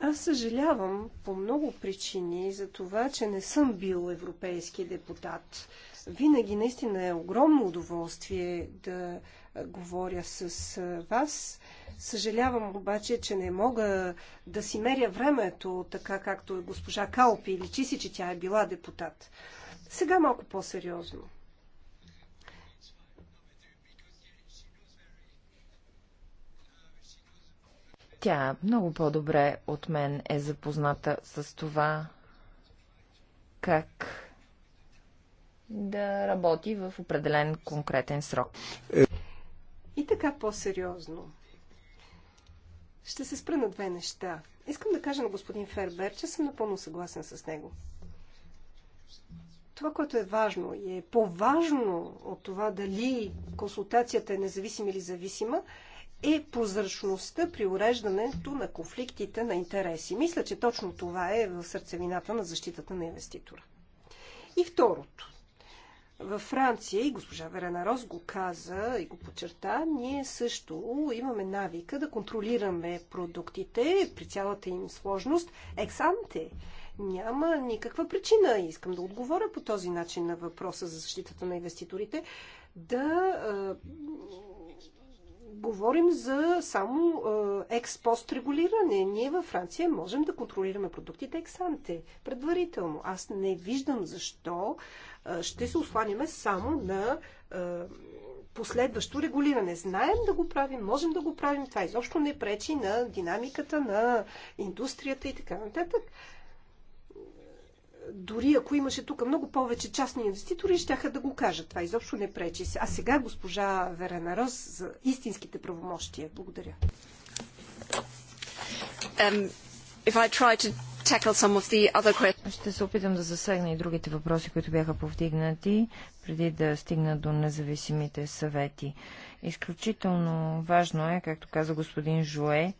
Аз съжалявам по много причини за това, че не съм бил европейски депутат. Винаги наистина е огромно удоволствие да говоря с вас Съжалявам обаче, че не мога да си меря времето, така както е госпожа Калпи, или чиси, си, че тя е била депутат. Сега малко по-сериозно. Тя много по-добре от мен е запозната с това, как да работи в определен конкретен срок. И така по-сериозно. Ще се спра на две неща. Искам да кажа на господин Фербер, че съм напълно съгласен с него. Това, което е важно и е по-важно от това дали консултацията е независима или зависима, е прозрачността при уреждането на конфликтите на интереси. Мисля, че точно това е в сърцевината на защитата на инвеститора. И второто. Във Франция, и госпожа Верена Рос го каза и го подчерта, ние също имаме навика да контролираме продуктите при цялата им сложност ексанте. Няма никаква причина, искам да отговоря по този начин на въпроса за защитата на инвеститорите, да говорим за само е, експост регулиране. Ние във Франция можем да контролираме продуктите ексанте, предварително. Аз не виждам защо е, ще се осланяме само на е, последващо регулиране. Знаем да го правим, можем да го правим. Това изобщо не пречи на динамиката на индустрията и така нататък дори ако имаше тук много повече частни инвеститори, щяха да го кажат. Това изобщо не пречи А сега госпожа Верена Рос за истинските правомощия. Благодаря. ще се опитам да засегна и другите въпроси, които бяха повдигнати, преди да стигна до независимите съвети. Изключително важно е, както каза господин Жуе,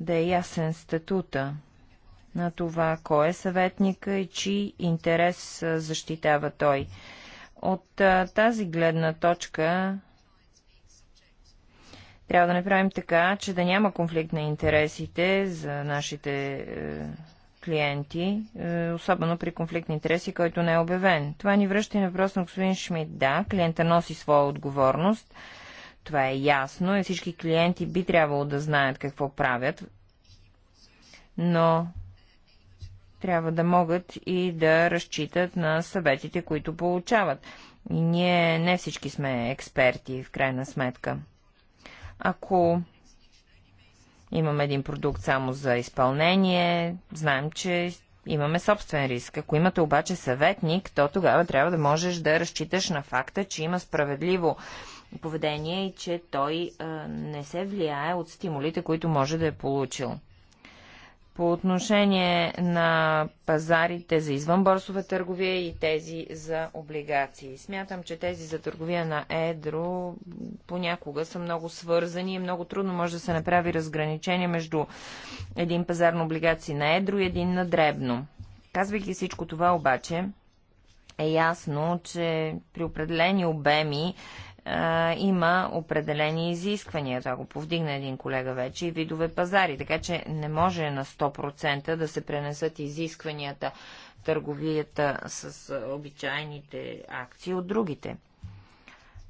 да е ясен статута на това, кой е съветника и чий интерес защитава той. От тази гледна точка трябва да направим така, че да няма конфликт на интересите за нашите е, клиенти, е, особено при конфликт на интереси, който не е обявен. Това ни връща и на въпрос на господин Шмидт. Да, клиента носи своя отговорност. Това е ясно и всички клиенти би трябвало да знаят какво правят. Но трябва да могат и да разчитат на съветите, които получават. И ние не всички сме експерти, в крайна сметка. Ако имаме един продукт само за изпълнение, знаем, че имаме собствен риск. Ако имате обаче съветник, то тогава трябва да можеш да разчиташ на факта, че има справедливо поведение и че той а, не се влияе от стимулите, които може да е получил по отношение на пазарите за извънборсова търговия и тези за облигации. Смятам, че тези за търговия на едро понякога са много свързани и много трудно може да се направи разграничение между един пазар на облигации на едро и един на дребно. Казвайки всичко това обаче, е ясно, че при определени обеми а, има определени изисквания. Това го повдигна един колега вече и видове пазари. Така че не може на 100% да се пренесат изискванията търговията с обичайните акции от другите.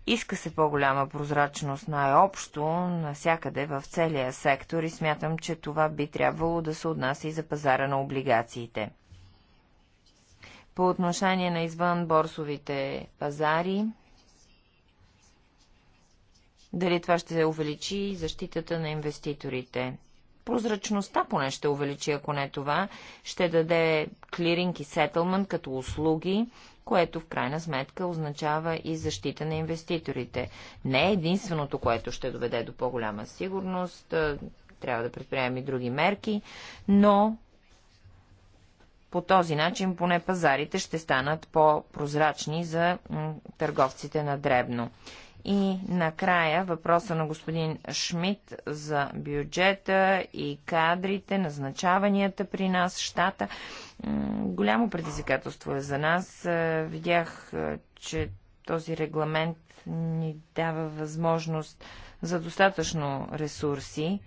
Иска се по-голяма прозрачност най-общо, навсякъде в целия сектор и смятам, че това би трябвало да се отнася и за пазара на облигациите. По отношение на извън борсовите пазари, дали това ще увеличи защитата на инвеститорите? Прозрачността поне ще увеличи, ако не това. Ще даде клиринг и сетълмент като услуги, което в крайна сметка означава и защита на инвеститорите. Не е единственото, което ще доведе до по-голяма сигурност. Е, трябва да предприемем и други мерки, но по този начин поне пазарите ще станат по-прозрачни за търговците на дребно. И накрая въпроса на господин Шмидт за бюджета и кадрите, назначаванията при нас, щата. Голямо предизвикателство е за нас. Е, видях, е, че този регламент ни дава възможност за достатъчно ресурси,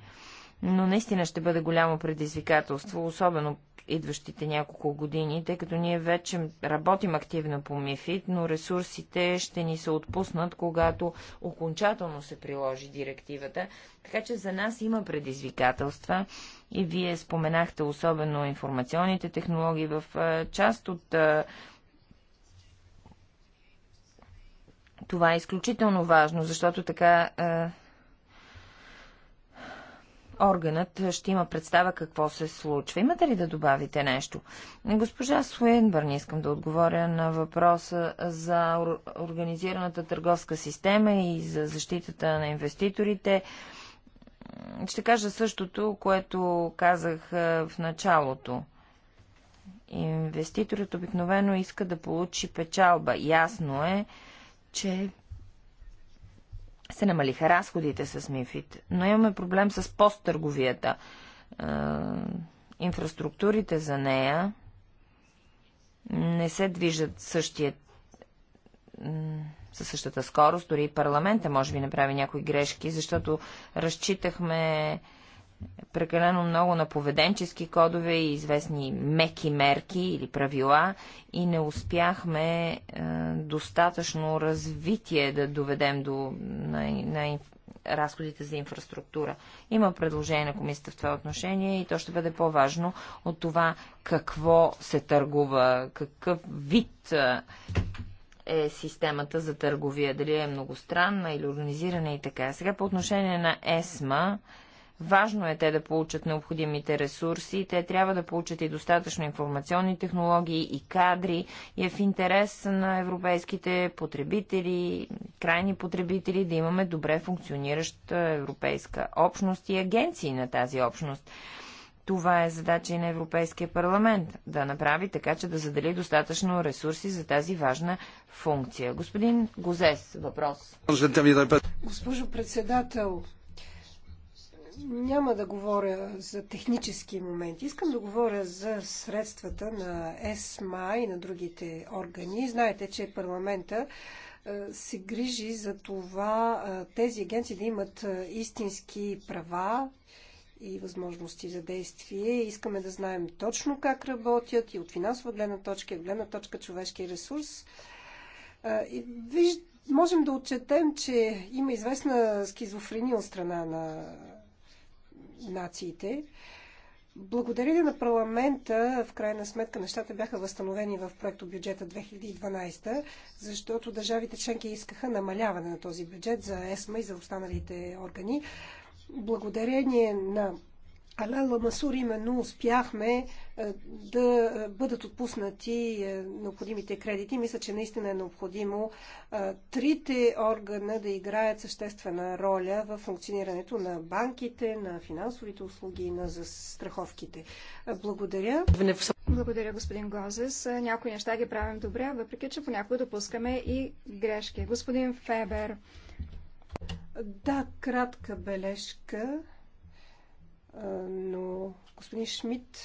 но наистина ще бъде голямо предизвикателство, особено идващите няколко години, тъй като ние вече работим активно по МИФИД, но ресурсите ще ни се отпуснат, когато окончателно се приложи директивата. Така че за нас има предизвикателства и вие споменахте особено информационните технологии в част от това е изключително важно, защото така органът ще има представа какво се случва. Имате ли да добавите нещо? Госпожа Суенбърн, искам да отговоря на въпроса за организираната търговска система и за защитата на инвеститорите. Ще кажа същото, което казах в началото. Инвеститорът обикновено иска да получи печалба. Ясно е, че се намалиха разходите с МИФИД, но имаме проблем с посттърговията. Е, инфраструктурите за нея не се движат същия със същата скорост, дори и парламента може би направи някои грешки, защото разчитахме прекалено много на поведенчески кодове и известни меки мерки или правила и не успяхме е, достатъчно развитие да доведем до на, на разходите за инфраструктура. Има предложение на комисията в това отношение и то ще бъде по-важно от това какво се търгува, какъв вид е, е системата за търговия, дали е многостранна или организирана и така. Сега по отношение на ЕСМА, Важно е те да получат необходимите ресурси, те трябва да получат и достатъчно информационни технологии и кадри и е в интерес на европейските потребители, крайни потребители да имаме добре функционираща европейска общност и агенции на тази общност. Това е задача и на Европейския парламент да направи така, че да задели достатъчно ресурси за тази важна функция. Господин Гозес, въпрос. Госпожо председател, няма да говоря за технически моменти. Искам да говоря за средствата на ЕСМА и на другите органи. Знаете, че парламента е, се грижи за това е, тези агенции да имат е, истински права и възможности за действие. Искаме да знаем точно как работят и от финансова гледна точка, и от гледна точка човешки ресурс. И виж, можем да отчетем, че има известна скизофрения от страна на нациите. Благодарение на парламента, в крайна сметка, нещата бяха възстановени в проекто бюджета 2012, защото държавите членки искаха намаляване на този бюджет за ЕСМА и за останалите органи. Благодарение на Аля Ламасур именно успяхме е, да бъдат отпуснати е, необходимите кредити. Мисля, че наистина е необходимо е, трите органа да играят съществена роля в функционирането на банките, на финансовите услуги, на застраховките. Благодаря. Благодаря, господин Гозес. Някои неща ги правим добре, въпреки че понякога допускаме и грешки. Господин Фебер. Да, кратка бележка но господин Шмидт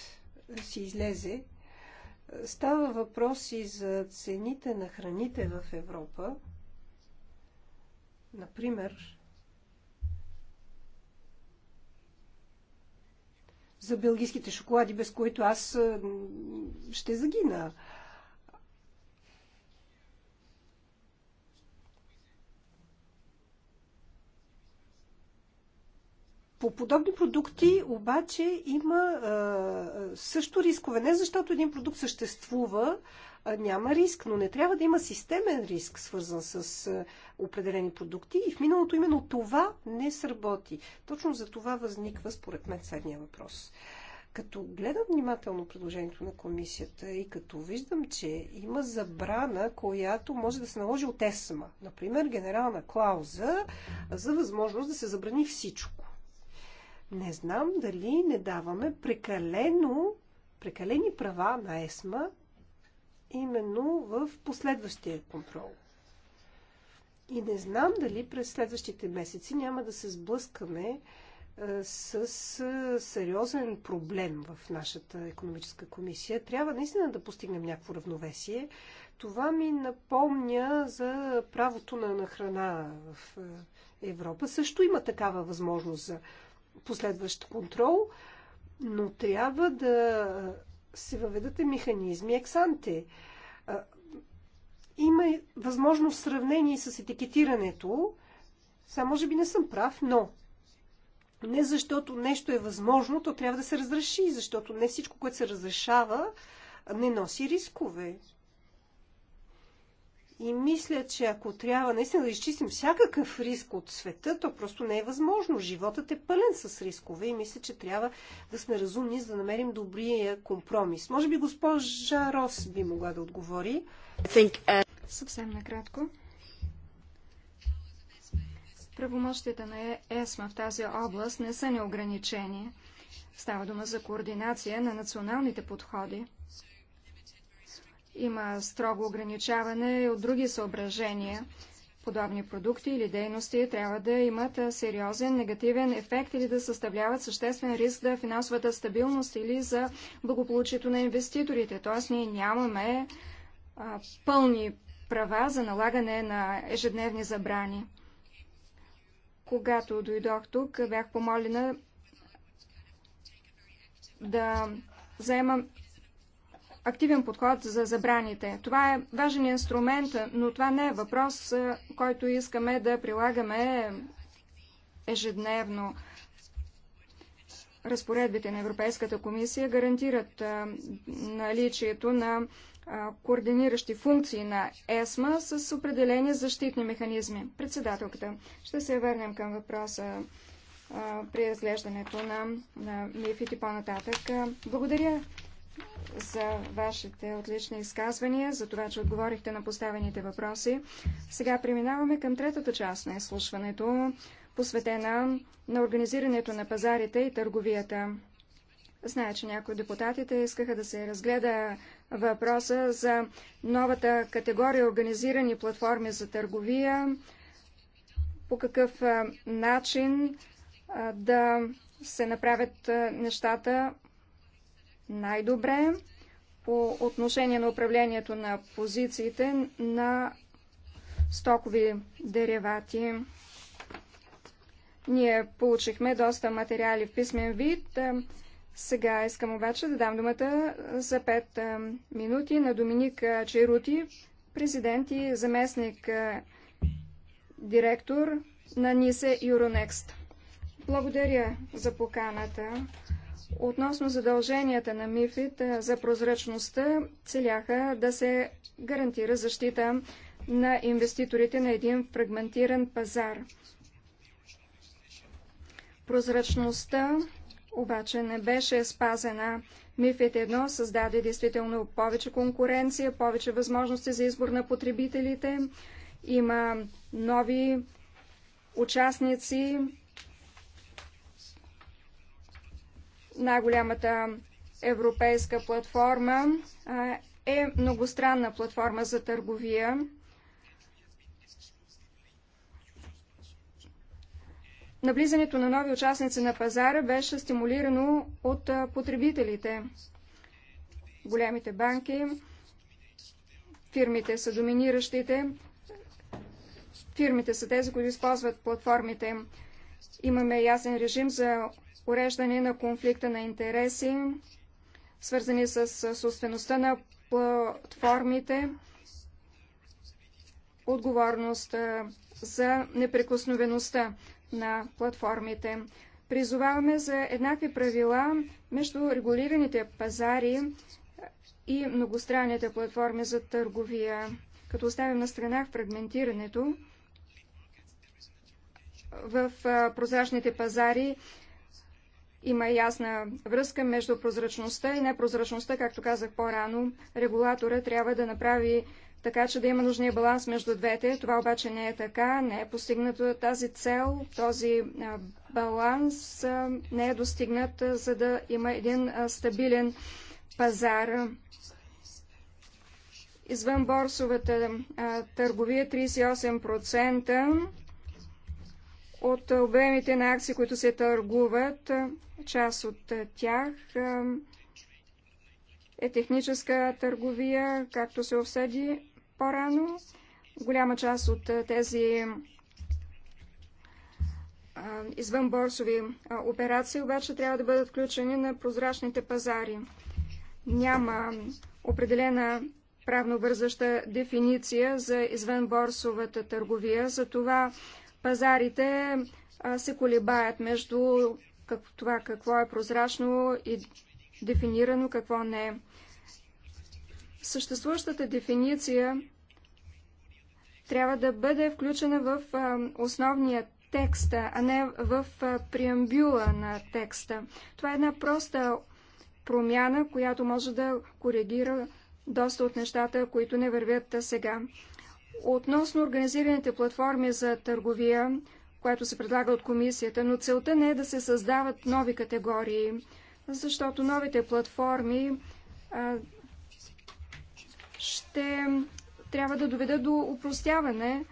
си излезе. Става въпрос и за цените на храните в Европа. Например, за белгийските шоколади, без които аз ще загина. По подобни продукти обаче има а, също рискове. Не защото един продукт съществува, а, няма риск, но не трябва да има системен риск, свързан с а, определени продукти. И в миналото именно това не сработи. Точно за това възниква, според мен, следния въпрос. Като гледам внимателно предложението на комисията и като виждам, че има забрана, която може да се наложи от ЕСМА, например генерална клауза за възможност да се забрани всичко. Не знам дали не даваме прекалено, прекалени права на ЕСМА именно в последващия контрол. И не знам дали през следващите месеци няма да се сблъскаме е, с е, сериозен проблем в нашата економическа комисия. Трябва наистина да постигнем някакво равновесие. Това ми напомня за правото на, на храна в е, Европа. Също има такава възможност за последващ контрол, но трябва да се въведат механизми ексанте. Има възможно сравнение с етикетирането. Сега може би не съм прав, но не защото нещо е възможно, то трябва да се разреши, защото не всичко, което се разрешава, не носи рискове. И мисля, че ако трябва наистина да изчистим всякакъв риск от света, то просто не е възможно. Животът е пълен с рискове и мисля, че трябва да сме разумни, за да намерим добрия компромис. Може би госпожа Рос би могла да отговори. Think, uh... Съвсем накратко. Правомощията на ЕСМА в тази област не са неограничени. Става дума за координация на националните подходи. Има строго ограничаване и от други съображения. Подобни продукти или дейности трябва да имат сериозен негативен ефект или да съставляват съществен риск за финансовата стабилност или за благополучието на инвеститорите. Т.е. ние нямаме а, пълни права за налагане на ежедневни забрани. Когато дойдох тук, бях помолена да заемам активен подход за забраните. Това е важен инструмент, но това не е въпрос, който искаме да прилагаме ежедневно. Разпоредбите на Европейската комисия гарантират наличието на координиращи функции на ЕСМА с определени защитни механизми. Председателката, ще се върнем към въпроса при разглеждането на, на МИФИТ и по-нататък. Благодаря за вашите отлични изказвания, за това, че отговорихте на поставените въпроси. Сега преминаваме към третата част на изслушването, посветена на организирането на пазарите и търговията. Зная, че някои депутатите искаха да се разгледа въпроса за новата категория организирани платформи за търговия, по какъв начин да се направят нещата най-добре по отношение на управлението на позициите на стокови деривати. Ние получихме доста материали в писмен вид. Сега искам обаче да дам думата за 5 минути на Доминик Черути, президент и заместник директор на НИСЕ Юронекст. Благодаря за поканата. Относно задълженията на МИФИД за прозрачността, целяха да се гарантира защита на инвеститорите на един фрагментиран пазар. Прозрачността обаче не беше спазена. МИФИД 1 създаде действително повече конкуренция, повече възможности за избор на потребителите. Има нови участници, Най-голямата европейска платформа е многостранна платформа за търговия. Навлизането на нови участници на пазара беше стимулирано от потребителите. Големите банки, фирмите са доминиращите, фирмите са тези, които използват платформите. Имаме ясен режим за уреждане на конфликта на интереси, свързани с собствеността на платформите, отговорност за неприкосновеността на платформите. Призоваваме за еднакви правила между регулираните пазари и многостранните платформи за търговия. Като оставим на страна фрагментирането, в прозрачните пазари има ясна връзка между прозрачността и непрозрачността, както казах по-рано. Регулатора трябва да направи така, че да има нужния баланс между двете. Това обаче не е така, не е постигнато тази цел, този баланс не е достигнат, за да има един стабилен пазар. Извън борсовата търговия 38% от обемите на акции, които се търгуват, част от тях е, е техническа търговия, както се обсъди по-рано. Голяма част от е, тези е, извънборсови операции обаче трябва да бъдат включени на прозрачните пазари. Няма определена правно вързаща дефиниция за извънборсовата търговия, затова Пазарите се колебаят между това какво е прозрачно и дефинирано, какво не е. Съществуващата дефиниция трябва да бъде включена в основния текст, а не в преамбюла на текста. Това е една проста промяна, която може да коригира доста от нещата, които не вървят сега. Относно организираните платформи за търговия, което се предлага от комисията, но целта не е да се създават нови категории, защото новите платформи а, ще трябва да доведат до упростяване.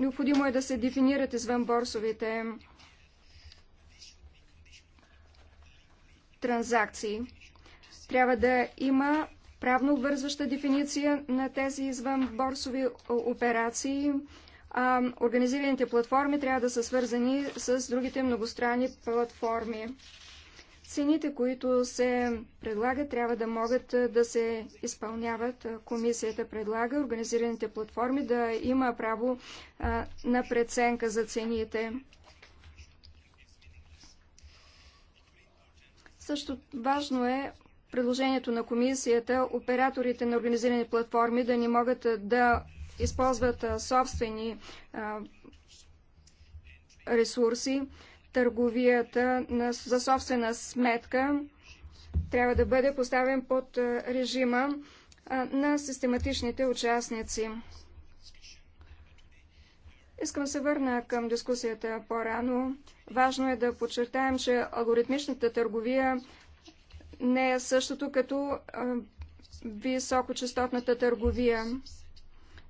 Необходимо е да се дефинират извън борсовите транзакции. Трябва да има правно обвързваща дефиниция на тези извънборсови операции. А, организираните платформи трябва да са свързани с другите многостранни платформи. Цените, които се предлагат, трябва да могат да се изпълняват. Комисията предлага организираните платформи да има право а, на преценка за цените. Също важно е предложението на комисията операторите на организирани платформи да не могат да използват собствени ресурси, търговията за собствена сметка трябва да бъде поставен под режима на систематичните участници. Искам се върна към дискусията по-рано. Важно е да подчертаем, че алгоритмичната търговия не е същото като високочастотната търговия,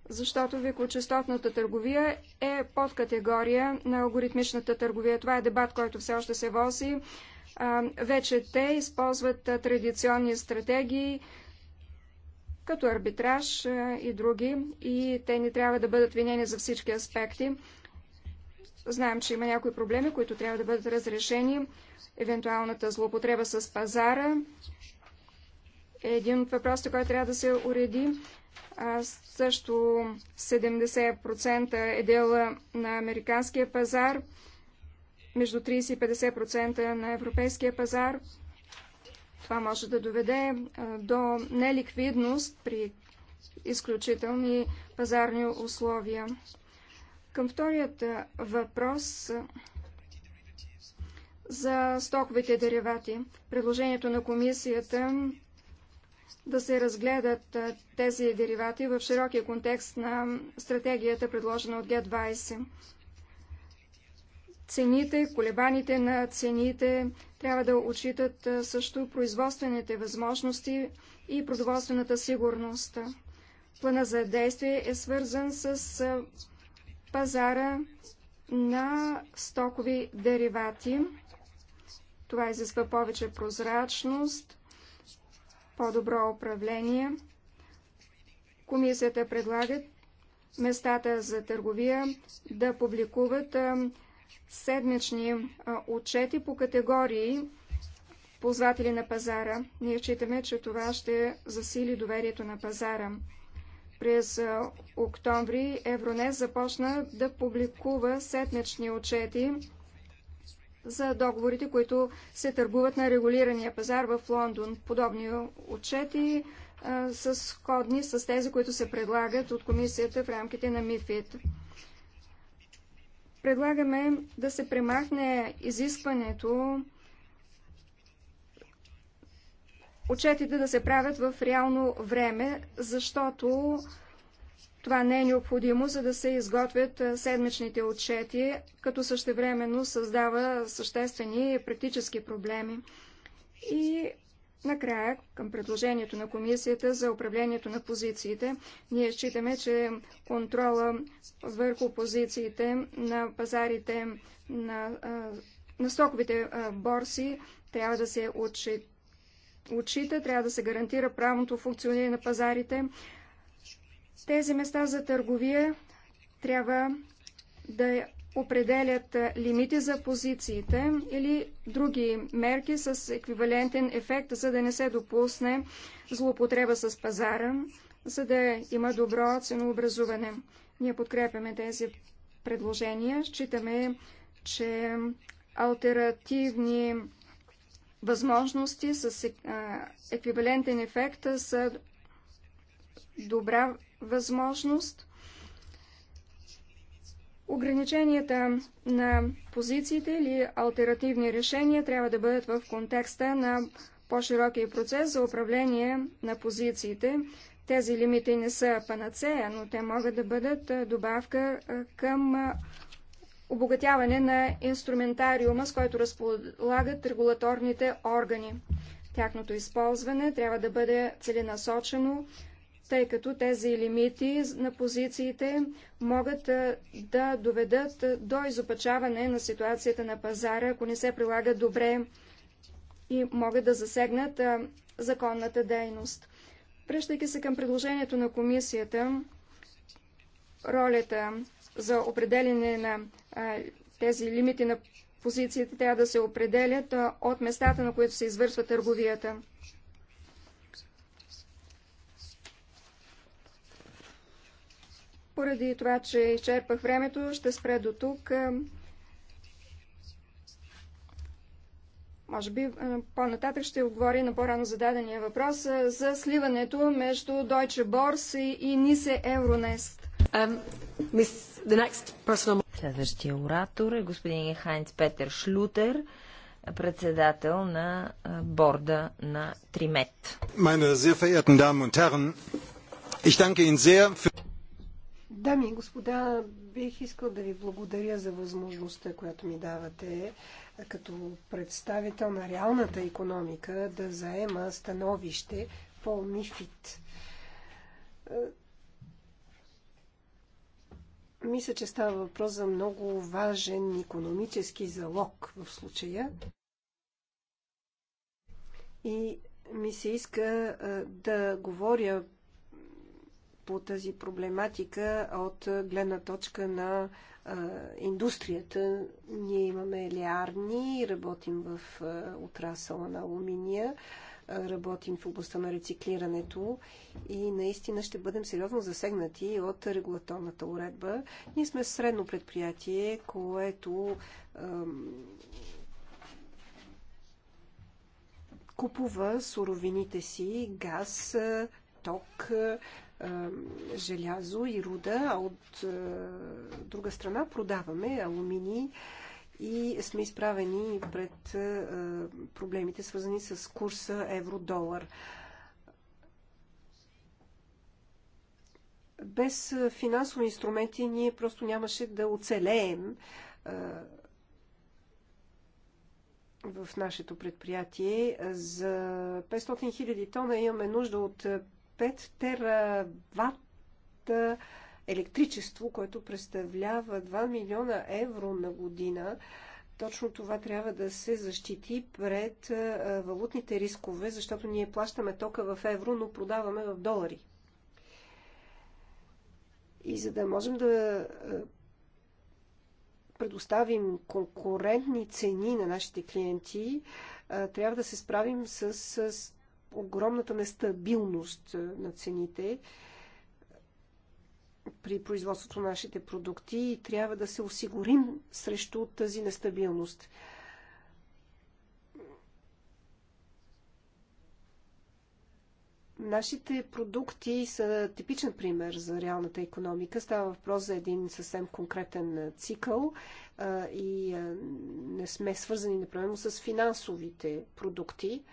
защото високочастотната търговия е под категория на алгоритмичната търговия. Това е дебат, който все още се вози. Вече те използват традиционни стратегии, като арбитраж и други, и те не трябва да бъдат винени за всички аспекти. Знаем, че има някои проблеми, които трябва да бъдат разрешени. Евентуалната злоупотреба с пазара е един от въпросите, който трябва да се уреди. А, също 70% е дела на американския пазар, между 30 и 50% на европейския пазар. Това може да доведе до неликвидност при изключителни пазарни условия. Към вторият въпрос за стоковите деривати. Предложението на комисията да се разгледат тези деривати в широкия контекст на стратегията, предложена от Г20. Цените, колебаните на цените трябва да отчитат също производствените възможности и продоволствената сигурност. Плана за действие е свързан с пазара на стокови деривати. Това изисква повече прозрачност, по-добро управление. Комисията предлага местата за търговия да публикуват седмични отчети по категории ползватели на пазара. Ние считаме, че това ще засили доверието на пазара. През октомври Евронес започна да публикува седмични отчети за договорите, които се търгуват на регулирания пазар в Лондон. Подобни отчети а, са сходни с тези, които се предлагат от комисията в рамките на МИФИД. Предлагаме да се премахне изискването отчетите да се правят в реално време, защото това не е необходимо, за да се изготвят седмичните отчети, като същевременно създава съществени практически проблеми. И накрая, към предложението на комисията за управлението на позициите, ние считаме, че контрола върху позициите на пазарите на, на стоковите борси трябва да се отчита отчита, трябва да се гарантира правното функциониране на пазарите. Тези места за търговия трябва да определят лимити за позициите или други мерки с еквивалентен ефект, за да не се допусне злоупотреба с пазара, за да има добро ценообразуване. Ние подкрепяме тези предложения. Считаме, че альтернативни възможности с е, еквивалентен ефект са добра възможност. Ограниченията на позициите или альтернативни решения трябва да бъдат в контекста на по-широкия процес за управление на позициите. Тези лимити не са панацея, но те могат да бъдат е, добавка е, към обогатяване на инструментариума, с който разполагат регулаторните органи. Тяхното използване трябва да бъде целенасочено, тъй като тези лимити на позициите могат да доведат до изопачаване на ситуацията на пазара, ако не се прилагат добре и могат да засегнат законната дейност. Връщайки се към предложението на комисията, ролята за определене на тези лимити на позициите трябва да се определят от местата, на които се извършва търговията. Поради това, че изчерпах времето, ще спре до тук. Може би по-нататък ще отговори на по-рано зададения въпрос за сливането между Deutsche Börse и Nise Euronest. Um, miss, Следващия оратор е господин Хайнц Петър Шлютер, председател на борда на Тримет. Дами и господа, бих искал да ви благодаря за възможността, която ми давате като представител на реалната економика да заема становище по МИФИТ. Мисля, че става въпрос за много важен економически залог в случая. И ми се иска да говоря по тази проблематика от гледна точка на индустрията. Ние имаме лиарни, работим в отрасъла на алуминия работим в областта на рециклирането и наистина ще бъдем сериозно засегнати от регулаторната уредба. Ние сме средно предприятие, което купува суровините си, газ, ток, желязо и руда, а от друга страна продаваме алумини, и сме изправени пред е, проблемите, свързани с курса евро-долар. Без финансови инструменти ние просто нямаше да оцелеем е, в нашето предприятие. За 500 000 тона имаме нужда от 5 тераватта електричество, което представлява 2 милиона евро на година. Точно това трябва да се защити пред валутните рискове, защото ние плащаме тока в евро, но продаваме в долари. И за да можем да предоставим конкурентни цени на нашите клиенти, трябва да се справим с, с огромната нестабилност на цените при производството на нашите продукти и трябва да се осигурим срещу тази нестабилност. Нашите продукти са типичен пример за реалната економика. Става въпрос за един съвсем конкретен цикъл и не сме свързани непременно с финансовите продукти.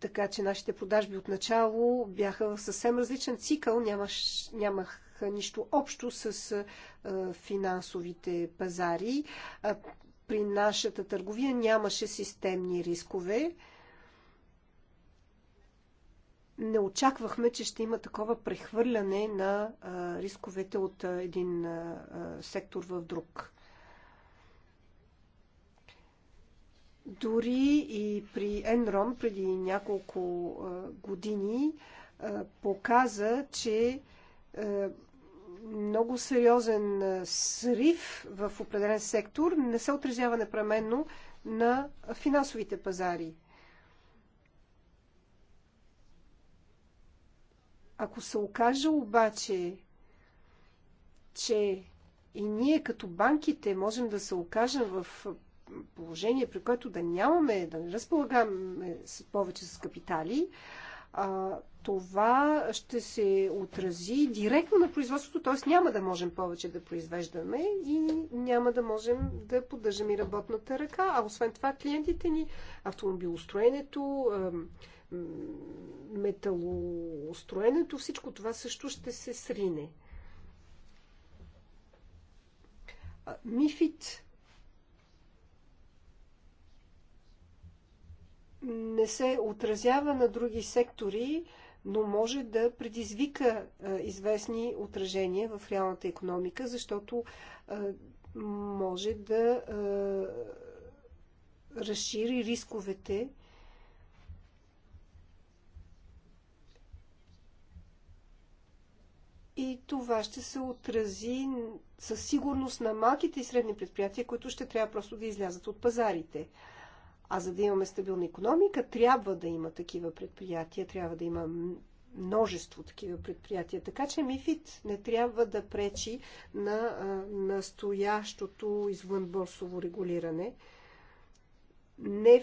Така че нашите продажби отначало бяха в съвсем различен цикъл, нямаш, нямах нищо общо с финансовите пазари. При нашата търговия нямаше системни рискове. Не очаквахме, че ще има такова прехвърляне на рисковете от един сектор в друг. Дори и при Енрон преди няколко години показа, че много сериозен срив в определен сектор не се отразява непременно на финансовите пазари. Ако се окаже обаче, че и ние като банките можем да се окажем в положение, при което да нямаме, да не разполагаме повече с капитали, а, това ще се отрази директно на производството, т.е. няма да можем повече да произвеждаме и няма да можем да поддържаме работната ръка. А освен това, клиентите ни, автомобилостроенето, металостроенето, всичко това също ще се срине. Мифит не се отразява на други сектори, но може да предизвика известни отражения в реалната економика, защото може да разшири рисковете И това ще се отрази със сигурност на малките и средни предприятия, които ще трябва просто да излязат от пазарите. А за да имаме стабилна економика, трябва да има такива предприятия, трябва да има множество такива предприятия. Така че Мифит не трябва да пречи на настоящото извънборсово регулиране. Не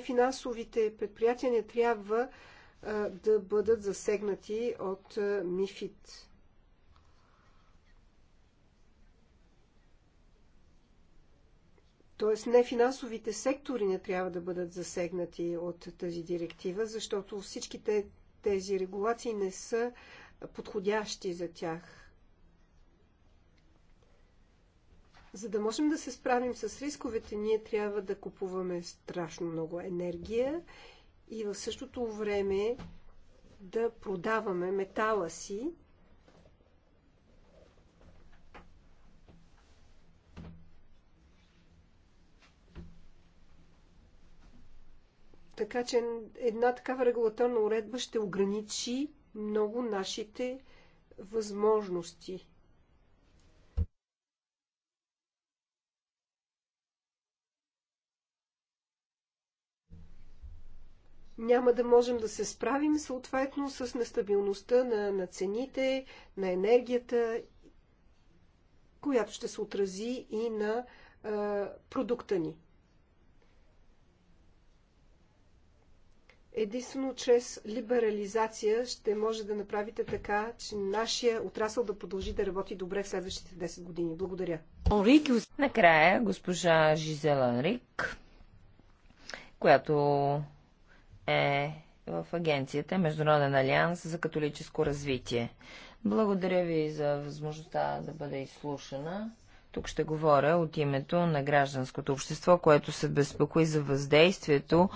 финансовите предприятия не трябва да бъдат засегнати от МИФИД. Тоест не финансовите сектори не трябва да бъдат засегнати от тази директива, защото всичките тези регулации не са подходящи за тях. За да можем да се справим с рисковете, ние трябва да купуваме страшно много енергия и в същото време да продаваме метала си Така че една такава регулаторна уредба ще ограничи много нашите възможности. Няма да можем да се справим съответно с нестабилността на, на цените, на енергията, която ще се отрази и на а, продукта ни. Единствено чрез либерализация ще може да направите така, че нашия отрасъл да продължи да работи добре в следващите 10 години. Благодаря. Накрая госпожа Жизела Рик, която е в агенцията Международен алианс за католическо развитие. Благодаря ви за възможността да бъде изслушана. Тук ще говоря от името на гражданското общество, което се безпокои за въздействието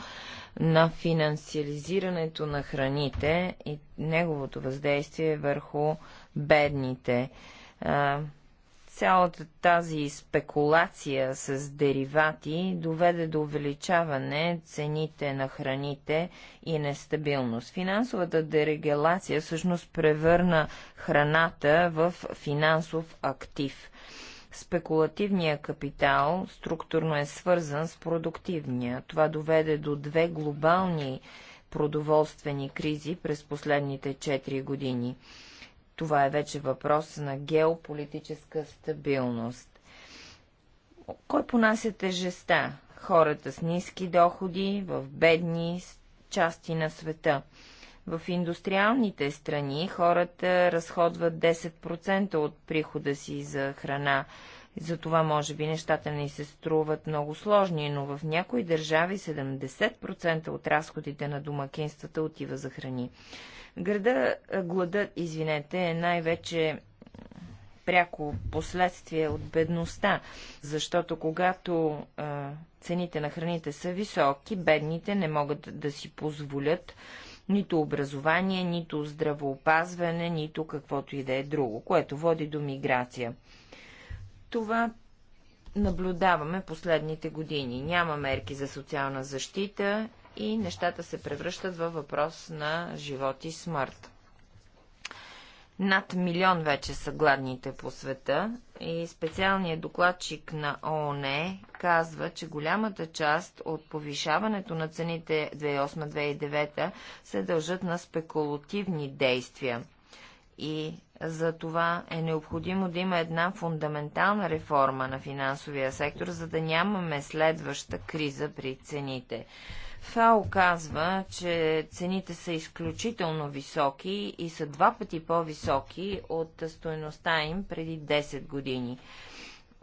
на финансиализирането на храните и неговото въздействие върху бедните. цялата тази спекулация с деривати доведе до увеличаване цените на храните и нестабилност. Финансовата дерегелация всъщност превърна храната в финансов актив. Спекулативният капитал структурно е свързан с продуктивния. Това доведе до две глобални продоволствени кризи през последните 4 години. Това е вече въпрос на геополитическа стабилност. Кой понася тежеста? Хората с ниски доходи в бедни части на света – в индустриалните страни хората разходват 10% от прихода си за храна. Затова може би нещата ни се струват много сложни, но в някои държави 70% от разходите на домакинствата отива за храни. Града, е, гладът, извинете, е най-вече пряко последствие от бедността, защото когато а, е, цените на храните са високи, бедните не могат да си позволят нито образование, нито здравоопазване, нито каквото и да е друго, което води до миграция. Това наблюдаваме последните години. Няма мерки за социална защита и нещата се превръщат във въпрос на живот и смърт. Над милион вече са гладните по света и специалният докладчик на ООН казва, че голямата част от повишаването на цените 2008-2009 се дължат на спекулативни действия. И за това е необходимо да има една фундаментална реформа на финансовия сектор, за да нямаме следваща криза при цените. ФАО казва, че цените са изключително високи и са два пъти по-високи от стоеността им преди 10 години.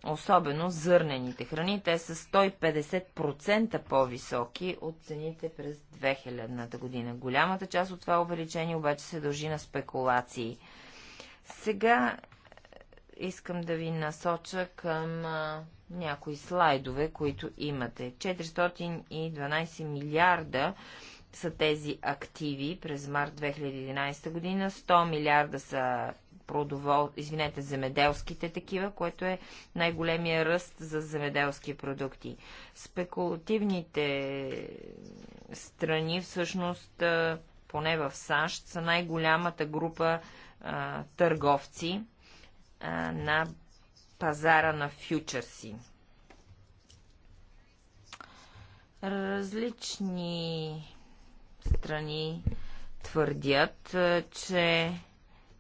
Особено зърнените храни, те са 150% по-високи от цените през 2000-та година. Голямата част от това увеличение обаче се дължи на спекулации. Сега е, искам да ви насоча към някои слайдове, които имате. 412 милиарда са тези активи през март 2011 година, 100 милиарда са продовол, извинете, земеделските такива, което е най-големия ръст за земеделски продукти. Спекулативните страни всъщност, поне в САЩ, са най-голямата група а, търговци а, на пазара на фьючерси. Различни страни твърдят, че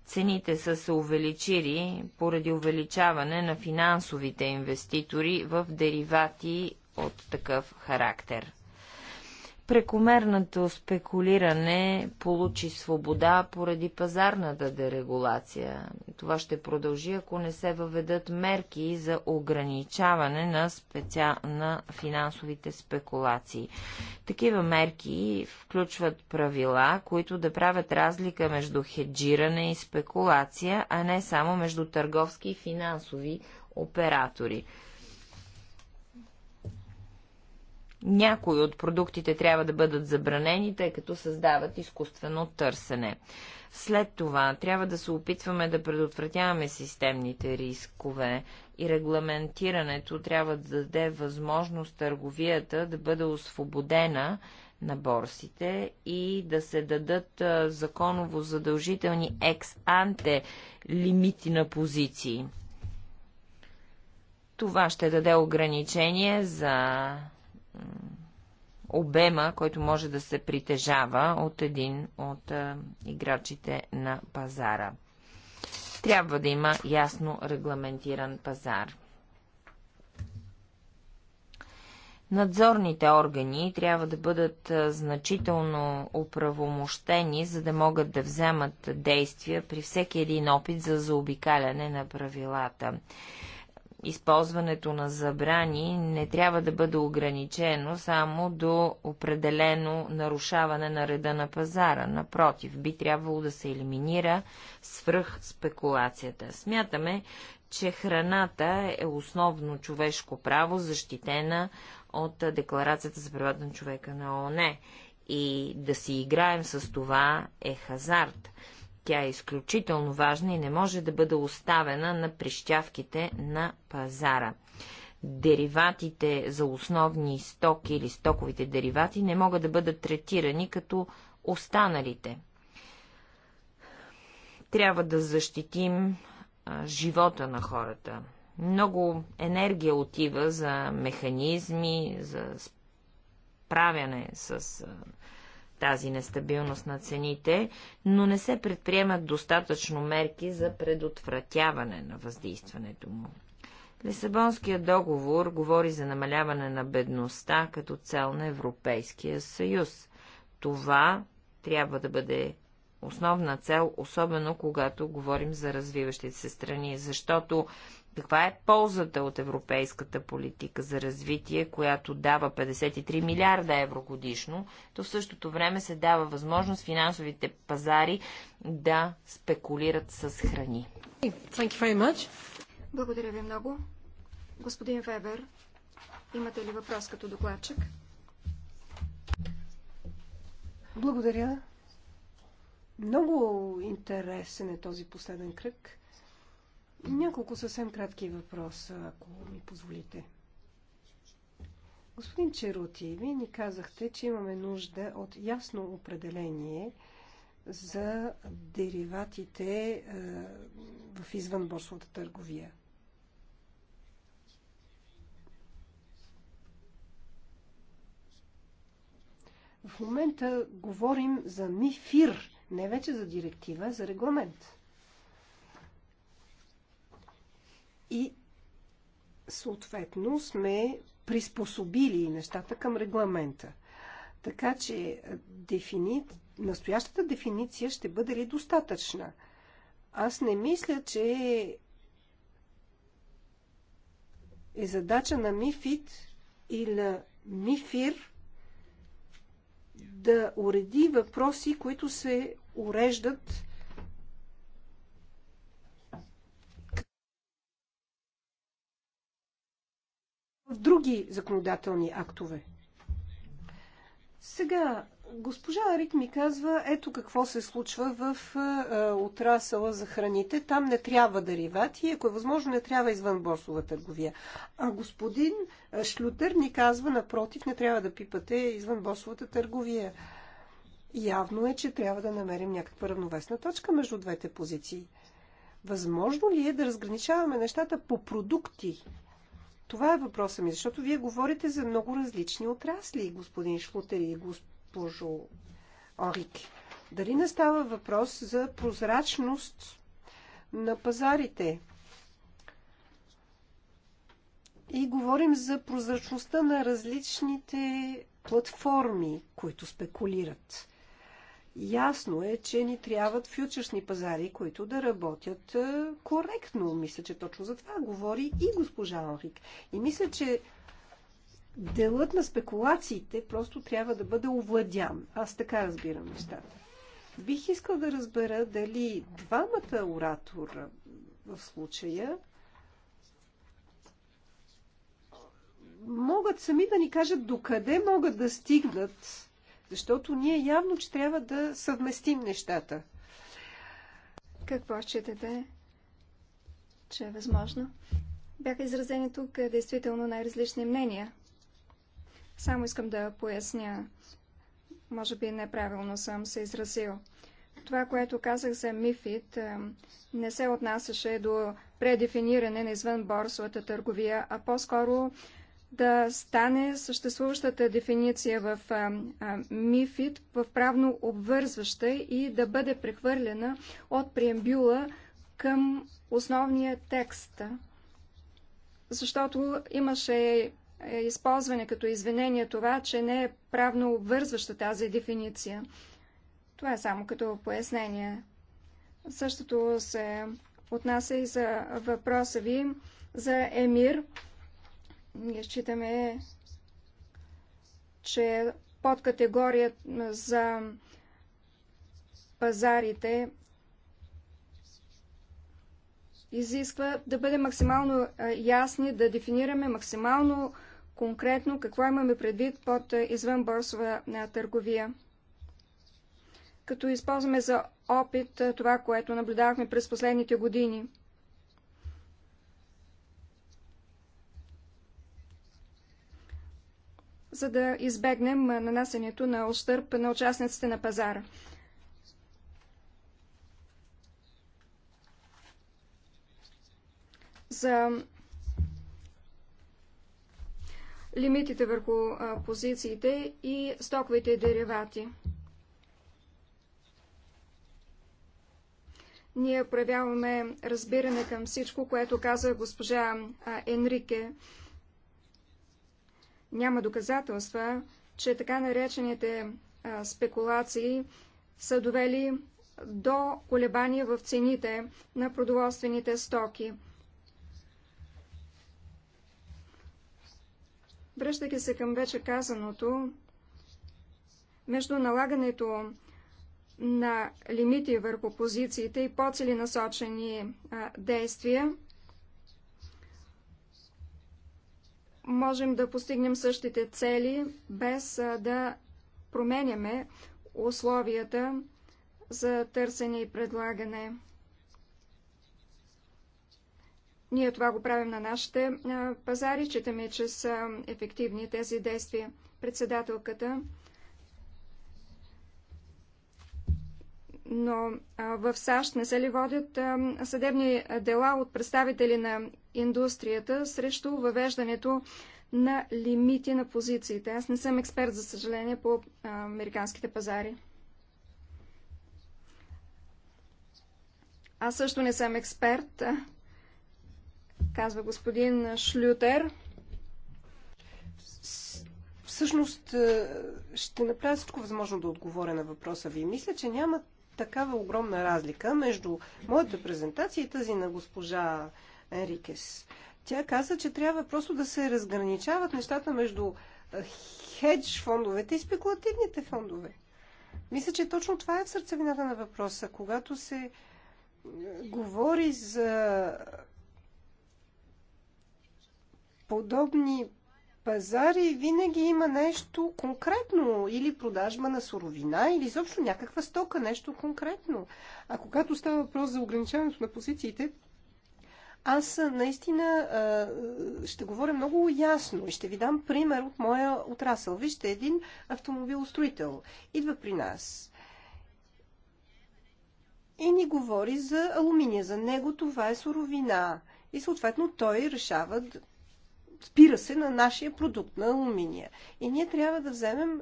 цените са се увеличили поради увеличаване на финансовите инвеститори в деривати от такъв характер. Прекомерното спекулиране получи свобода поради пазарната дерегулация. Това ще продължи, ако не се въведат мерки за ограничаване на, специ... на финансовите спекулации. Такива мерки включват правила, които да правят разлика между хеджиране и спекулация, а не само между търговски и финансови оператори. Някои от продуктите трябва да бъдат забранени, тъй като създават изкуствено търсене. След това трябва да се опитваме да предотвратяваме системните рискове и регламентирането трябва да даде възможност търговията да бъде освободена на борсите и да се дадат законово задължителни екс-анте лимити на позиции. Това ще даде ограничение за обема, който може да се притежава от един от а, играчите на пазара. Трябва да има ясно регламентиран пазар. Надзорните органи трябва да бъдат значително оправомощени, за да могат да вземат действия при всеки един опит за заобикаляне на правилата използването на забрани не трябва да бъде ограничено само до определено нарушаване на реда на пазара. Напротив, би трябвало да се елиминира свръх спекулацията. Смятаме, че храната е основно човешко право, защитена от Декларацията за правата на човека на ООН. И да си играем с това е хазарт. Тя е изключително важна и не може да бъде оставена на прищявките на пазара. Дериватите за основни стоки или стоковите деривати не могат да бъдат третирани като останалите. Трябва да защитим а, живота на хората. Много енергия отива за механизми, за справяне с а, тази нестабилност на цените, но не се предприемат достатъчно мерки за предотвратяване на въздействането му. Лисабонският договор говори за намаляване на бедността като цел на Европейския съюз. Това трябва да бъде основна цел, особено когато говорим за развиващите се страни, защото каква е ползата от европейската политика за развитие, която дава 53 милиарда евро годишно, то в същото време се дава възможност финансовите пазари да спекулират с храни? Благодаря ви много. Господин Вебер, имате ли въпрос като докладчик? Благодаря. Много интересен е този последен кръг. Няколко съвсем кратки въпроса, ако ми позволите. Господин Черути, вие ни казахте, че имаме нужда от ясно определение за дериватите е, в извънборсовата търговия. В момента говорим за МИФИР, не вече за директива, за регламент. и съответно сме приспособили нещата към регламента. Така че дефини... настоящата дефиниция ще бъде ли достатъчна? Аз не мисля, че е задача на МИФИД и на МИФИР да уреди въпроси, които се уреждат в други законодателни актове. Сега, госпожа Арик ми казва, ето какво се случва в е, е отрасъла за храните. Там не трябва деривати, ако е възможно, не трябва извън борсова търговия. А господин е, Шлютер ни казва, напротив, не трябва да пипате извън борсовата търговия. Явно е, че трябва да намерим някаква равновесна точка между двете позиции. Възможно ли е да разграничаваме нещата по продукти? Това е въпросът ми, защото вие говорите за много различни отрасли, господин Шлутер и госпожо Орик. Дали не става въпрос за прозрачност на пазарите? И говорим за прозрачността на различните платформи, които спекулират. Ясно е, че ни трябват фьючерсни пазари, които да работят е, коректно. Мисля, че точно за това говори и госпожа Анрик. И мисля, че делът на спекулациите просто трябва да бъде овладян. Аз така разбирам нещата. Бих искал да разбера дали двамата оратора е, в случая могат сами да ни кажат докъде могат да стигнат защото ние явно, че трябва да съвместим нещата. Какво считате, че е възможно? Бяха изразени тук е, действително най-различни мнения. Само искам да поясня. Може би неправилно съм се изразил. Това, което казах за Мифит, е, не се отнасяше до предефиниране на извън борсовата търговия, а по-скоро да стане съществуващата дефиниция в МИФИД в правно обвързваща и да бъде прехвърлена от преембюла към основния текст. Защото имаше е, използване като извинение това, че не е правно обвързваща тази дефиниция. Това е само като пояснение. Същото се отнася и за въпроса ви за Емир. Ние считаме, че под категория за пазарите изисква да бъдем максимално ясни, да дефинираме максимално конкретно какво имаме предвид под извънборсова търговия. Като използваме за опит това, което наблюдавахме през последните години – за да избегнем нанасенето на ущърп на участниците на пазара. За лимитите върху позициите и стоковите деривати. Ние проявяваме разбиране към всичко, което каза госпожа Енрике. Няма доказателства, че така наречените а, спекулации са довели до колебания в цените на продоволствените стоки. Връщайки се към вече казаното, между налагането на лимити върху позициите и по-целенасочени действия, можем да постигнем същите цели, без да променяме условията за търсене и предлагане. Ние това го правим на нашите пазари. Читаме, че са ефективни тези действия. Председателката. Но в САЩ не се ли водят съдебни дела от представители на индустрията срещу въвеждането на лимити на позициите. Аз не съм експерт, за съжаление, по американските пазари. Аз също не съм експерт, казва господин Шлютер. Всъщност ще направя всичко възможно да отговоря на въпроса ви. Мисля, че няма такава огромна разлика между моята презентация и тази на госпожа Рикес. Тя каза, че трябва просто да се разграничават нещата между хедж фондовете и спекулативните фондове. Мисля, че точно това е в сърцевината на въпроса. Когато се говори за подобни пазари, винаги има нещо конкретно. Или продажба на суровина, или изобщо някаква стока, нещо конкретно. А когато става въпрос за ограничаването на позициите, аз наистина ще говоря много ясно и ще ви дам пример от моя отрасъл. Вижте, един автомобилостроител идва при нас и ни говори за алуминия. За него това е суровина. И съответно той решава, спира се на нашия продукт, на алуминия. И ние трябва да вземем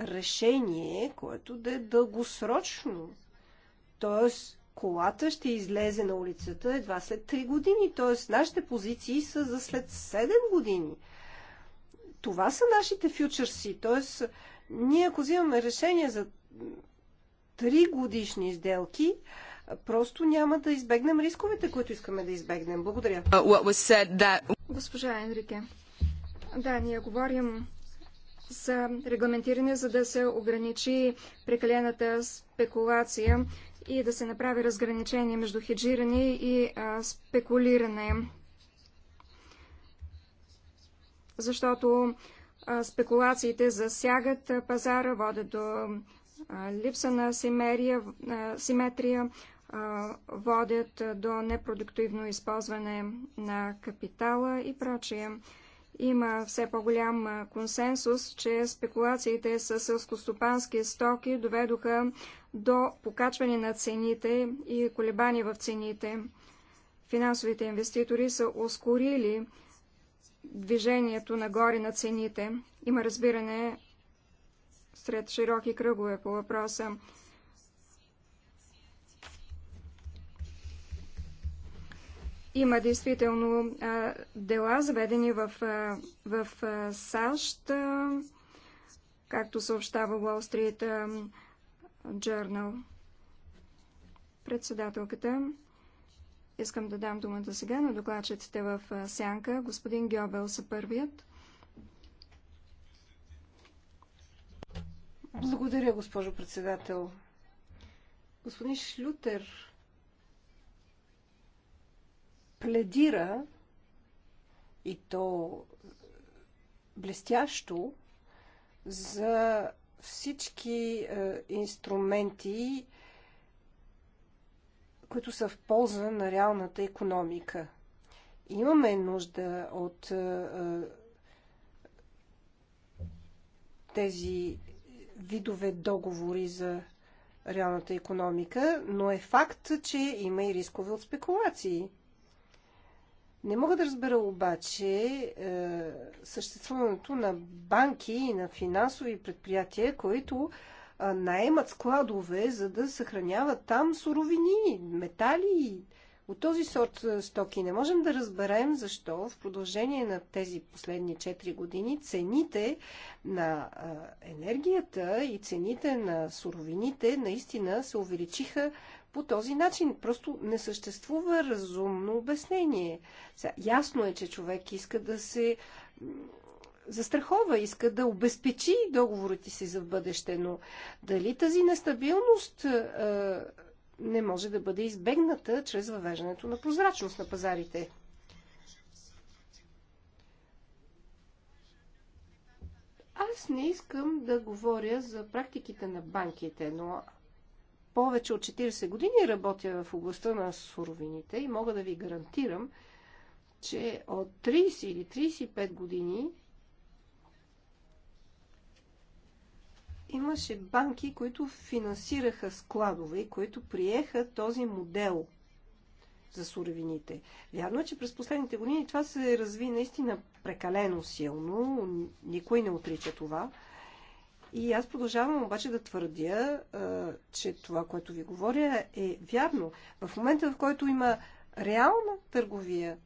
решение, което да е дългосрочно. Тоест, колата ще излезе на улицата едва след 3 години, т.е. нашите позиции са за след 7 години. Това са нашите фьючерси, т.е. ние ако взимаме решение за 3 годишни сделки, просто няма да избегнем рисковете, които искаме да избегнем. Благодаря. Uh, that... Госпожа Енрике, да, ние говорим за регламентиране, за да се ограничи прекалената спекулация и да се направи разграничение между хеджиране и а, спекулиране. Защото а, спекулациите засягат пазара, водят до а, липса на симерия, а, симетрия, а, водят до непродуктивно използване на капитала и прочие. Има все по-голям консенсус, че спекулациите с селскостопански стоки доведоха до покачване на цените и колебания в цените. Финансовите инвеститори са ускорили движението нагоре на цените. Има разбиране сред широки кръгове по въпроса. Има действително а, дела, заведени в, а, в а, САЩ, а, както съобщава Wall Street Journal. Председателката, искам да дам думата сега на докладчиците в а, Сянка. Господин Гьобел са първият. Благодаря, госпожо председател. Господин Шлютер, пледира и то блестящо за всички е, инструменти, които са в полза на реалната економика. Имаме нужда от е, е, тези видове договори за реалната економика, но е факт, че има и рискове от спекулации. Не мога да разбера обаче е, съществуването на банки и на финансови предприятия, които е, наемат складове, за да съхраняват там суровини, метали, от този сорт е, стоки. Не можем да разберем защо в продължение на тези последни 4 години цените на е, енергията и цените на суровините наистина се увеличиха по този начин. Просто не съществува разумно обяснение. Ясно е, че човек иска да се застрахова, иска да обезпечи договорите си за бъдеще, но дали тази нестабилност а, не може да бъде избегната чрез въвеждането на прозрачност на пазарите? Аз не искам да говоря за практиките на банките, но повече от 40 години работя в областта на суровините и мога да ви гарантирам, че от 30 или 35 години имаше банки, които финансираха складове и които приеха този модел за суровините. Вярно е, че през последните години това се разви наистина прекалено силно. Никой не отрича това. И аз продължавам обаче да твърдя, че това, което ви говоря, е вярно. В момента, в който има реална търговия,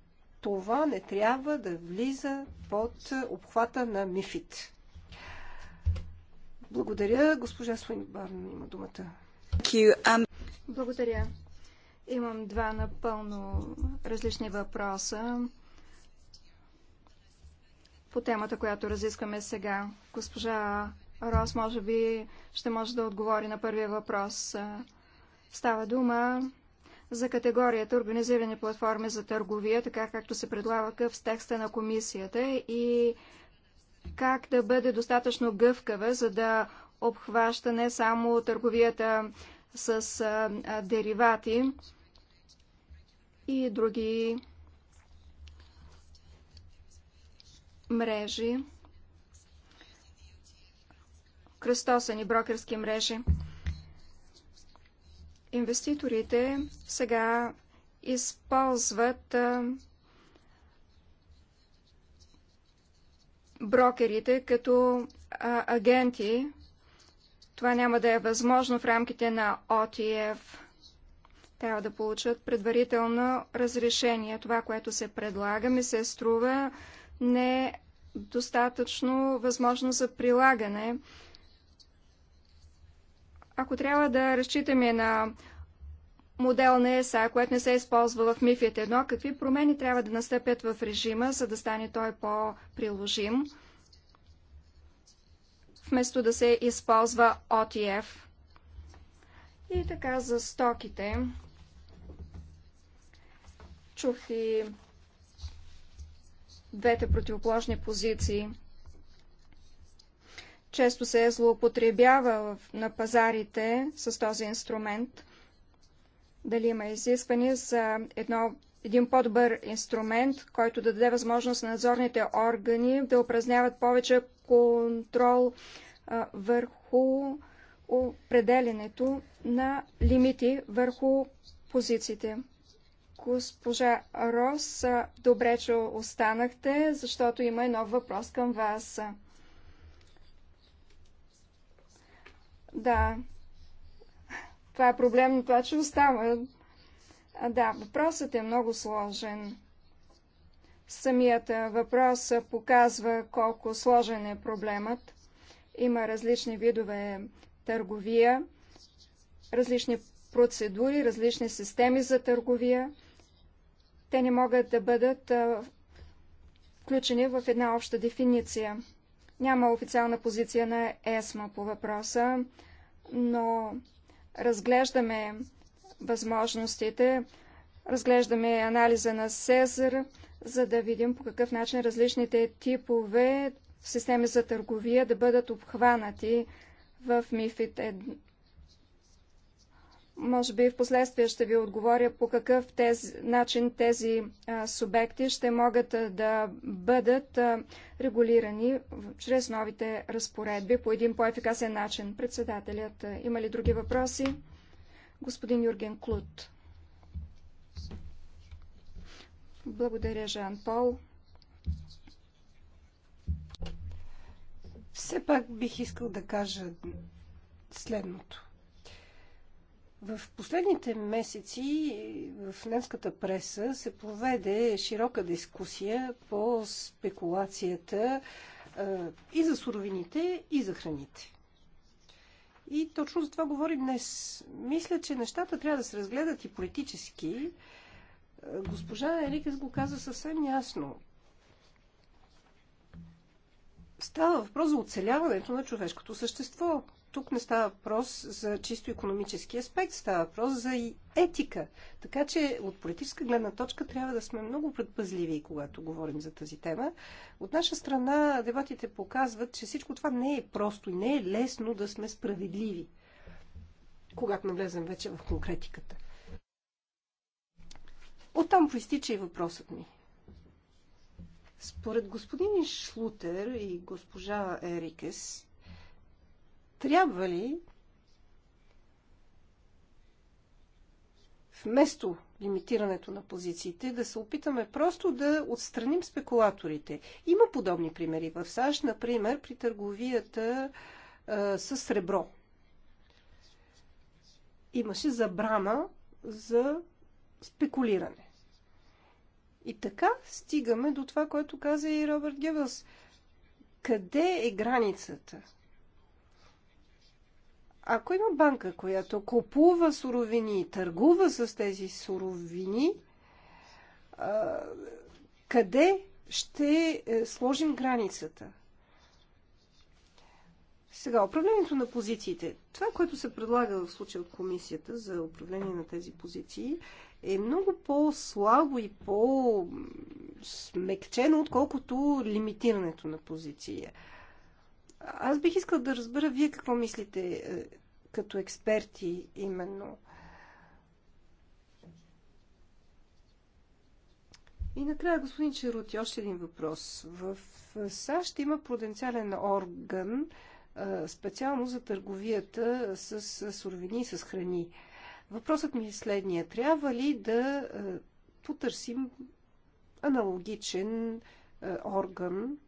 това не трябва да влиза под обхвата на МИФИТ. Благодаря. Госпожа Суинбарн има думата. Um, Благодаря. Имам два напълно различни въпроса по темата, която разискваме сега. Госпожа Рос може би ще може да отговори на първия въпрос. Става дума за категорията организирани платформи за търговия, така както се предлага в текста на комисията и как да бъде достатъчно гъвкава, за да обхваща не само търговията с а, а, деривати и други мрежи кръстосани брокерски мрежи. Инвеститорите сега използват брокерите като агенти. Това няма да е възможно в рамките на ОТФ. Трябва да получат предварително разрешение. Това, което се предлага, ми се струва не е достатъчно възможно за прилагане ако трябва да разчитаме на модел на ЕСА, което не се използва в МИФИТ 1, какви промени трябва да настъпят в режима, за да стане той по-приложим, вместо да се използва OTF? И така за стоките. Чух и двете противоположни позиции – често се е злоупотребява на пазарите с този инструмент. Дали има изискване за едно, един по-добър инструмент, който да даде възможност на надзорните органи да упражняват повече контрол а, върху определенето на лимити върху позициите. Госпожа Рос, добре, че останахте, защото има едно въпрос към вас. Да. Това е проблем но това, че остава. А, да, въпросът е много сложен. Самият въпрос показва колко сложен е проблемът. Има различни видове търговия, различни процедури, различни системи за търговия. Те не могат да бъдат включени в една обща дефиниция. Няма официална позиция на ЕСМА по въпроса, но разглеждаме възможностите, разглеждаме анализа на Сезър, за да видим по какъв начин различните типове системи за търговия да бъдат обхванати в МИФИД може би в последствие ще ви отговоря по какъв тези, начин тези а, субекти ще могат а, да бъдат а, регулирани чрез новите разпоредби по един по-ефикасен начин. Председателят, а, има ли други въпроси? Господин Юрген Клут. Благодаря, Жан Пол. Все пак бих искал да кажа следното. В последните месеци в немската преса се проведе широка дискусия по спекулацията е, и за суровините, и за храните. И точно за това говорим днес. Мисля, че нещата трябва да се разгледат и политически. Е, госпожа Ерикес го каза съвсем ясно. Става въпрос за оцеляването на човешкото същество тук не става въпрос за чисто економически аспект, става въпрос за и етика. Така че от политическа гледна точка трябва да сме много предпазливи, когато говорим за тази тема. От наша страна дебатите показват, че всичко това не е просто и не е лесно да сме справедливи, когато навлезем вече в конкретиката. Оттам проистича и въпросът ми. Според господин Шлутер и госпожа Ерикес, трябва ли вместо лимитирането на позициите, да се опитаме просто да отстраним спекулаторите. Има подобни примери в САЩ, например при търговията а, с сребро. Имаше забрана за спекулиране. И така стигаме до това, което каза и Робърт Гевелс. Къде е границата? Ако има банка, която купува суровини и търгува с тези суровини, къде ще е, сложим границата? Сега, управлението на позициите. Това, което се предлага в случая от комисията за управление на тези позиции, е много по-слабо и по-смекчено, отколкото лимитирането на позиция. Аз бих искал да разбера вие какво мислите е, като експерти именно. И накрая, господин Черути, още един въпрос. В е, САЩ има потенциален орган е, специално за търговията с суровини и с храни. Въпросът ми е следния. Трябва ли да потърсим аналогичен орган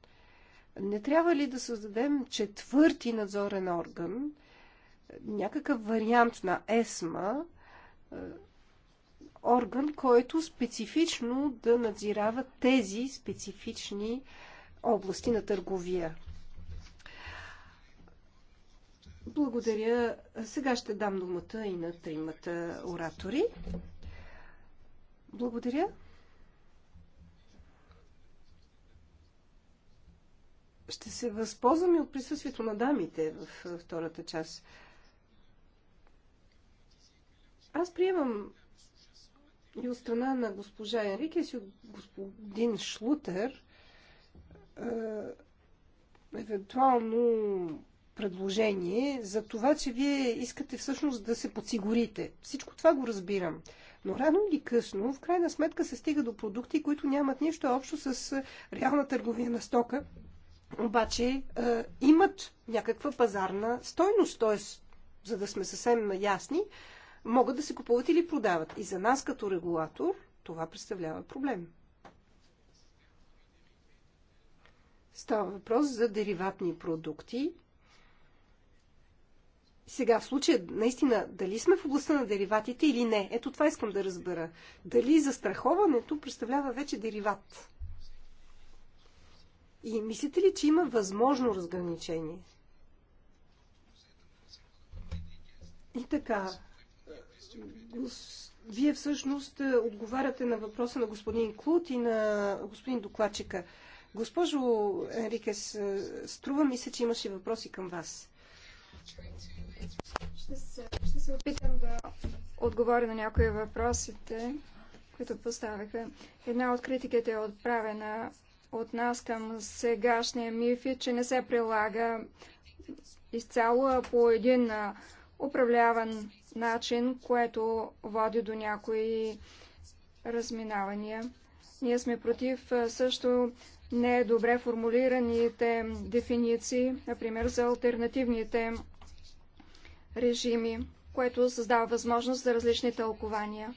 не трябва ли да създадем четвърти надзорен орган, някакъв вариант на ЕСМА, е, орган, който специфично да надзирава тези специфични области на търговия? Благодаря. Сега ще дам думата и на тримата оратори. Благодаря. Ще се възползваме от присъствието на дамите в втората част. Аз приемам и от страна на госпожа Енрике и от господин Шлутер е, евентуално предложение за това, че вие искате всъщност да се подсигурите. Всичко това го разбирам. Но рано или късно, в крайна сметка, се стига до продукти, които нямат нищо общо с е, реална търговия на стока обаче е, имат някаква пазарна стойност, т.е. за да сме съвсем ясни, могат да се купуват или продават. И за нас като регулатор това представлява проблем. Става въпрос за дериватни продукти. Сега, в случая, наистина, дали сме в областта на дериватите или не, ето това искам да разбера. Дали застраховането представлява вече дериват? И мислите ли, че има възможно разграничение? И така, вие всъщност е, отговаряте на въпроса на господин Клут и на господин докладчика. Госпожо Енрикес, е, струва ми се, че имаше въпроси към вас. Ще се, ще се опитам да отговоря на някои въпросите, които поставиха. Една от критиките е отправена от нас към сегашния миф е, че не се прилага изцяло по един управляван начин, което води до някои разминавания. Ние сме против също не е добре формулираните дефиниции, например за альтернативните режими, което създава възможност за различни тълкования.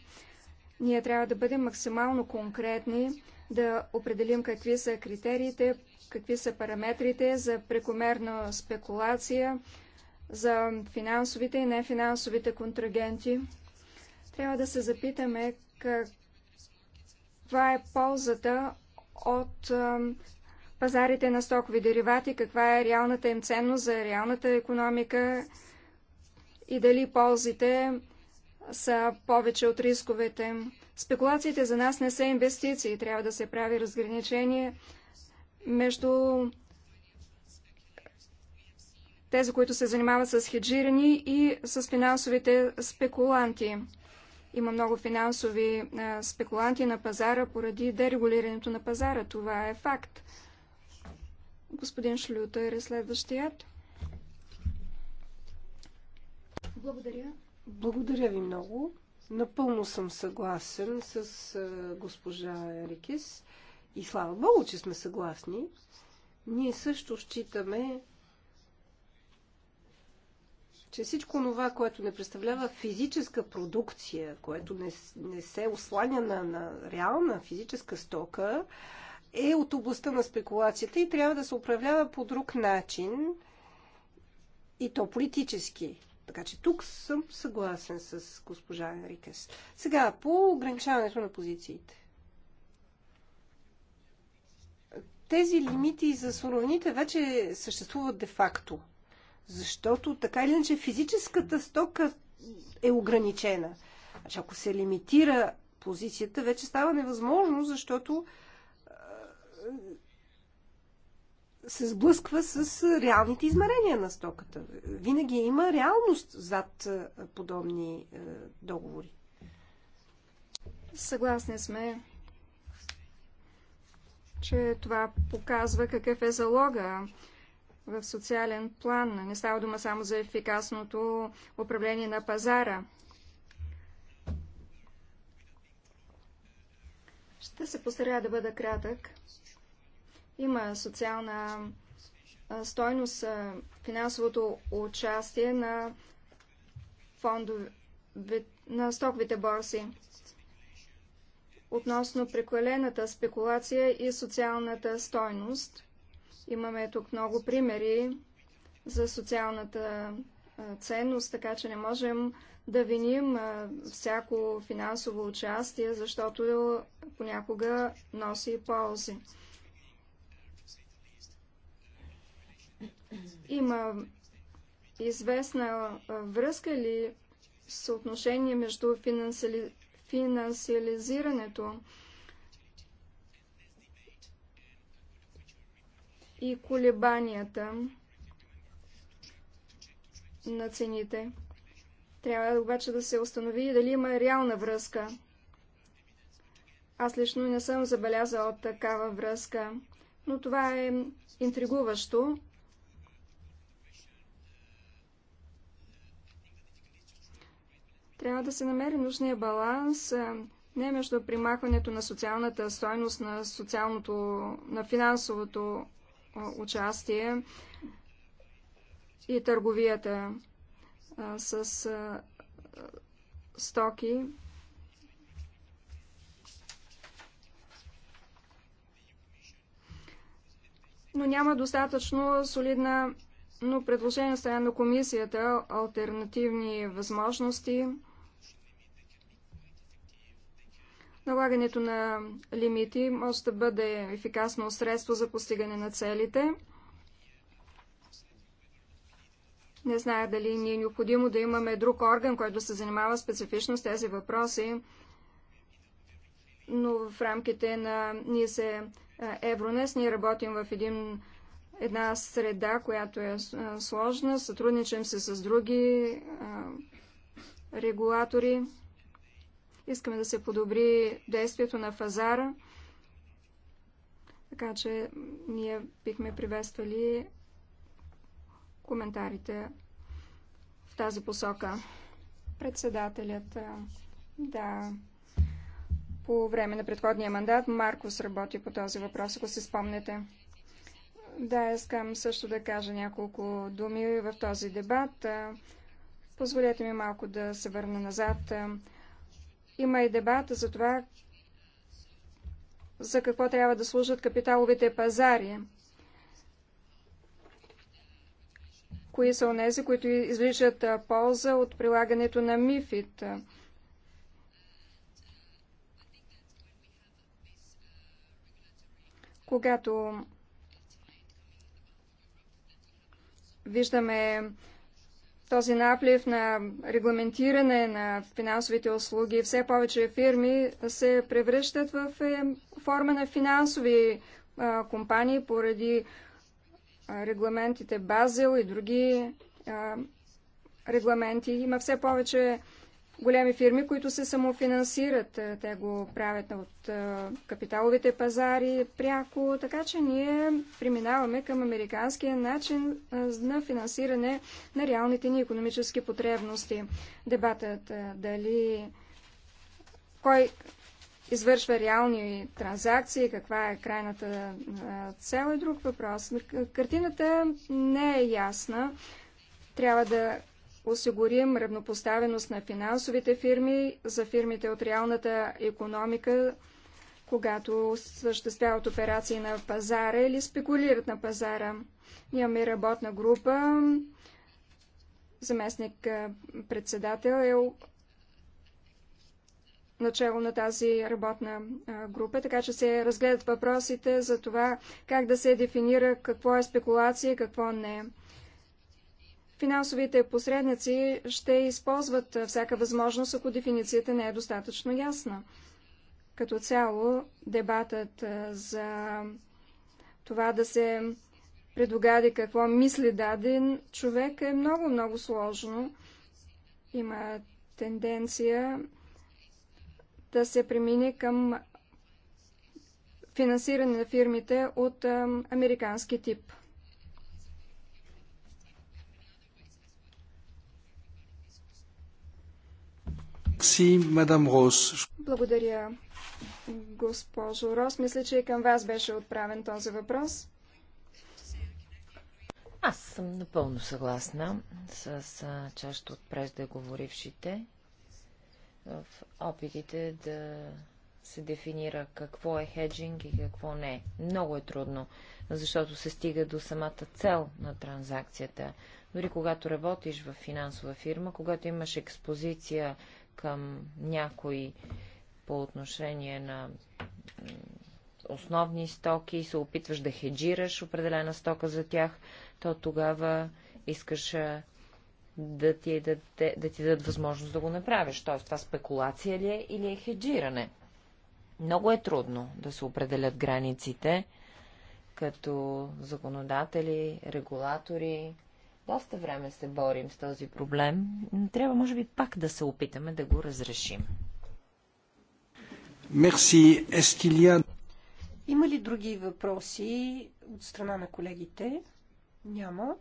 Ние трябва да бъдем максимално конкретни, да определим какви са критериите, какви са параметрите за прекомерна спекулация, за финансовите и нефинансовите контрагенти. Трябва да се запитаме каква е ползата от пазарите на стокови деривати, каква е реалната им ценност за реалната економика и дали ползите са повече от рисковете. Спекулациите за нас не са инвестиции. Трябва да се прави разграничение между тези, които се занимават с хеджирани и с финансовите спекуланти. Има много финансови спекуланти на пазара поради дерегулирането на пазара. Това е факт. Господин Шлютер е следващият. Благодаря. Благодаря ви много. Напълно съм съгласен с госпожа Ерикис и слава Богу, че сме съгласни. Ние също считаме, че всичко това, което не представлява физическа продукция, което не, не се осланя на, на реална физическа стока, е от областта на спекулацията и трябва да се управлява по друг начин и то политически. Така че тук съм съгласен с госпожа Енрикес. Сега, по ограничаването на позициите. Тези лимити за суровините вече съществуват де-факто. Защото така или иначе физическата стока е ограничена. Значи, ако се лимитира позицията, вече става невъзможно, защото се сблъсква с реалните измерения на стоката. Винаги има реалност зад подобни договори. Съгласни сме, че това показва какъв е залога в социален план. Не става дума само за ефикасното управление на пазара. Ще се постаря да бъда кратък. Има социална стойност финансовото участие на, фондове на стоковите борси относно прекалената спекулация и социалната стойност. Имаме тук много примери за социалната ценност, така че не можем да виним всяко финансово участие, защото понякога носи ползи. Има известна връзка или съотношение между финансили... финансиализирането и колебанията на цените. Трябва обаче да се установи дали има реална връзка. Аз лично не съм забелязала такава връзка, но това е интригуващо. Трябва да се намери нужния баланс не между примахването на социалната стойност на социалното, на финансовото участие и търговията с стоки. Но няма достатъчно солидна но предложение на страна на комисията, альтернативни възможности – Налагането на лимити може да бъде ефикасно средство за постигане на целите. Не зная дали ни е необходимо да имаме друг орган, който се занимава специфично с тези въпроси, но в рамките на ние се Евронес, ние работим в един, една среда, която е сложна, сътрудничаем се с други а, регулатори. Искаме да се подобри действието на Фазара, Така че ние бихме приветствали коментарите в тази посока. Председателят, да, по време на предходния мандат Маркос работи по този въпрос, ако си спомнете. Да, искам също да кажа няколко думи в този дебат. Позволете ми малко да се върна назад. Има и дебат за това, за какво трябва да служат капиталовите пазари. Кои са онези, които извличат полза от прилагането на Мифит. Когато виждаме този наплив на регламентиране на финансовите услуги, все повече фирми се превръщат в е, форма на финансови е, компании поради е, регламентите Базел и други регламенти. Има все повече големи фирми, които се самофинансират. Е, те го правят от е, капиталовите пазари пряко, така че ние преминаваме към американския начин е, на финансиране на реалните ни економически потребности. Дебатът дали кой извършва реални транзакции, каква е крайната цел и друг въпрос. Картината не е ясна. Трябва да осигурим равнопоставеност на финансовите фирми за фирмите от реалната економика, когато съществяват операции на пазара или спекулират на пазара. Имаме работна група. Заместник председател е начало на тази работна група, така че се разгледат въпросите за това как да се дефинира какво е спекулация и какво не е. Финансовите посредници ще използват всяка възможност, ако дефиницията не е достатъчно ясна. Като цяло, дебатът за това да се предугади какво мисли даден човек е много-много сложно. Има тенденция да се премине към финансиране на фирмите от американски тип. мадам Рос. Благодаря, госпожо Рос. Мисля, че и към вас беше отправен този въпрос. Аз съм напълно съгласна с част от преждеговорившите в опитите да се дефинира какво е хеджинг и какво не е. Много е трудно, защото се стига до самата цел на транзакцията. Дори когато работиш в финансова фирма, когато имаш експозиция към някои по отношение на основни стоки, се опитваш да хеджираш определена стока за тях, то тогава искаш да ти, да, да ти дадат възможност да го направиш. Тоест, това спекулация ли е или е хеджиране? Много е трудно да се определят границите като законодатели, регулатори, доста време се борим с този проблем. Трябва, може би, пак да се опитаме да го разрешим. Мерси, Естилия. Има ли други въпроси от страна на колегите? Няма.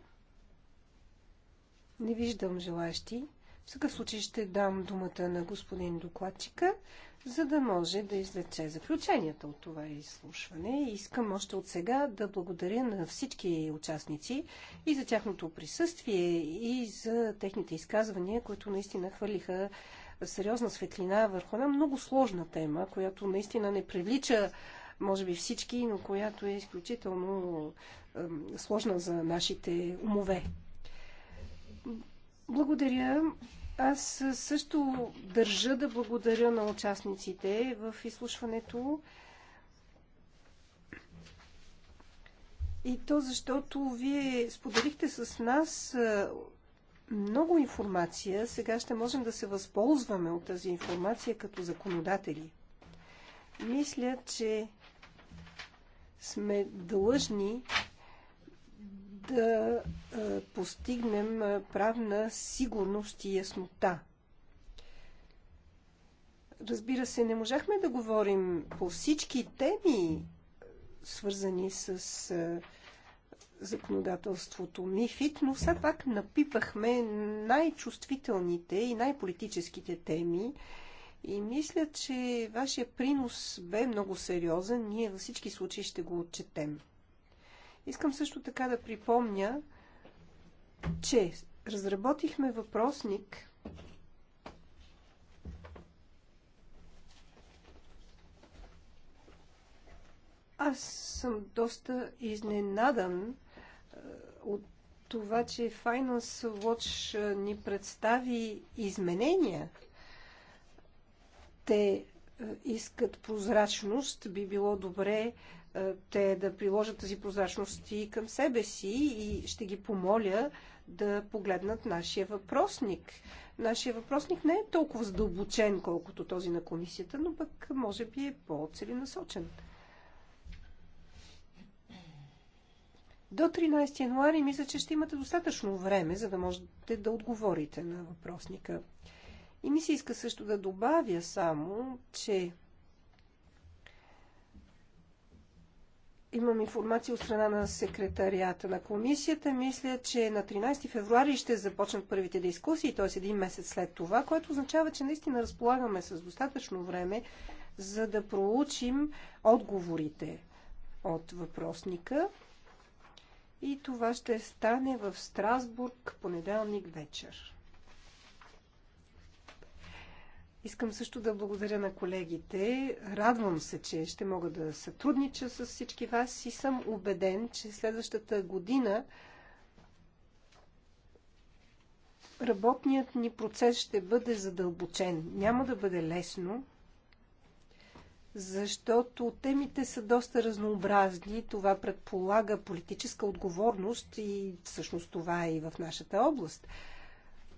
Не виждам желаящи. В такъв случай ще дам думата на господин докладчика, за да може да излече заключенията от това изслушване. искам още от сега да благодаря на всички участници и за тяхното присъствие и за техните изказвания, които наистина хвърлиха сериозна светлина върху една много сложна тема, която наистина не привлича може би всички, но която е изключително е, сложна за нашите умове. Благодаря. Аз също държа да благодаря на участниците в изслушването. И то защото вие споделихте с нас много информация. Сега ще можем да се възползваме от тази информация като законодатели. Мисля, че сме длъжни да постигнем правна сигурност и яснота. Разбира се, не можахме да говорим по всички теми, свързани с законодателството МИФИД, но все пак напипахме най-чувствителните и най-политическите теми. И мисля, че вашия принос бе много сериозен. Ние във всички случаи ще го отчетем. Искам също така да припомня, че разработихме въпросник, Аз съм доста изненадан е, от това, че Finance Watch е, ни представи изменения. Те е, искат прозрачност. Би било добре е, те да приложат тази прозрачност и към себе си и ще ги помоля да погледнат нашия въпросник. Нашия въпросник не е толкова задълбочен, колкото този на комисията, но пък може би е по-целенасочен. До 13 януари мисля, че ще имате достатъчно време, за да можете да отговорите на въпросника. И ми се иска също да добавя само, че Имам информация от страна на секретарията на комисията. Мисля, че на 13 февруари ще започнат първите дискусии, т.е. един месец след това, което означава, че наистина разполагаме с достатъчно време, за да проучим отговорите от въпросника. И това ще стане в Страсбург понеделник вечер. Искам също да благодаря на колегите. Радвам се, че ще мога да сътруднича с всички вас и съм убеден, че следващата година работният ни процес ще бъде задълбочен. Няма да бъде лесно, защото темите са доста разнообразни. Това предполага политическа отговорност и всъщност това е и в нашата област –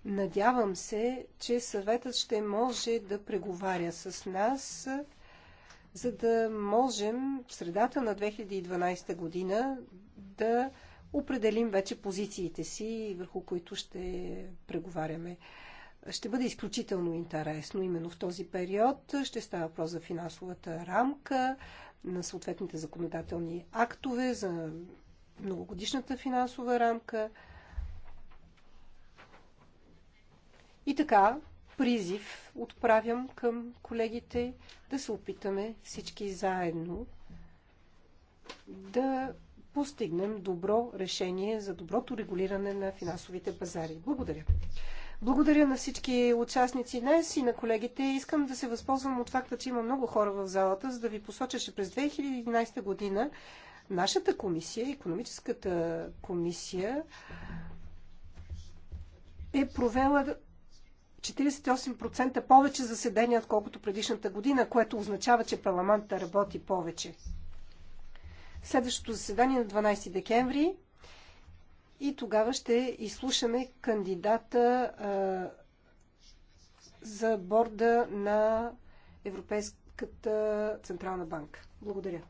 Надявам се, че съветът ще може да преговаря с нас, за да можем в средата на 2012 година да определим вече позициите си, върху които ще преговаряме. Ще бъде изключително интересно именно в този период. Ще става въпрос за финансовата рамка, на съответните законодателни актове, за многогодишната финансова рамка – И така, призив отправям към колегите да се опитаме всички заедно да постигнем добро решение за доброто регулиране на финансовите пазари. Благодаря. Благодаря на всички участници днес и на колегите. Искам да се възползвам от факта, че има много хора в залата, за да ви посоча, че през 2011 година нашата комисия, економическата комисия, е провела 48% повече заседения, отколкото предишната година, което означава, че парламентът работи повече. Следващото заседание е на 12 декември и тогава ще изслушаме кандидата а, за борда на Европейската Централна банка. Благодаря.